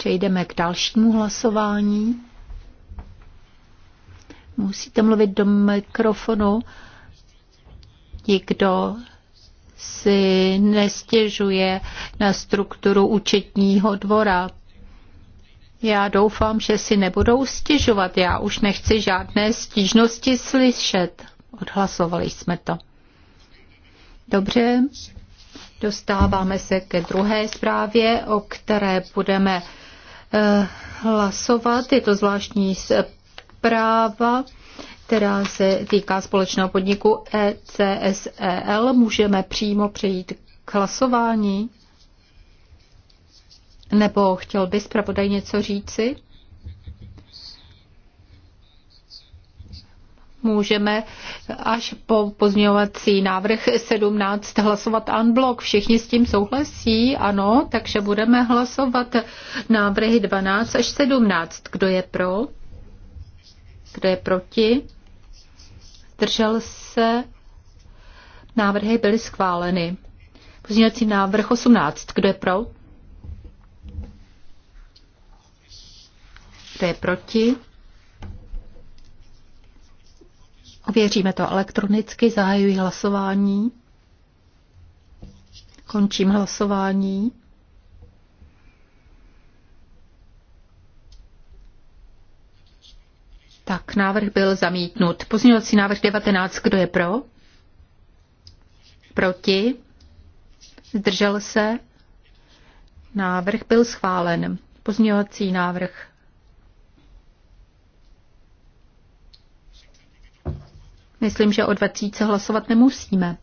Přejdeme k dalšímu hlasování. Musíte mluvit do mikrofonu. Nikdo si nestěžuje na strukturu účetního dvora. Já doufám, že si nebudou stěžovat. Já už nechci žádné stížnosti slyšet. Odhlasovali jsme to. Dobře, dostáváme se ke druhé zprávě, o které budeme Eh, hlasovat. Je to zvláštní zpráva, která se týká společného podniku ECSEL. Můžeme přímo přejít k hlasování? Nebo chtěl by zpravodaj něco říci? můžeme až po pozměňovací návrh 17 hlasovat unblock. Všichni s tím souhlasí, ano, takže budeme hlasovat návrhy 12 až 17. Kdo je pro? Kdo je proti? Držel se? Návrhy byly schváleny. Pozměňovací návrh 18. Kdo je pro? Kdo je proti? Ověříme to elektronicky, zahajuji hlasování. Končím hlasování. Tak, návrh byl zamítnut. Pozměňovací návrh 19, kdo je pro? Proti? Zdržel se? Návrh byl schválen. Pozměňovací návrh Myslím, že o 20 hlasovat nemusíme.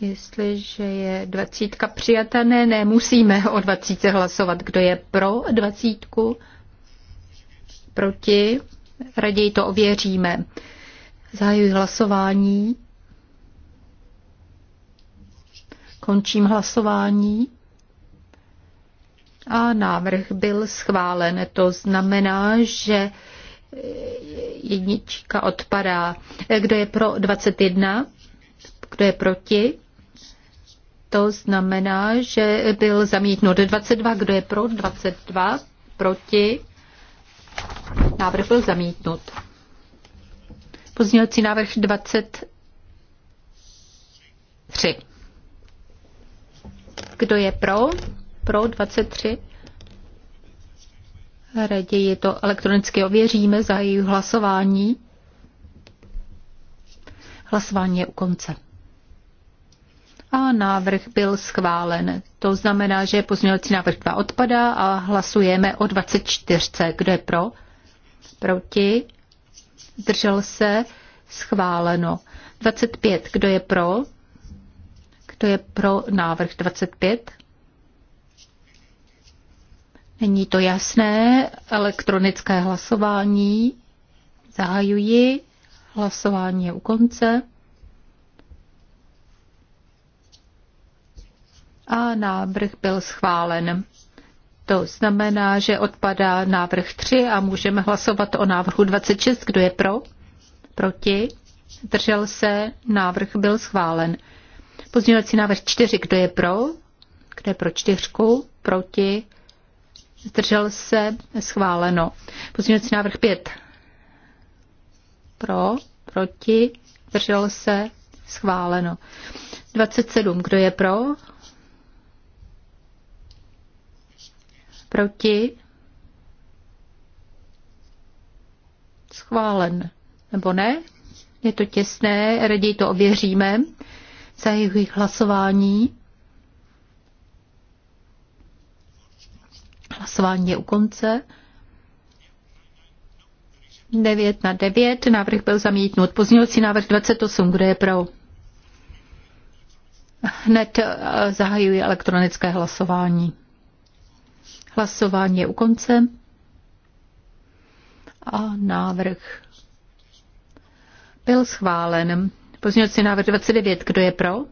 Jestliže je dvacítka přijata, ne, ne, musíme o dvacítce hlasovat. Kdo je pro dvacítku? Proti? Raději to ověříme. Zahajuji hlasování. Končím hlasování. A návrh byl schválen. To znamená, že jednička odpadá. Kdo je pro 21? Kdo je proti? To znamená, že byl zamítnut 22. Kdo je pro 22? Proti? Návrh byl zamítnut. Pozdělací návrh 23. Kdo je pro? Pro 23? Raději to elektronicky ověříme za její hlasování. Hlasování je u konce. A návrh byl schválen. To znamená, že pozměňovací návrh 2 odpadá a hlasujeme o 24. Kdo je pro? Proti? Držel se? Schváleno. 25. Kdo je pro? Kdo je pro návrh 25? Není to jasné. Elektronické hlasování. Zahajuji. Hlasování je u konce. A návrh byl schválen. To znamená, že odpadá návrh 3 a můžeme hlasovat o návrhu 26. Kdo je pro? Proti? Držel se? Návrh byl schválen. Pozdělací návrh 4. Kdo je pro? Kdo je pro čtyřku? Proti? zdržel se, schváleno. Pozměňovací návrh 5. Pro, proti, zdržel se, schváleno. 27. Kdo je pro? Proti? Schválen. Nebo ne? Je to těsné, raději to ověříme. jejich hlasování. Hlasování je u konce. 9 na 9. Návrh byl zamítnut. Pozměňovací návrh 28. Kdo je pro? Hned eh, zahajuji elektronické hlasování. Hlasování je u konce. A návrh byl schválen. Pozměňovací návrh 29. Kdo je pro?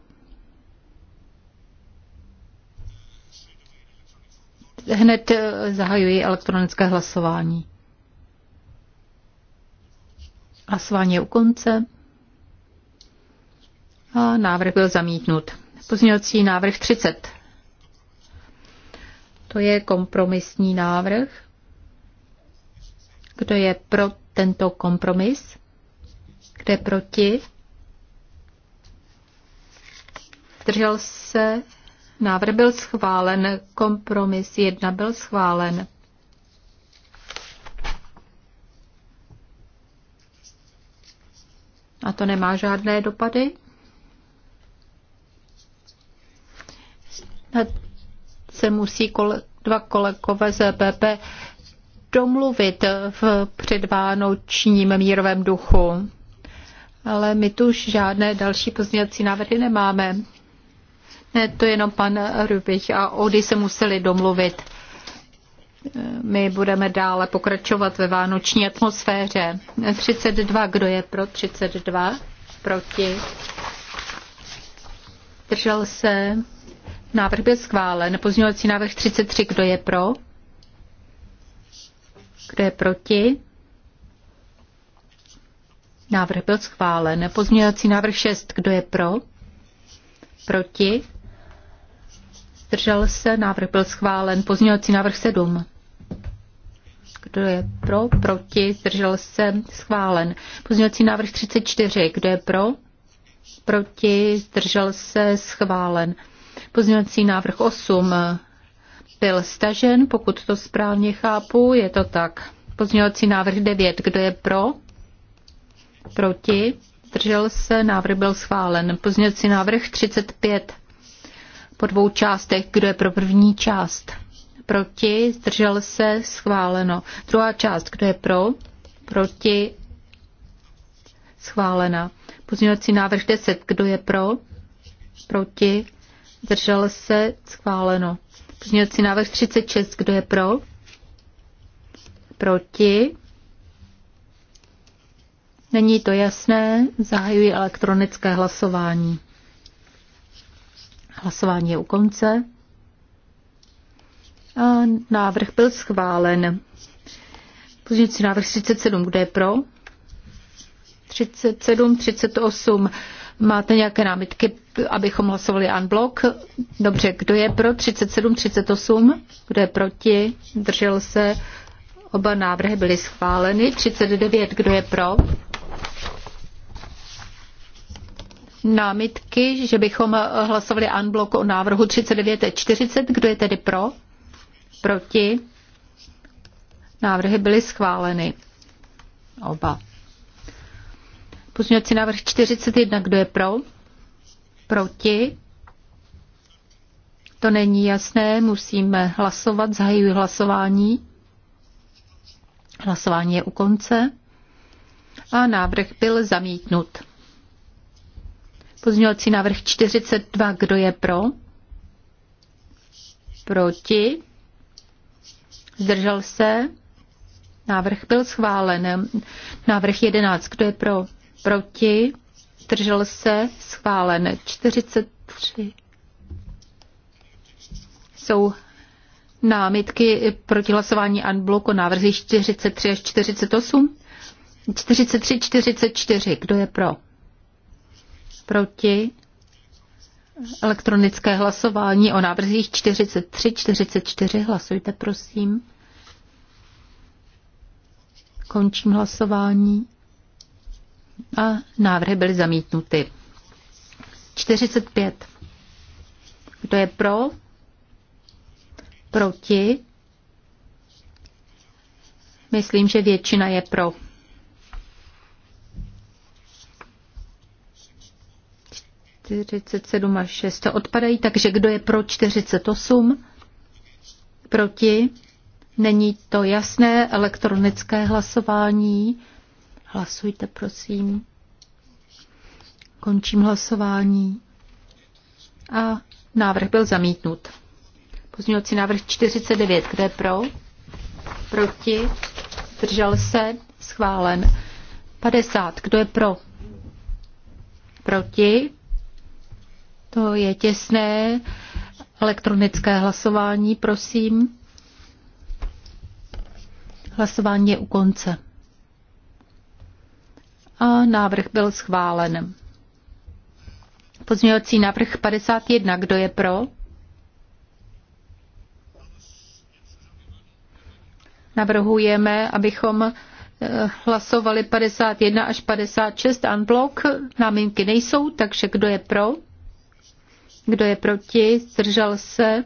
hned eh, zahajuji elektronické hlasování. Hlasování je u konce. A návrh byl zamítnut. Pozměňovací návrh 30. To je kompromisní návrh. Kdo je pro tento kompromis? Kdo je proti? Držel se? Návrh byl schválen, kompromis 1 byl schválen. A to nemá žádné dopady? se musí kole, dva kolegové z EPP domluvit v předvánočním mírovém duchu. Ale my tu už žádné další pozměňovací návrhy nemáme. Ne, eh, to jenom pan Rubich a Ody se museli domluvit. Eh, my budeme dále pokračovat ve vánoční atmosféře. 32, kdo je pro 32? Proti? Držel se? Návrh byl schválen. Pozměňovací návrh 33, kdo je pro? Kdo je proti? Návrh byl schválen. Pozměňovací návrh 6, kdo je pro? Proti? zdržel se, návrh byl schválen. Pozměňovací návrh 7. Kdo je pro, proti, zdržel se, schválen. Pozměňovací návrh 34. Kdo je pro, proti, zdržel se, schválen. Pozměňovací návrh 8 byl stažen, pokud to správně chápu, je to tak. Pozměňovací návrh 9. Kdo je pro, proti, zdržel se, návrh byl schválen. Pozměňovací návrh 35 po dvou částech. Kdo je pro první část? Proti, zdržel se, schváleno. Druhá část, kdo je pro? Proti, schválena. Pozměňovací návrh 10, kdo je pro? Proti, zdržel se, schváleno. Pozměňovací návrh 36, kdo je pro? Proti. Není to jasné, zahajuji elektronické hlasování. Hlasování je u konce. A návrh byl schválen. Pozdějící návrh 37, kde je pro? 37, 38. Máte nějaké námitky, abychom hlasovali unblock? Dobře, kdo je pro 37, 38? Kdo je proti? Držel se? Oba návrhy byly schváleny. 39, kdo je pro? námitky, že bychom hlasovali unblock o návrhu 39.40. Kdo je tedy pro? Proti? Návrhy byly schváleny. Oba. Pozměňovací návrh 41. Kdo je pro? Proti? To není jasné, musíme hlasovat. Zahajuji hlasování. Hlasování je u konce. A návrh byl zamítnut. Pozměňovací návrh 42. Kdo je pro? Proti? Zdržel se? Návrh byl schválen. Návrh 11. Kdo je pro? Proti? Zdržel se? Schválen. 43. Jsou námitky proti hlasování unblock o návrzích 43 až 48? 43, 44. Kdo je pro? proti elektronické hlasování o návrzích 43, 44. Hlasujte, prosím. Končím hlasování. A návrhy byly zamítnuty. 45. Kdo je pro? Proti? Myslím, že většina je pro. 47 a 6 odpadají, takže kdo je pro 48? Proti? Není to jasné elektronické hlasování. Hlasujte, prosím. Končím hlasování. A návrh byl zamítnut. Pozměňovací návrh 49, kde pro? Proti? Držel se? Schválen. 50, kdo je pro? Proti? To je těsné. Elektronické hlasování, prosím. Hlasování je u konce. A návrh byl schválen. Pozměňovací návrh 51. Kdo je pro? Navrhujeme, abychom eh, hlasovali 51 až 56 unblock. Náminky nejsou, takže kdo je pro? Kdo je proti? Zdržel se?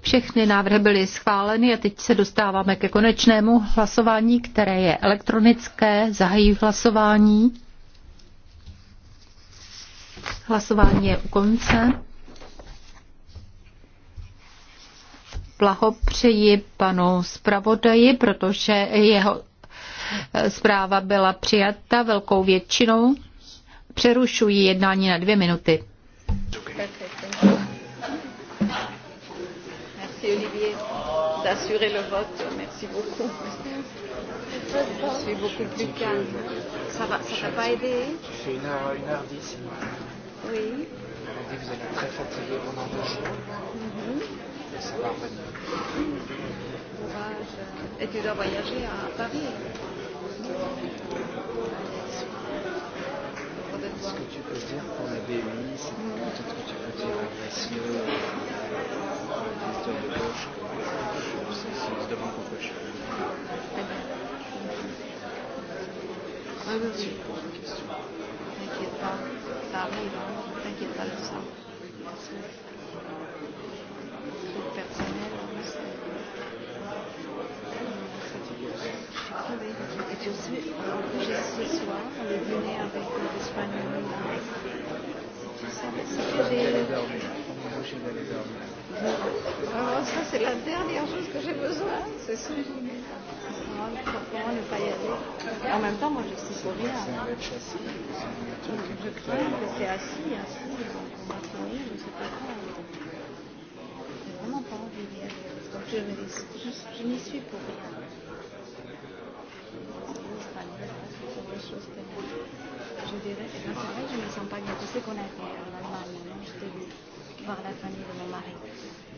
Všechny návrhy byly schváleny a teď se dostáváme ke konečnému hlasování, které je elektronické. Zahají hlasování. Hlasování je u konce. Blahopřeji panu zpravodaji, protože jeho zpráva byla přijata velkou většinou. Přerušuji jednání na dvě minuty. Okay. et Olivier d'assurer le vote. Merci beaucoup. Je suis beaucoup plus calme. Euh, ça va, ça t'a pas aidé C'est une heure, une heure dix. Oui. On dit vous êtes très fatigué pendant deux jours. Mm -hmm. ça va revenir. Courage. Et tu dois voyager à Paris. Ce que tu peux dire pour la BMI c'est mm -hmm. peut-être que tu peux dire à Gracieux. Oui, oui, oui. T'inquiète pas, ça arrive, hein. t'inquiète pas de ça. C'est personnel, hein. c'est. Et tu sais, j'ai ce soir le dîner avec les Espagnols. Tu savais ce que j'ai. Alors ça, c'est la dernière chose que j'ai besoin, c'est ça. Comment ne pas y aller Et en même temps, moi, je suis pour rien. Je crains que c'est assis, assis, donc on va tourner, je ne sais pas quoi. J'ai vraiment pas envie d'y aller. Donc, je, je, je, je n'y suis pour rien. Je dirais, et là, c'est vrai, je ne me sens pas bien. Tu sais qu'on a été en Allemagne, Je t'ai vu voir la famille ¿no? de mon mari.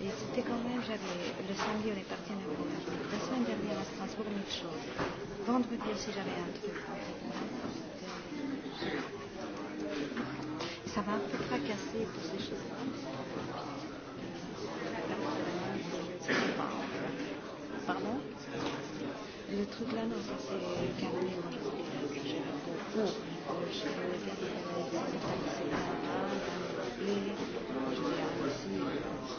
Et c'était quand même, j'avais le samedi, on est parti à Neubourg. La semaine dernière à Strasbourg, même chose. Vendredi aussi, j'avais un truc. Ça m'a un peu fracassé pour ces choses-là. Pardon Le truc là, non, ça c'est carrément. J'ai beaucoup. Je regarde les Regarde,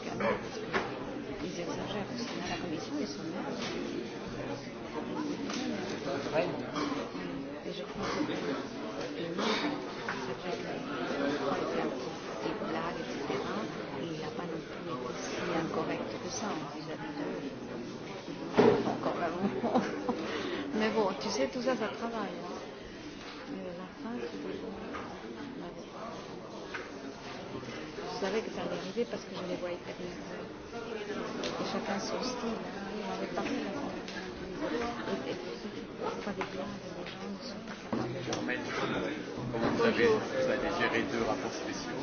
ils exagèrent parce qu'on a la commission, ils sont nerveux. Et je pense que ils mentent. Des blagues, etc. Et il n'a pas non plus été incorrect que ça vis-à-vis d'eux. Encore avant. Mais bon, tu sais, tout ça, ça travaille. Hein. Mais à la fin, tu savais que ça allait arriver parce que je les voyais très bien. Et chacun son style. Hein. Il avait parlé la et, et, des plans des gens ne sont pas capables comment vous avez, vous avez géré deux rapports spéciaux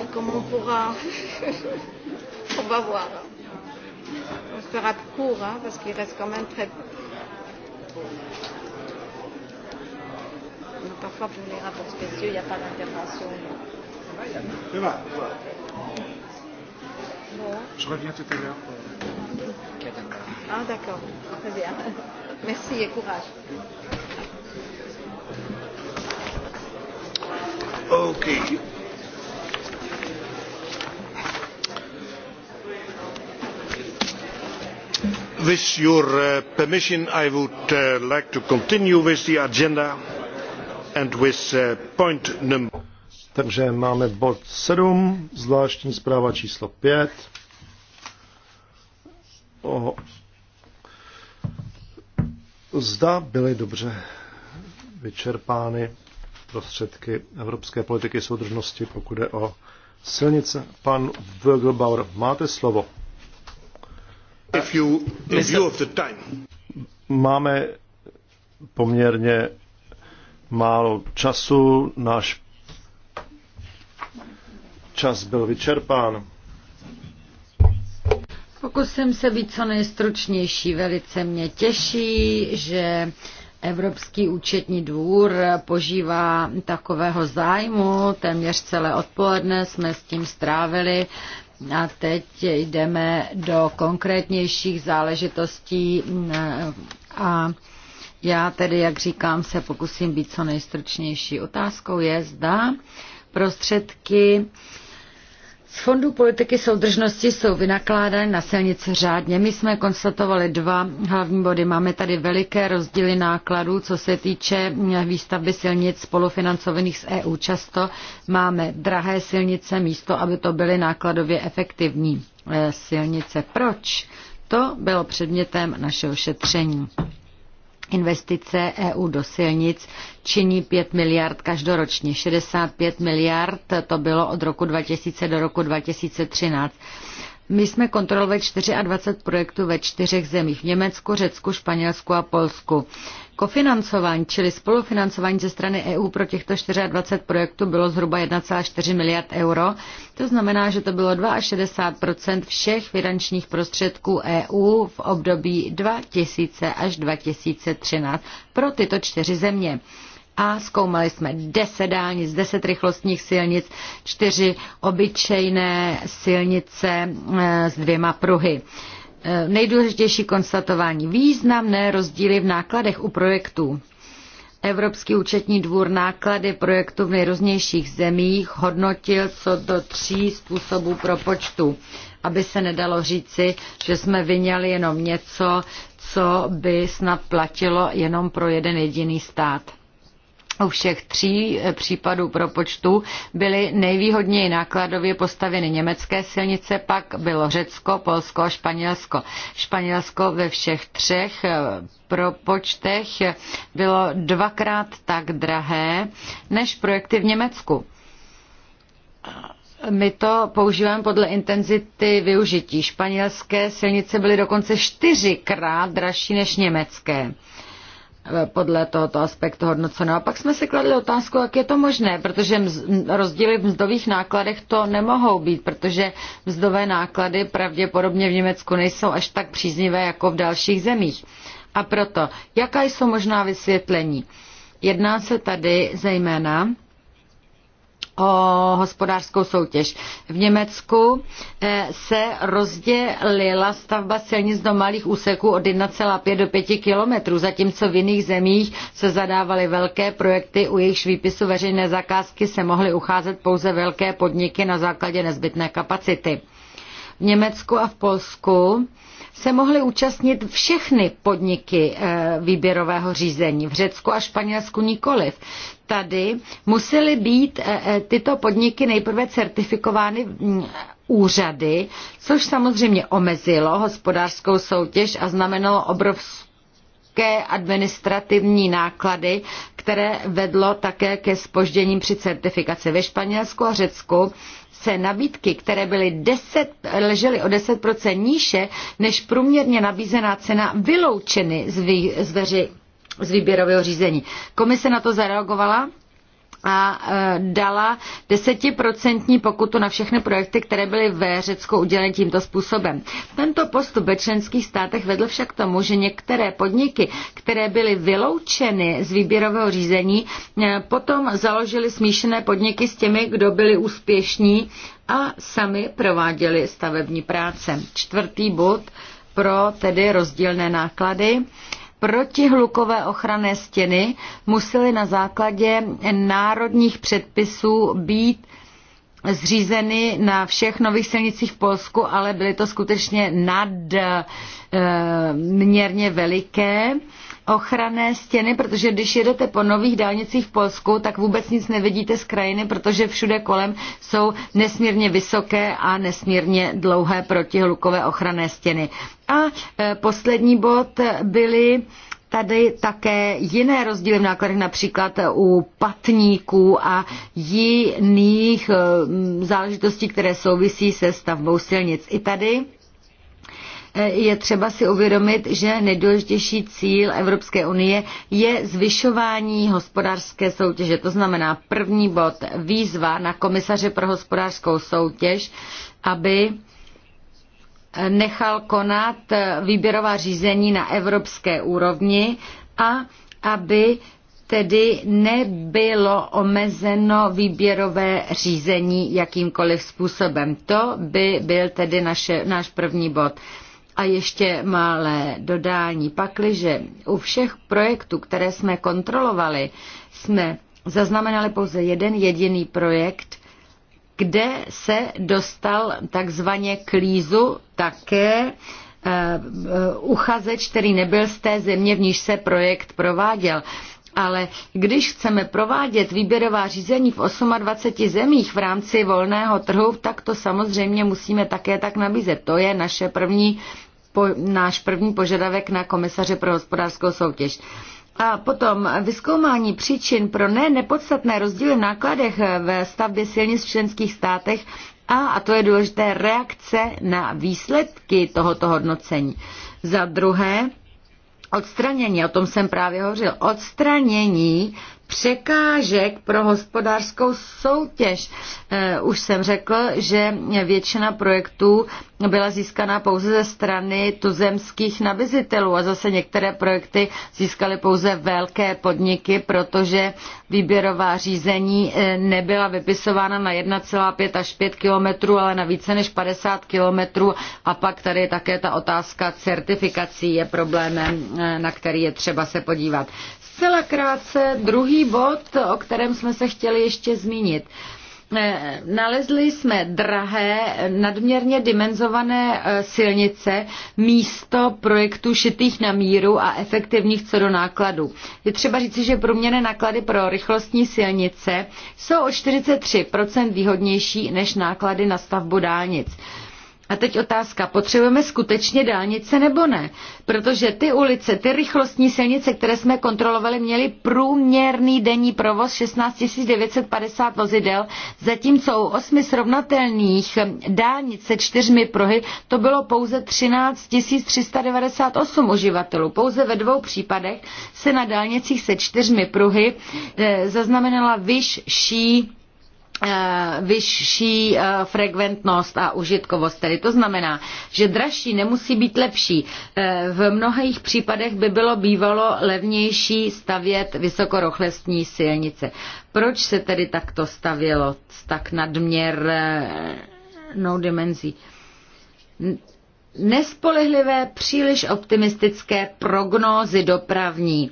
et Comment on pourra. on va voir. Hein. On fera court hein, parce qu'il reste quand même très. parfois pour les rapports spéciaux, il n'y a pas d'intervention. Donc. Ça va Je reviens tout à l'heure. Ah d'accord, très bien. Merci et courage. OK. With your uh, permission, I would uh, like to continue with the agenda and with uh, point number takže máme bod 7, zvláštní zpráva číslo 5 o zda byly dobře vyčerpány prostředky evropské politiky soudržnosti, pokud je o silnice. Pan Vögelbauer, máte slovo. If you, if you of the time. Máme poměrně málo času. Náš Čas byl vyčerpán. Pokusím se být co nejstručnější. Velice mě těší, že Evropský účetní dvůr požívá takového zájmu. Téměř celé odpoledne jsme s tím strávili. A teď jdeme do konkrétnějších záležitostí a já tedy, jak říkám, se pokusím být co nejstručnější. Otázkou je, zda prostředky z fondů politiky soudržnosti jsou vynakládány na silnice řádně. My jsme konstatovali dva hlavní body. Máme tady veliké rozdíly nákladů, co se týče mm, výstavby silnic spolufinancovaných z EU. Často máme drahé silnice místo, aby to byly nákladově efektivní e, silnice. Proč? To bylo předmětem našeho šetření. Investice EU do silnic činí 5 miliard každoročně. 65 miliard to bylo od roku 2000 do roku 2013. My jsme kontrolovali 24 projektů ve čtyřech zemích. V Německu, Řecku, Španělsku a Polsku. Kofinancování, čili spolufinancování ze strany EU pro těchto 24 projektů bylo zhruba 1,4 miliard euro. To znamená, že to bylo 62 všech finančních prostředků EU v období 2000 až 2013 pro tyto čtyři země a zkoumali jsme 10 dálnic, 10 rychlostních silnic, 4 obyčejné silnice eh, s dvěma pruhy. Eh, nejdůležitější konstatování. Významné rozdíly v nákladech u projektů. Evropský účetní dvůr náklady projektu v nejrůznějších zemích hodnotil co do tří způsobů propočtu, aby se nedalo říci, že jsme vyněli jenom něco, co by snad platilo jenom pro jeden jediný stát u všech tří eh, případů propočtu byly nejvýhodněji nákladově postaveny německé silnice, pak bylo Řecko, Polsko a Španělsko. Španělsko ve všech třech eh, propočtech eh, bylo dvakrát tak drahé než projekty v Německu. My to používáme podle intenzity využití. Španělské silnice byly dokonce čtyřikrát dražší než německé podle tohoto aspektu hodnoceno. A pak jsme si kladli otázku, jak je to možné, protože mz, rozdíly v mzdových nákladech to nemohou být, protože mzdové náklady pravděpodobně v Německu nejsou až tak příznivé jako v dalších zemích. A proto, jaká jsou možná vysvětlení? Jedná se tady zejména o hospodářskou soutěž. V Německu eh, se rozdělila stavba silnic do malých úseků od 1,5 do 5 kilometrů, zatímco v jiných zemích se zadávaly velké projekty, u jejichž výpisu veřejné zakázky se mohly ucházet pouze velké podniky na základě nezbytné kapacity. V Německu a v Polsku se mohly účastnit všechny podniky eh, výběrového řízení. V Řecku a Španělsku nikoliv. Tady musely být eh, eh, tyto podniky nejprve certifikovány mm, úřady, což samozřejmě omezilo hospodářskou soutěž a znamenalo obrovskou administrativní náklady, které vedlo také ke spožděním při certifikaci ve Španělsku a Řecku otázce nabídky, které byly 10, ležely o 10% níže než průměrně nabízená cena, vyloučeny z, vý, z, veři, z výběrového řízení. Komise na to zareagovala a e, dala desetiprocentní pokutu na všechny projekty, které byly ve Řecku uděleny tímto způsobem. Tento postup ve členských státech vedl však k tomu, že některé podniky, které byly vyloučeny z výběrového řízení, e, potom založily smíšené podniky s těmi, kdo byli úspěšní a sami prováděli stavební práce. Čtvrtý bod pro tedy rozdílné náklady. Uh, protihlukové ochranné stěny musely na základě národních předpisů být zřízeny na všech nových silnicích v Polsku, ale byly to skutečně nadměrně eh, veliké ochranné stěny, protože když jedete po nových dálnicích v Polsku, tak vůbec nic nevidíte z krajiny, protože všude kolem jsou nesmírně vysoké a nesmírně dlouhé protihlukové ochranné stěny. A e, poslední bod e, byly tady také jiné rozdíly v nákladech, například u patníků a jiných e, záležitostí, které souvisí se stavbou silnic. I tady je třeba si uvědomit, že nejdůležitější cíl Evropské unie je zvyšování hospodářské soutěže. To znamená první bod výzva na komisaře pro hospodářskou soutěž, aby nechal konat výběrová řízení na evropské úrovni a aby tedy nebylo omezeno výběrové řízení jakýmkoliv způsobem. To by byl tedy naše, náš první bod. A ještě malé dodání. Pakliže u všech projektů, které jsme kontrolovali, jsme zaznamenali pouze jeden jediný projekt, kde se dostal takzvaně k lízu také eh, eh, uchazeč, který nebyl z té země, v níž se projekt prováděl. Ale když chceme provádět výběrová řízení v 28 zemích v rámci volného trhu, tak to samozřejmě musíme také tak nabízet. To je naše první, po, náš první požadavek na komisaře pro hospodářskou soutěž. Uh, a potom vyskoumání příčin pro ne nepodstatné rozdíly v nákladech ve stavbě silnic v členských státech a, a to je důležité, reakce na výsledky tohoto hodnocení. Za druhé, odstranění, o tom jsem právě hovořil, odstranění překážek pro hospodářskou soutěž. Eh, už jsem řekl, že většina projektů byla získaná pouze ze strany tuzemských nabizitelů a zase některé projekty získaly pouze velké podniky, protože výběrová řízení eh, nebyla vypisována na 1,5 až 5 kilometrů, ale na více než 50 kilometrů a pak tady je také ta otázka certifikací je problémem, eh, na který je třeba se podívat. Zcela krátce druhý bod, o kterém jsme se chtěli ještě zmínit. Eh, nalezli jsme drahé, nadměrně dimenzované eh, silnice místo projektů šitých na míru a efektivních co do nákladů. Je třeba říci, že průměrné náklady pro rychlostní silnice jsou o 43% výhodnější než náklady na stavbu dálnic. A teď otázka, potřebujeme skutečně dálnice nebo ne? Protože ty ulice, ty rychlostní silnice, které jsme kontrolovali, měly průměrný denní provoz 16 950 vozidel, zatímco u osmi srovnatelných dálnic se čtyřmi prohy to bylo pouze 13 398 uživatelů. Pouze ve dvou případech se na dálnicích se čtyřmi pruhy eh, zaznamenala vyšší Eh, vyšší eh, frekventnost a užitkovost. Tedy to znamená, že dražší nemusí být lepší. Eh, v mnohých případech by bylo bývalo levnější stavět vysokorochlestní silnice. Proč se tedy takto stavělo s tak nadměrnou dimenzí? nespolehlivé, příliš optimistické prognózy dopravní,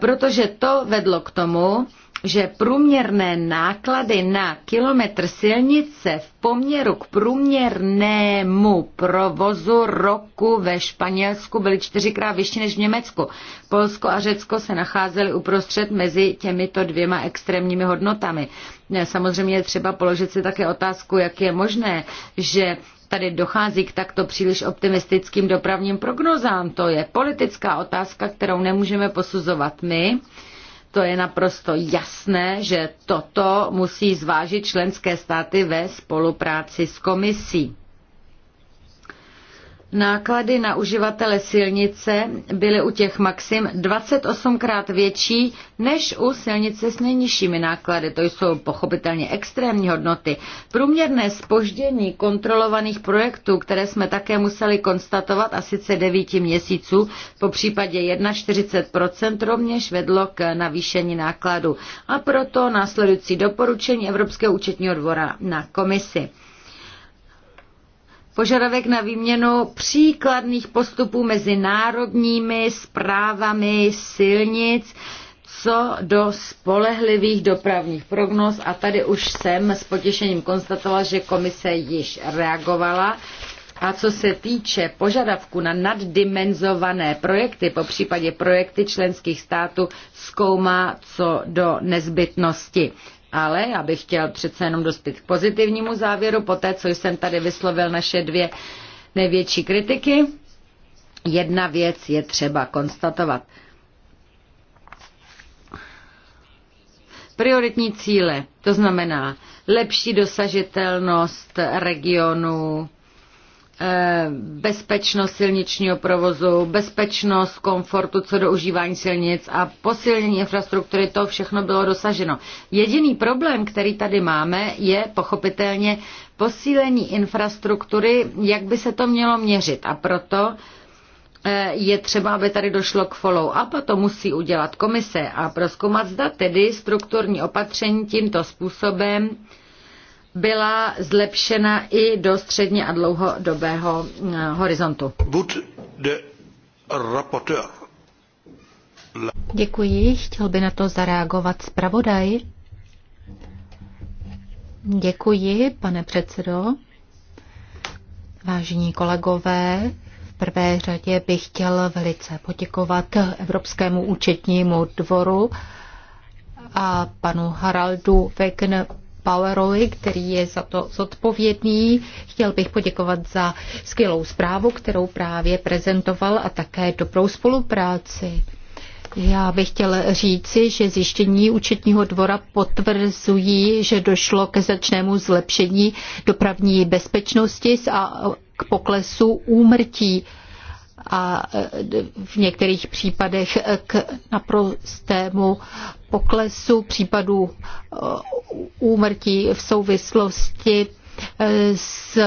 protože to vedlo k tomu, že průměrné náklady na kilometr silnice v poměru k průměrnému provozu roku ve Španělsku byly čtyřikrát vyšší než v Německu. Polsko a Řecko se nacházely uprostřed mezi těmito dvěma extrémními hodnotami. Samozřejmě je třeba položit si také otázku, jak je možné, že tady dochází k takto příliš optimistickým dopravním prognozám. To je politická otázka, kterou nemůžeme posuzovat my to je naprosto jasné, že toto musí zvážit členské státy ve spolupráci s komisí. Náklady na uživatele silnice byly u těch maxim 28 krát větší než u silnice s nejnižšími náklady. To jsou pochopitelně extrémní hodnoty. Průměrné spoždění kontrolovaných projektů, které jsme také museli konstatovat, a sice 9 měsíců, po případě 41%, rovněž vedlo k navýšení nákladu. A proto následující doporučení Evropského účetního dvora na komisi požadavek na výměnu příkladných postupů mezi národními správami silnic, co do spolehlivých dopravních prognóz a tady už jsem s potěšením konstatovala, že komise již reagovala. A co se týče požadavku na naddimenzované projekty, po případě projekty členských států, zkoumá co do nezbytnosti. Ale já bych chtěl přece jenom dospět k pozitivnímu závěru po té, co jsem tady vyslovil naše dvě největší kritiky. Jedna věc je třeba konstatovat. Prioritní cíle, to znamená lepší dosažitelnost regionu, Eh, bezpečnost silničního provozu, bezpečnost komfortu co do užívání silnic a posílení infrastruktury, to všechno bylo dosaženo. Jediný problém, který tady máme, je pochopitelně posílení infrastruktury, jak by se to mělo měřit. A proto eh, je třeba, aby tady došlo k follow-up a to musí udělat komise a proskoumat, zda tedy strukturní opatření tímto způsobem byla zlepšena i do středně a dlouhodobého eh, horizontu. Děkuji. Chtěl by na to zareagovat zpravodaj. Děkuji, pane předsedo. Vážení kolegové, v prvé řadě bych chtěl velice poděkovat Evropskému účetnímu dvoru a panu Haraldu Wegner Powerovi, který je za to zodpovědný. Chtěl bych poděkovat za skvělou zprávu, kterou právě prezentoval a také dobrou spolupráci. Já bych chtěl říci, že zjištění účetního dvora potvrzují, že došlo ke značnému zlepšení dopravní bezpečnosti a k poklesu úmrtí a e, v některých případech e, k naprostému poklesu případů e, úmrtí v souvislosti s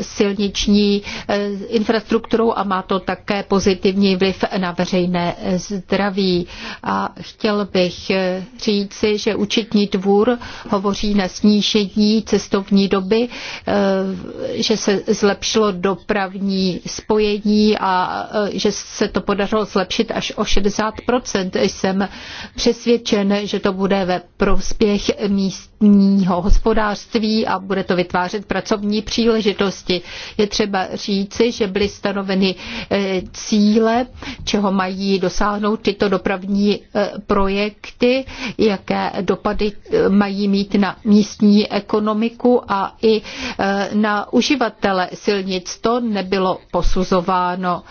silniční eh, infrastrukturou a má to také pozitivní vliv na veřejné zdraví. A chtěl bych eh, říci, že účetní dvůr hovoří na snížení cestovní doby, eh, že se zlepšilo dopravní spojení a že se to podařilo zlepšit až o 60%. Jsem přesvědčen, že to bude ve prospěch míst místního hospodářství a bude to vytvářet pracovní příležitosti. Je třeba říci, že byly stanoveny eh, cíle, čeho mají dosáhnout tyto dopravní eh, projekty, jaké dopady eh, mají mít na místní ekonomiku a i na uživatele silnic. To nebylo posuzováno.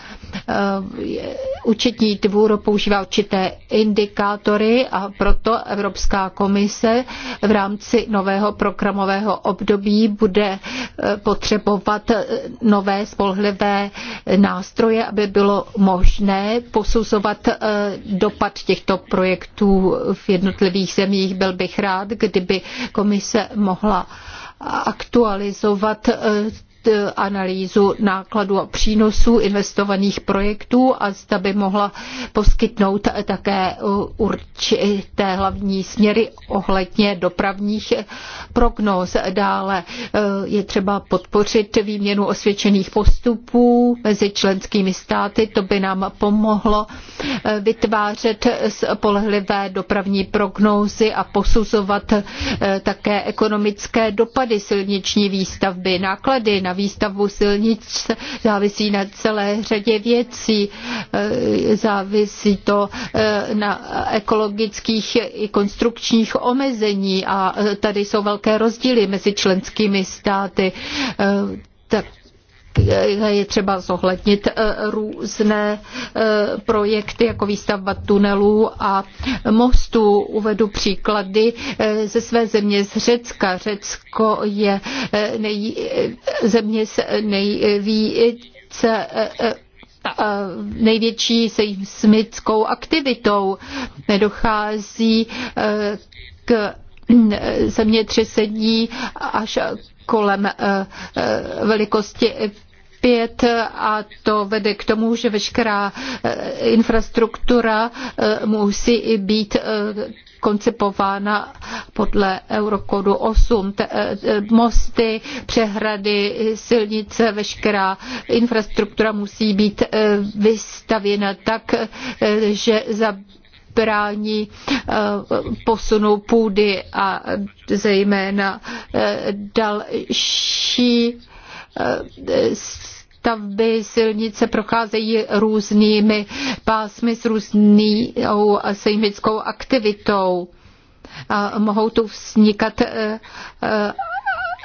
Učetní dvůr používá určité indikátory a proto Evropská komise v rámci rámci nového programového období bude e, potřebovat e, nové spolehlivé nástroje, aby bylo možné posuzovat e, dopad těchto projektů v jednotlivých zemích. Byl bych rád, kdyby komise mohla aktualizovat Eh, analýzu nákladů a přínosů investovaných projektů a zda by mohla poskytnout také eh, určité hlavní směry ohledně dopravních eh, prognóz. Dále je třeba podpořit výměnu osvědčených postupů mezi členskými státy. To by nám pomohlo vytvářet spolehlivé dopravní prognózy a posuzovat také ekonomické dopady silniční výstavby, náklady na výstavbu silnic závisí na celé řadě věcí. Eh, závisí to eh, na ekologických i konstrukčních omezení a eh, tady jsou velké rozdíly mezi členskými státy. Tak Eh, je třeba zohlednit eh, různé eh, projekty, jako výstavba tunelů a mostů. Uvedu příklady ze své země z Řecka. Řecko je nej, země s nejvíce největší seismickou aktivitou. Nedochází k zemětřesení až kolem velikosti zpět a to vede k tomu, že veškerá eh, infrastruktura eh, musí být eh, koncipována podle Eurokodu 8. Mosty, přehrady, silnice, veškerá infrastruktura musí být vystavěna tak, že za brání posunu půdy a zejména další stavby silnice procházejí různými pásmy s různou sejmickou aktivitou. A mohou tu vznikat eh, eh,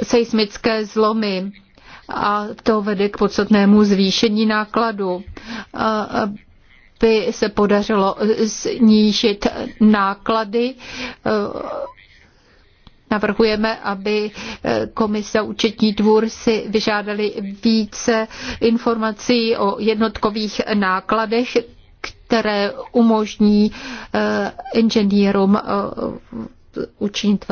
seismické zlomy a to vede k podstatnému zvýšení nákladu. By se podařilo eh, snížit náklady Navrhujeme, aby eh, komise a účetní dvůr si vyžádali více informací o jednotkových nákladech, které umožní eh, inženýrům eh, učinit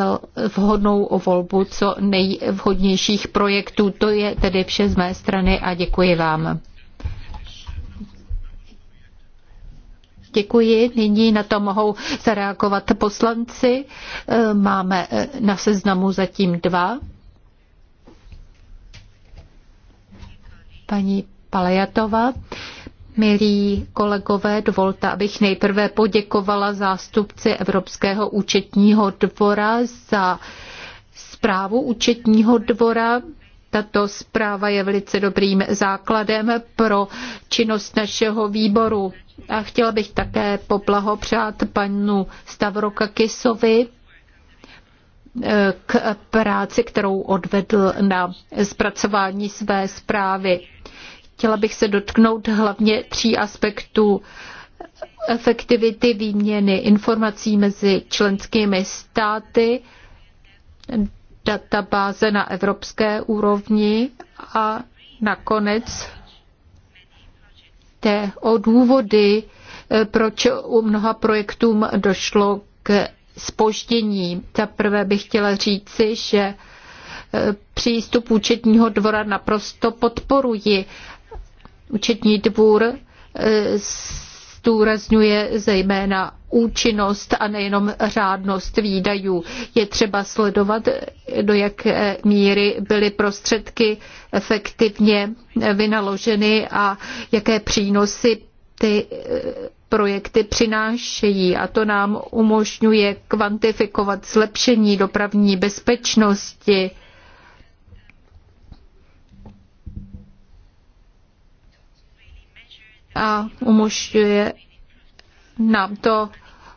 vhodnou volbu co nejvhodnějších projektů. To je tedy vše z mé strany a děkuji vám. Děkuji. Nyní na to mohou zareagovat poslanci. Eh, máme eh, na seznamu zatím dva. Paní Palejatova. Milí kolegové, dovolte, abych nejprve poděkovala zástupci Evropského účetního dvora za zprávu účetního dvora. Tato zpráva je velice dobrým základem pro činnost našeho výboru. A chtěla bych také poblahopřát panu Stavrokakisovi eh, k práci, kterou odvedl na zpracování své zprávy. Chtěla bych se dotknout hlavně tří aspektů efektivity výměny informací mezi členskými státy, databáze na evropské úrovni a nakonec víte o důvody, eh, proč u mnoha projektům došlo k spoždění. Za prvé bych chtěla říci, že eh, přístup účetního dvora naprosto podporuji. Účetní dvůr eh, zdůrazňuje zejména účinnost a nejenom řádnost výdajů. Je třeba sledovat, do jak míry byly prostředky efektivně vynaloženy a jaké přínosy ty eh, projekty přinášejí a to nám umožňuje kvantifikovat zlepšení dopravní bezpečnosti a umožňuje nám to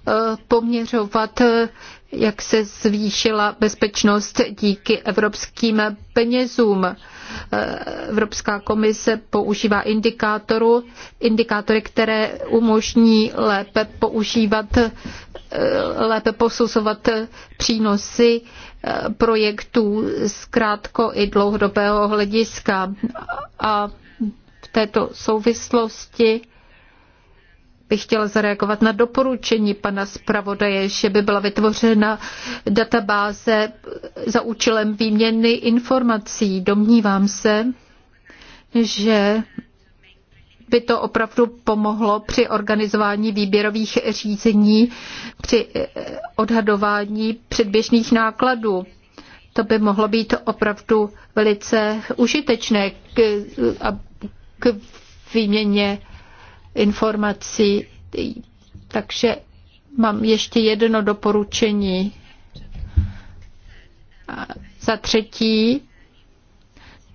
eh, poměřovat, eh, jak se zvýšila bezpečnost díky evropským penězům. Eh, Evropská komise používá indikátoru, indikátory, které umožní lépe používat, lépe posuzovat přínosy projektů z krátko i dlouhodobého hlediska. A v této souvislosti bych chtěla zareagovat na doporučení pana zpravodaje, že by byla vytvořena databáze za účelem výměny informací. Domnívám se, že by to opravdu pomohlo při organizování výběrových řízení, při odhadování předběžných nákladů. To by mohlo být opravdu velice užitečné, k výměně informací. Takže mám ještě jedno doporučení. A za třetí,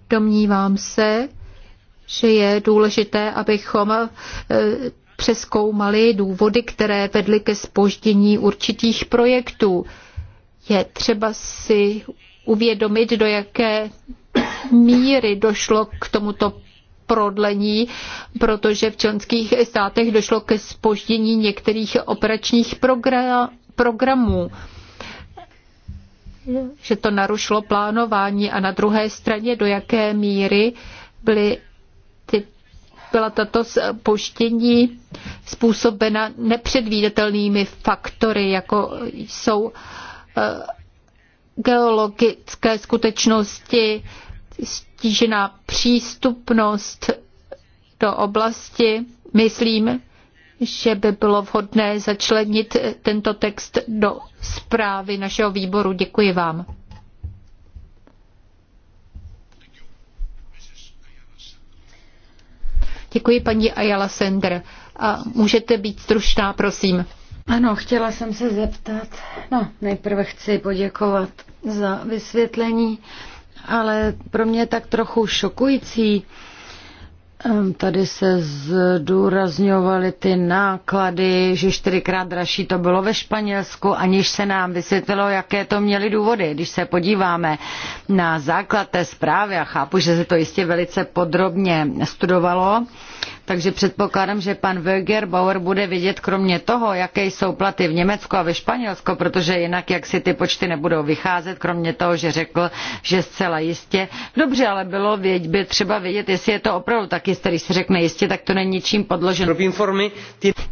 domnívám se, že je důležité, abychom e, přeskoumali důvody, které vedly ke spoždění určitých projektů. Je třeba si uvědomit, do jaké míry došlo k tomuto prodlení, protože v členských státech došlo ke spoždění některých operačních programů že to narušilo plánování a na druhé straně do jaké míry byly ty, byla tato poštění způsobena nepředvídatelnými faktory, jako jsou eh, geologické skutečnosti, stížená přístupnost do oblasti. Myslím, že by bylo vhodné začlenit tento text do zprávy našeho výboru. Děkuji vám. Děkuji paní Ayala Sender. A můžete být stručná, prosím. Ano, chtěla jsem se zeptat. No, nejprve chci poděkovat za vysvětlení ale pro mě je tak trochu šokující. Ehm, tady se zdůrazňovaly ty náklady, že čtyřikrát dražší to bylo ve Španělsku, aniž se nám vysvětlilo, jaké to měly důvody. Když se podíváme na základ té zprávy, a chápu, že se to jistě velice podrobně studovalo, takže předpokládám, že pan Wöger Bauer bude vidět kromě toho, jaké jsou platy v Německu a ve Španělsku, protože jinak jak si ty počty nebudou vycházet, kromě toho, že řekl, že zcela jistě. Dobře, ale bylo věď, by třeba vědět, jestli je to opravdu tak jistě, když se řekne jistě, tak to není ničím podloženo.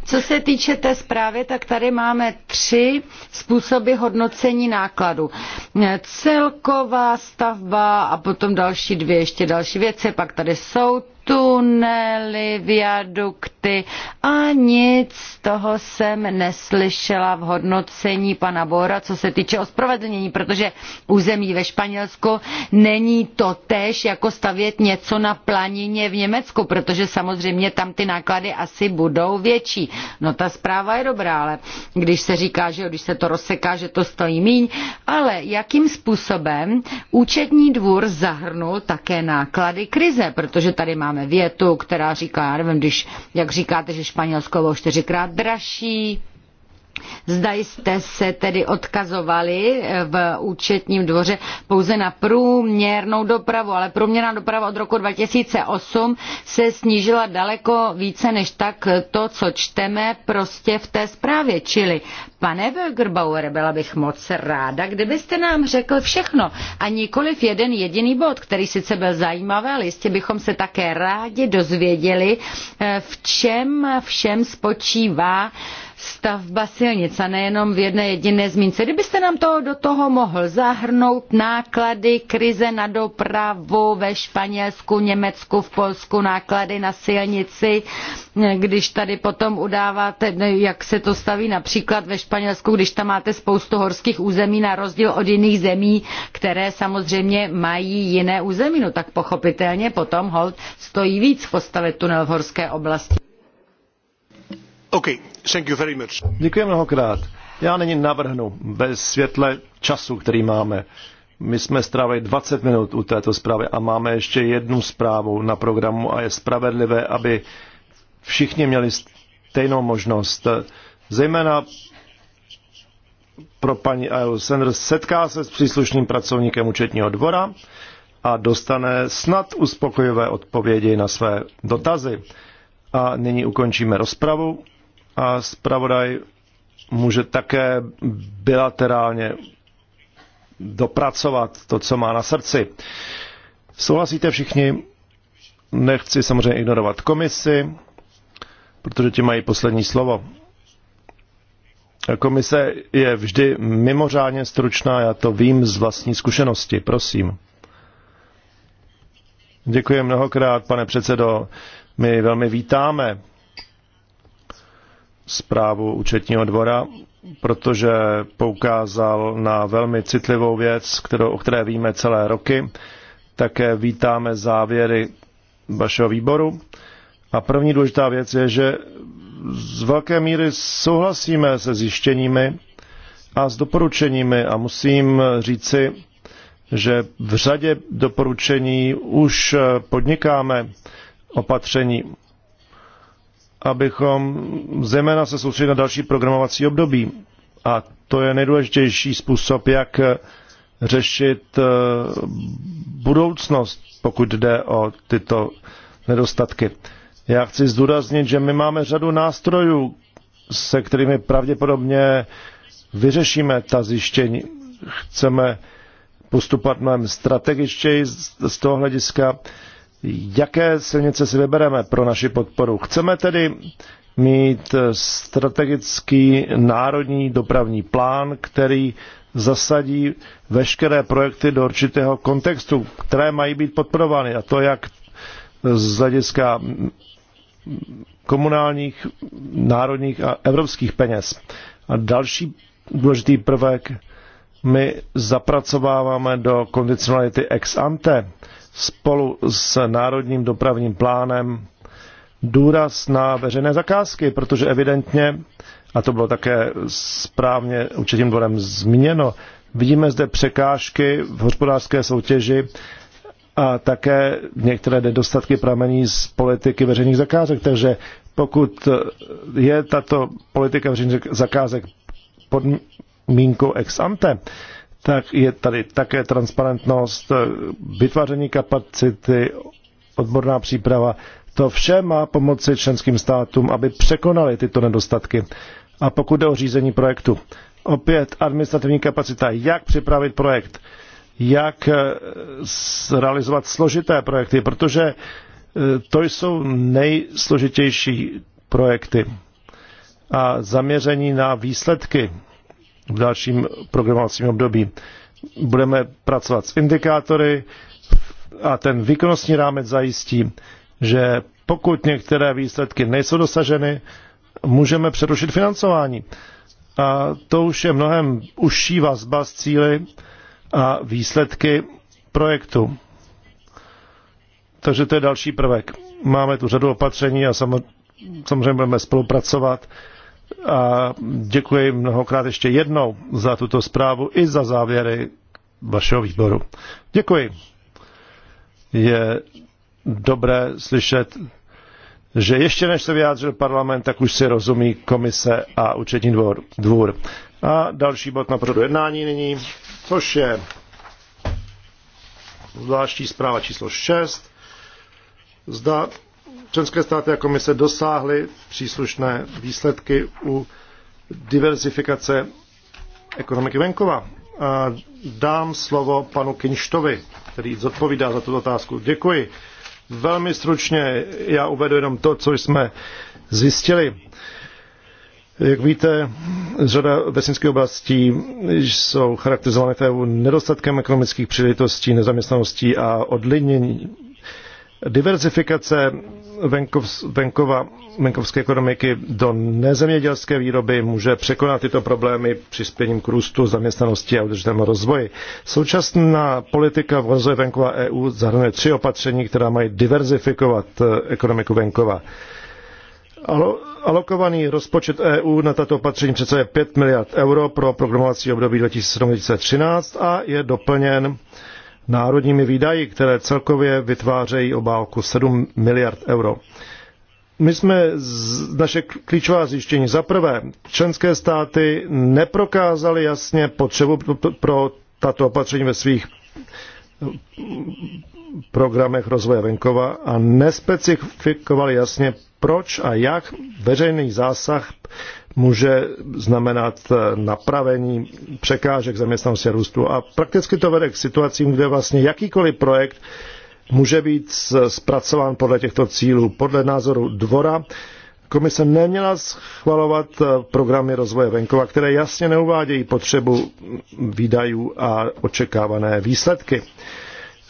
Co se týče té zprávy, tak tady máme tři způsoby hodnocení nákladu. Celková stavba a potom další dvě, ještě další věci, pak tady soud, tunely, viadukty a nic z toho jsem neslyšela v hodnocení pana Bora, co se týče ospravedlnění, protože území ve Španělsku není to tež jako stavět něco na planině v Německu, protože samozřejmě tam ty náklady asi budou větší. No ta zpráva je dobrá, ale když se říká, že když se to rozseká, že to stojí míň, ale jakým způsobem účetní dvůr zahrnul také náklady krize, protože tady máme máme větu, která říká, já nevím, když, jak říkáte, že Španělsko bylo čtyřikrát dražší, Zda jste se tedy odkazovali eh, v účetním dvoře pouze na průměrnou dopravu, ale průměrná doprava od roku 2008 se snížila daleko více než tak to, co čteme prostě v té zprávě. Čili, pane Bögerbauer, byla bych moc ráda, kdybyste nám řekl všechno a nikoliv jeden jediný bod, který sice byl zajímavý, ale jistě bychom se také rádi dozvěděli, eh, v čem všem spočívá stavba silnic a nejenom v jedné jediné zmínce. Kdybyste nám to do toho mohl zahrnout náklady krize na dopravu ve Španělsku, Německu, v Polsku, náklady na silnici, když tady potom udáváte, jak se to staví například ve Španělsku, když tam máte spoustu horských území na rozdíl od jiných zemí, které samozřejmě mají jiné území, no tak pochopitelně potom hold stojí víc postavit tunel v horské oblasti. Okay. Děkuji mnohokrát. Já nyní navrhnu ve světle času, který máme. My jsme strávili 20 minut u této zprávy a máme ještě jednu zprávu na programu a je spravedlivé, aby všichni měli stejnou možnost. Zejména pro paní Ayo Sanders setká se s příslušným pracovníkem účetního dvora a dostane snad uspokojivé odpovědi na své dotazy. A nyní ukončíme rozpravu a zpravodaj může také bilaterálně dopracovat to, co má na srdci. Souhlasíte všichni? Nechci samozřejmě ignorovat komisi, protože ti mají poslední slovo. Komise je vždy mimořádně stručná, já to vím z vlastní zkušenosti, prosím. Děkuji mnohokrát, pane předsedo. My velmi vítáme zprávu účetního dvora, protože poukázal na velmi citlivou věc, kterou, o které víme celé roky. Také vítáme závěry vašeho výboru. A první důležitá věc je, že z velké míry souhlasíme se zjištěními a s doporučeními a musím říci, že v řadě doporučení už podnikáme opatření abychom zejména se soustředili na další programovací období. A to je nejdůležitější způsob, jak řešit eh, budoucnost, pokud jde o tyto nedostatky. Já chci zdůraznit, že my máme řadu nástrojů, se kterými pravděpodobně vyřešíme ta zjištění. Chceme postupovat mnohem strategičtěji z toho hlediska jaké silnice si vybereme pro naši podporu. Chceme tedy mít strategický národní dopravní plán, který zasadí veškeré projekty do určitého kontextu, které mají být podporovány. A to jak z hlediska komunálních, národních a evropských peněz. A další důležitý prvek my zapracováváme do kondicionality ex ante spolu s Národním dopravním plánem důraz na veřejné zakázky, protože evidentně, a to bylo také správně určitým dvorem zmíněno, vidíme zde překážky v hospodářské soutěži a také některé nedostatky pramení z politiky veřejných zakázek. Takže pokud je tato politika veřejných zakázek podmínkou ex ante, tak je tady také transparentnost, vytváření kapacity, odborná příprava. To vše má pomoci členským státům, aby překonali tyto nedostatky. A pokud jde o řízení projektu, opět administrativní kapacita, jak připravit projekt, jak eh, realizovat složité projekty, protože eh, to jsou nejsložitější projekty. A zaměření na výsledky v dalším programovacím období. Budeme pracovat s indikátory a ten výkonnostní rámec zajistí, že pokud některé výsledky nejsou dosaženy, můžeme přerušit financování. A to už je mnohem užší vazba s cíly a výsledky projektu. Takže to je další prvek. Máme tu řadu opatření a samozřejmě budeme spolupracovat a děkuji mnohokrát ještě jednou za tuto zprávu i za závěry vašeho výboru. Děkuji. Je dobré slyšet, že ještě než se vyjádřil parlament, tak už si rozumí komise a účetní dvor, dvůr. A další bod na pořadu jednání nyní, což je zvláštní zpráva číslo 6. Zda členské státy a komise dosáhly příslušné výsledky u diversifikace ekonomiky venkova. A dám slovo panu Kinštovi, který zodpovídá za tuto otázku. Děkuji. Velmi stručně já uvedu jenom to, co jsme zjistili. Jak víte, řada vesnických oblastí jsou charakterizovány v EU nedostatkem ekonomických příležitostí, nezaměstnaností a odlinění. Diverzifikace venkov, venkova, venkovské ekonomiky do nezemědělské výroby může překonat tyto problémy přispěním k růstu, zaměstnanosti a udržitelnému rozvoji. Současná politika v rozvoji venkova EU zahrnuje tři opatření, která mají diverzifikovat eh, ekonomiku venkova. Alokovaný rozpočet EU na tato opatření přece je 5 miliard euro pro programovací období 2013 a je doplněn národními výdaji, které celkově vytvářejí obálku 7 miliard euro. My jsme z naše klíčová zjištění. Za prvé, členské státy neprokázaly jasně potřebu pro tato opatření ve svých programech rozvoje venkova a nespecifikovali jasně proč a jak veřejný zásah může znamenat napravení překážek zaměstnanosti a růstu. A prakticky to vede k situacím, kde vlastně jakýkoliv projekt může být zpracován podle těchto cílů. Podle názoru dvora komise neměla schvalovat eh, programy rozvoje venkova, které jasně neuvádějí potřebu výdajů a očekávané výsledky.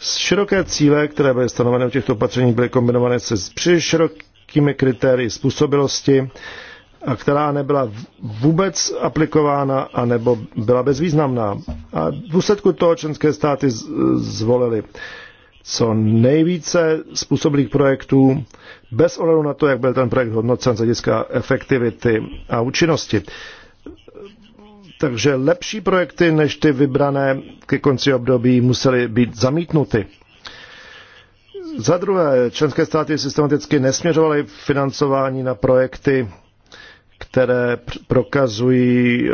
Široké cíle, které byly stanoveny u těchto opatření, byly kombinovány se příliš široký těžkými kritérii způsobilosti, a která nebyla vůbec aplikována a nebo byla bezvýznamná. A v důsledku toho členské státy zvolili, co nejvíce způsobných projektů bez ohledu na to, jak byl ten projekt hodnocen z hlediska efektivity a účinnosti. Takže lepší projekty než ty vybrané ke konci období musely být zamítnuty. Za druhé, členské státy systematicky nesměřovaly financování na projekty, které prokazují, eh,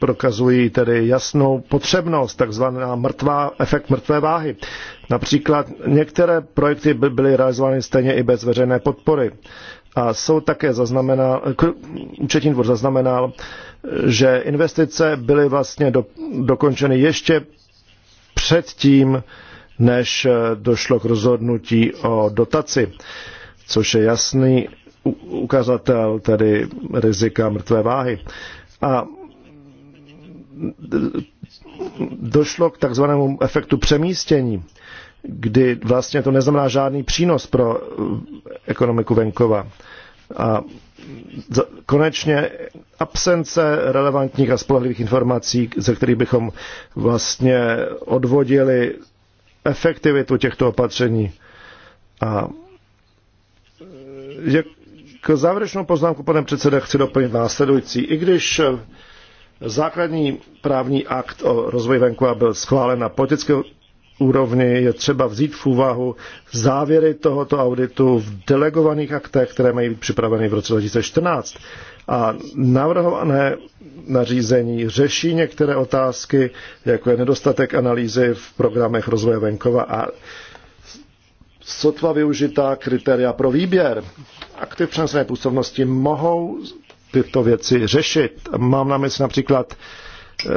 prokazují tedy jasnou potřebnost, takzvaná mrtvá, efekt mrtvé váhy. Například některé projekty by byly realizovány stejně i bez veřejné podpory. A jsou také zaznamenal, účetní dvor zaznamenal, že investice byly vlastně do, dokončeny ještě předtím, než eh, došlo k rozhodnutí o dotaci, což je jasný ukazatel tedy rizika mrtvé váhy. A došlo k takzvanému efektu přemístění, kdy vlastně to neznamená žádný přínos pro eh, ekonomiku venkova. A konečně absence relevantních a spolehlivých informací, ze kterých bychom vlastně odvodili efektivitu těchto opatření. A e, k závěrečnou poznámku, pane předseda, chci doplnit následující. I když e, základní právní akt o rozvoji venku byl schválen na politické úrovni, je třeba vzít v úvahu závěry tohoto auditu v delegovaných aktech, které mají být připraveny v roce 2014. A navrhované nařízení řeší některé otázky, jako je nedostatek analýzy v programech rozvoje venkova a sotva využitá kritéria pro výběr. Aktiv přenesené působnosti mohou tyto věci řešit. Mám na mysli například e,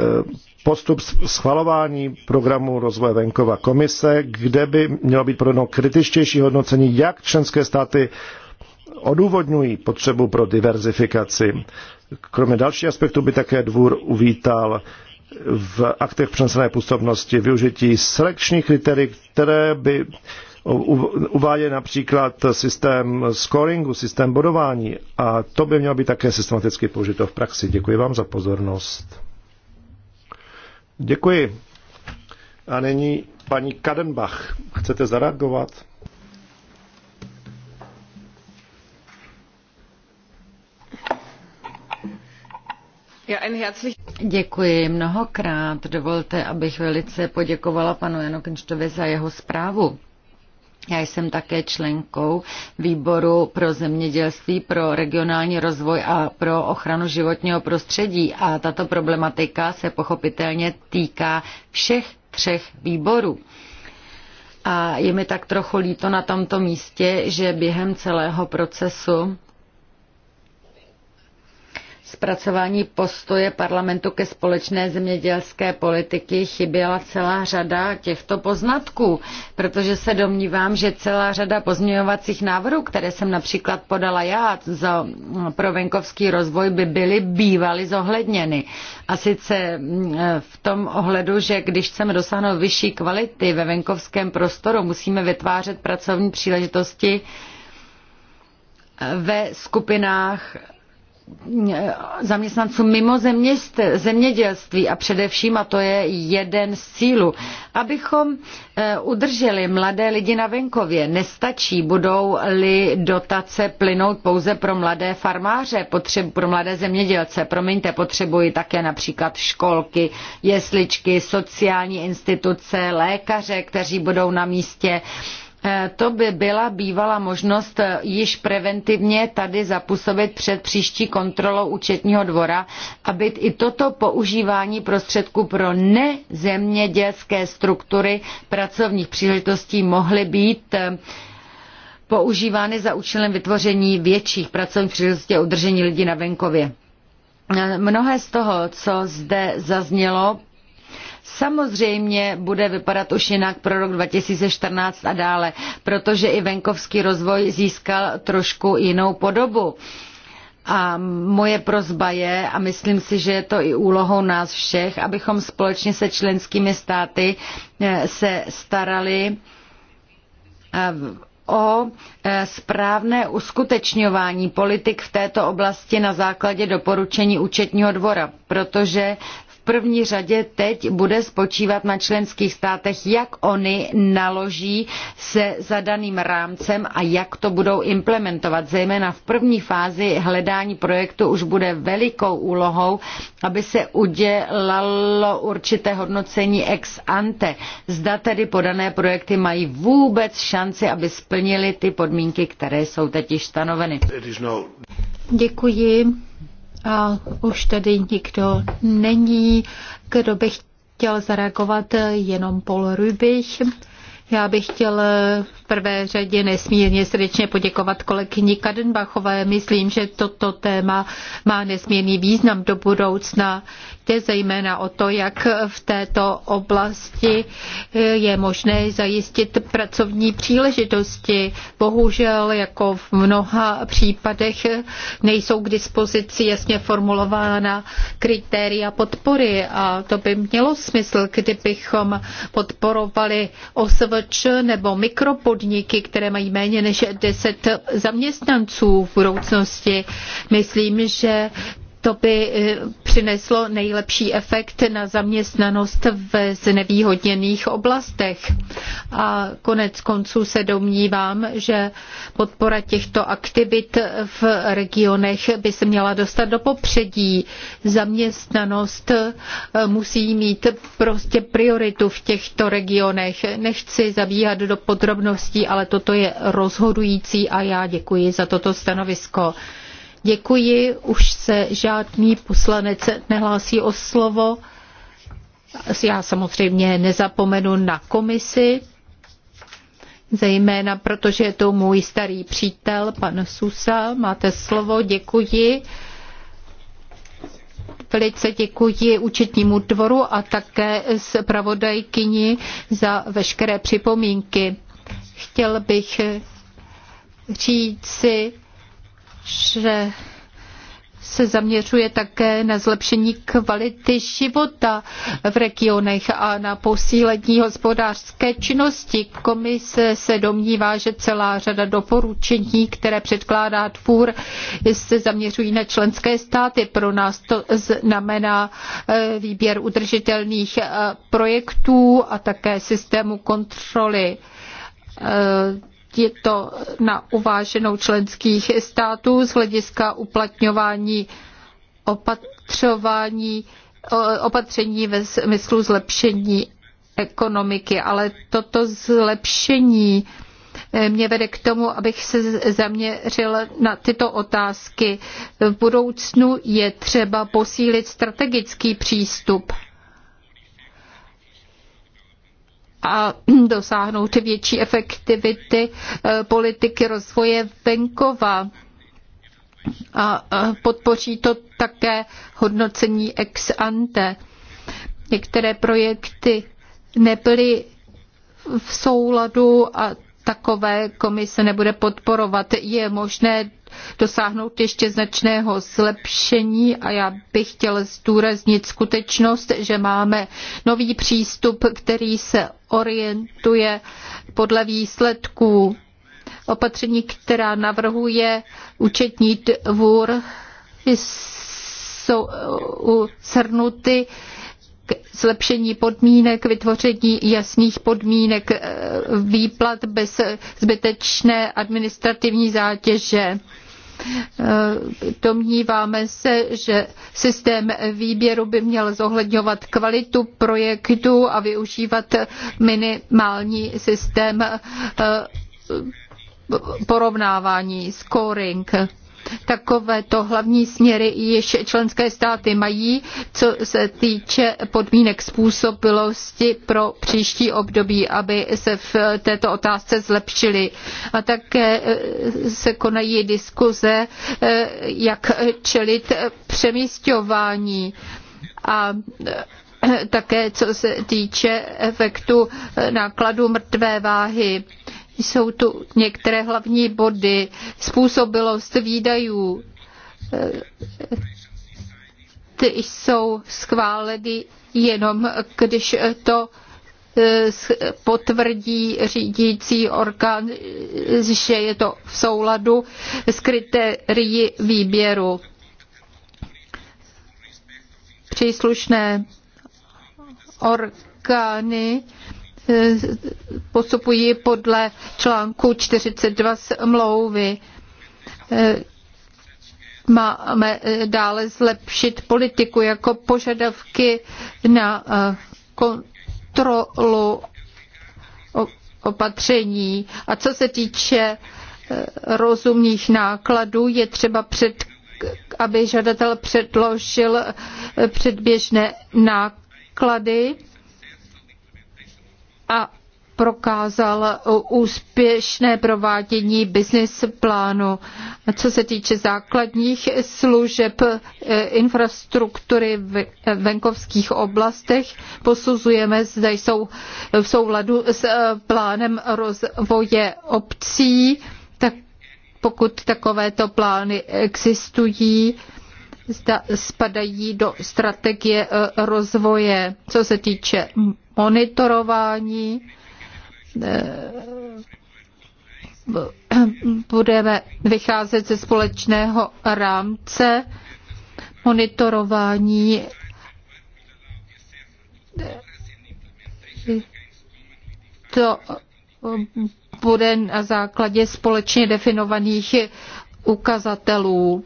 postup schvalování programu rozvoje venkova komise, kde by mělo být provedeno kritičtější hodnocení, jak členské státy odůvodňují potřebu pro diverzifikaci. Kromě dalších aspektů by také dvůr uvítal v aktech přenesené působnosti využití selekčních kritérií, které by uváděly například systém scoringu, systém bodování a to by mělo být také systematicky použito v praxi. Děkuji vám za pozornost. Děkuji. A nyní paní Kadenbach. Chcete zareagovat? Děkuji mnohokrát. Dovolte, abych velice poděkovala panu Janokenštovi za jeho zprávu. Já jsem také členkou výboru pro zemědělství, pro regionální rozvoj a pro ochranu životního prostředí a tato problematika se pochopitelně týká všech třech výborů. A je mi tak trochu líto na tomto místě, že během celého procesu zpracování postoje parlamentu ke společné zemědělské politiky chyběla celá řada těchto poznatků, protože se domnívám, že celá řada pozměňovacích návrhů, které jsem například podala já za, pro venkovský rozvoj, by byly bývaly zohledněny. A sice mm, v tom ohledu, že když chceme dosáhnout vyšší kvality ve venkovském prostoru, musíme vytvářet pracovní příležitosti ve skupinách Eh, zaměstnanců mimo zeměst, zemědělství a především, a to je jeden z cílů, abychom eh, udrželi mladé lidi na venkově. Nestačí, budou-li dotace plynout pouze pro mladé farmáře, potřebu, pro mladé zemědělce. Promiňte, potřebují také například školky, jesličky, sociální instituce, lékaře, kteří budou na místě Eh, to by byla bývala možnost eh, již preventivně tady zapůsobit před příští kontrolou účetního dvora, aby i toto používání prostředků pro nezemědělské struktury pracovních příležitostí mohly být eh, používány za účelem vytvoření větších pracovních příležitostí a udržení lidí na venkově. Mnohé z toho, co zde zaznělo, samozřejmě bude vypadat už jinak pro rok 2014 a dále, protože i venkovský rozvoj získal trošku jinou podobu. A moje prozba je, a myslím si, že je to i úlohou nás všech, abychom společně se členskými státy eh, se starali eh, o eh, správné uskutečňování politik v této oblasti na základě doporučení účetního dvora, protože první řadě teď bude spočívat na členských státech, jak oni naloží se zadaným rámcem a jak to budou implementovat. Zejména v první fázi hledání projektu už bude velikou úlohou, aby se udělalo určité hodnocení ex ante. Zda tedy podané projekty mají vůbec šanci, aby splnili ty podmínky, které jsou teď již stanoveny. No- Děkuji. A už tady nikdo není, kdo by chtěl zareagovat, jenom Paul Rubich. Já bych chtěl v prvé řadě nesmírně srdečně poděkovat kolegyni Kadenbachové. Myslím, že toto téma má nesmírný význam do budoucna. Jde zejména o to, jak v této oblasti je možné zajistit pracovní příležitosti. Bohužel, jako v mnoha případech, nejsou k dispozici jasně formulována kritéria podpory a to by mělo smysl, kdybychom podporovali OSVČ nebo mikropodniky, které mají méně než 10 zaměstnanců v budoucnosti. Myslím, že to by eh, přineslo nejlepší efekt na zaměstnanost v znevýhodněných oblastech. A konec konců se domnívám, že podpora těchto aktivit v regionech by se měla dostat do popředí. Zaměstnanost eh, musí mít prostě prioritu v těchto regionech. Nechci zabíhat do podrobností, ale toto je rozhodující a já děkuji za toto stanovisko. Děkuji, už se žádný poslanec nehlásí o slovo. Já samozřejmě nezapomenu na komisi, zejména protože je to můj starý přítel, pan Susa. Máte slovo, děkuji. Velice děkuji účetnímu dvoru a také zpravodajkyni za veškeré připomínky. Chtěl bych říct si že se zaměřuje také na zlepšení kvality života v regionech a na posílení hospodářské činnosti. Komise se domnívá, že celá řada doporučení, které předkládá tvůr, se zaměřují na členské státy. Pro nás to znamená eh, výběr udržitelných eh, projektů a také systému kontroly eh, je to na uváženou členských států z hlediska uplatňování opatřování, opatření ve smyslu zlepšení ekonomiky, ale toto zlepšení eh, mě vede k tomu, abych se zaměřil na tyto otázky. V budoucnu je třeba posílit strategický přístup a dosáhnout větší efektivity eh, politiky rozvoje venkova. A eh, podpoří to také hodnocení ex ante. Některé projekty nebyly v souladu a takové komise nebude podporovat. Je možné dosáhnout ještě značného zlepšení a já bych chtěl zdůraznit skutečnost, že máme nový přístup, který se orientuje podle výsledků opatření, která navrhuje účetní dvůr, jsou eh, shrnuty zlepšení podmínek, vytvoření jasných podmínek eh, výplat bez zbytečné administrativní zátěže. Eh, domníváme se, že systém výběru by měl zohledňovat kvalitu projektu a využívat minimální systém eh, porovnávání, scoring. Takovéto hlavní směry již členské státy mají, co se týče podmínek způsobilosti pro příští období, aby se v této otázce zlepšili, A také eh, se konají diskuze, eh, jak čelit přemístování a eh, také co se týče efektu nákladu mrtvé váhy jsou tu některé hlavní body, způsobilost výdajů, ty jsou schváleny jenom, když to eh, potvrdí řídící orgán, že je to v souladu s kritérií výběru. Příslušné orgány Eh, postupují podle článku 42 smlouvy. Eh, máme eh, dále zlepšit politiku jako požadavky na kontrolu opatření. A co se týče rozumných nákladů, je třeba před, aby žadatel předložil předběžné náklady a prokázal úspěšné provádění business plánu. Co se týče základních služeb eh, infrastruktury v venkovských oblastech, posuzujeme, zda jsou v souladu s eh, plánem rozvoje obcí, tak pokud takovéto plány existují, zda spadají do strategie eh, rozvoje, co se týče monitorování eh, budeme vycházet ze společného rámce monitorování eh, to bude na základě společně definovaných ukazatelů.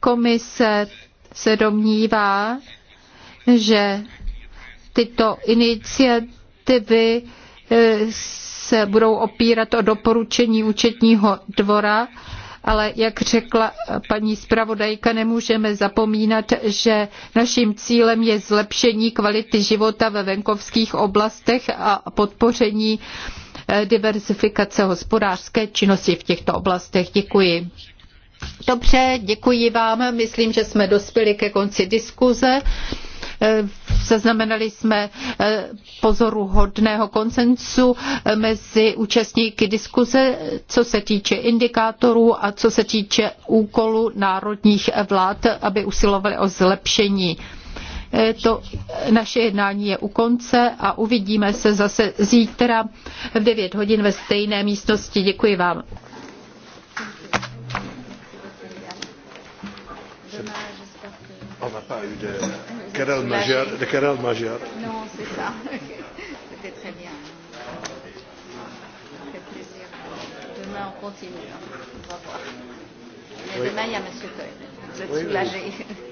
Komise se domnívá, že tyto iniciativy eh, se budou opírat o doporučení účetního dvora, ale jak řekla paní zpravodajka, nemůžeme zapomínat, že naším cílem je zlepšení kvality života ve venkovských oblastech a podpoření eh, diversifikace hospodářské činnosti v těchto oblastech. Děkuji. Dobře, děkuji vám. Myslím, že jsme dospěli ke konci diskuze. Eh, zaznamenali jsme eh, pozoruhodného konsensu eh, mezi účastníky diskuze, co se týče indikátorů a co se týče úkolu národních vlád, aby usilovali o zlepšení to naše jednání je u konce a uvidíme se zase zítra v 9 hodin ve stejné místnosti. Děkuji vám. On oh, n'a pas eu de querelle majeure. De querelle majeure. Non, c'est ça. C'était très bien. Ça fait plaisir. Demain, on continue. On va voir. Mais oui. demain, il y a M. Toy. Vous êtes oui, soulagés. Oui.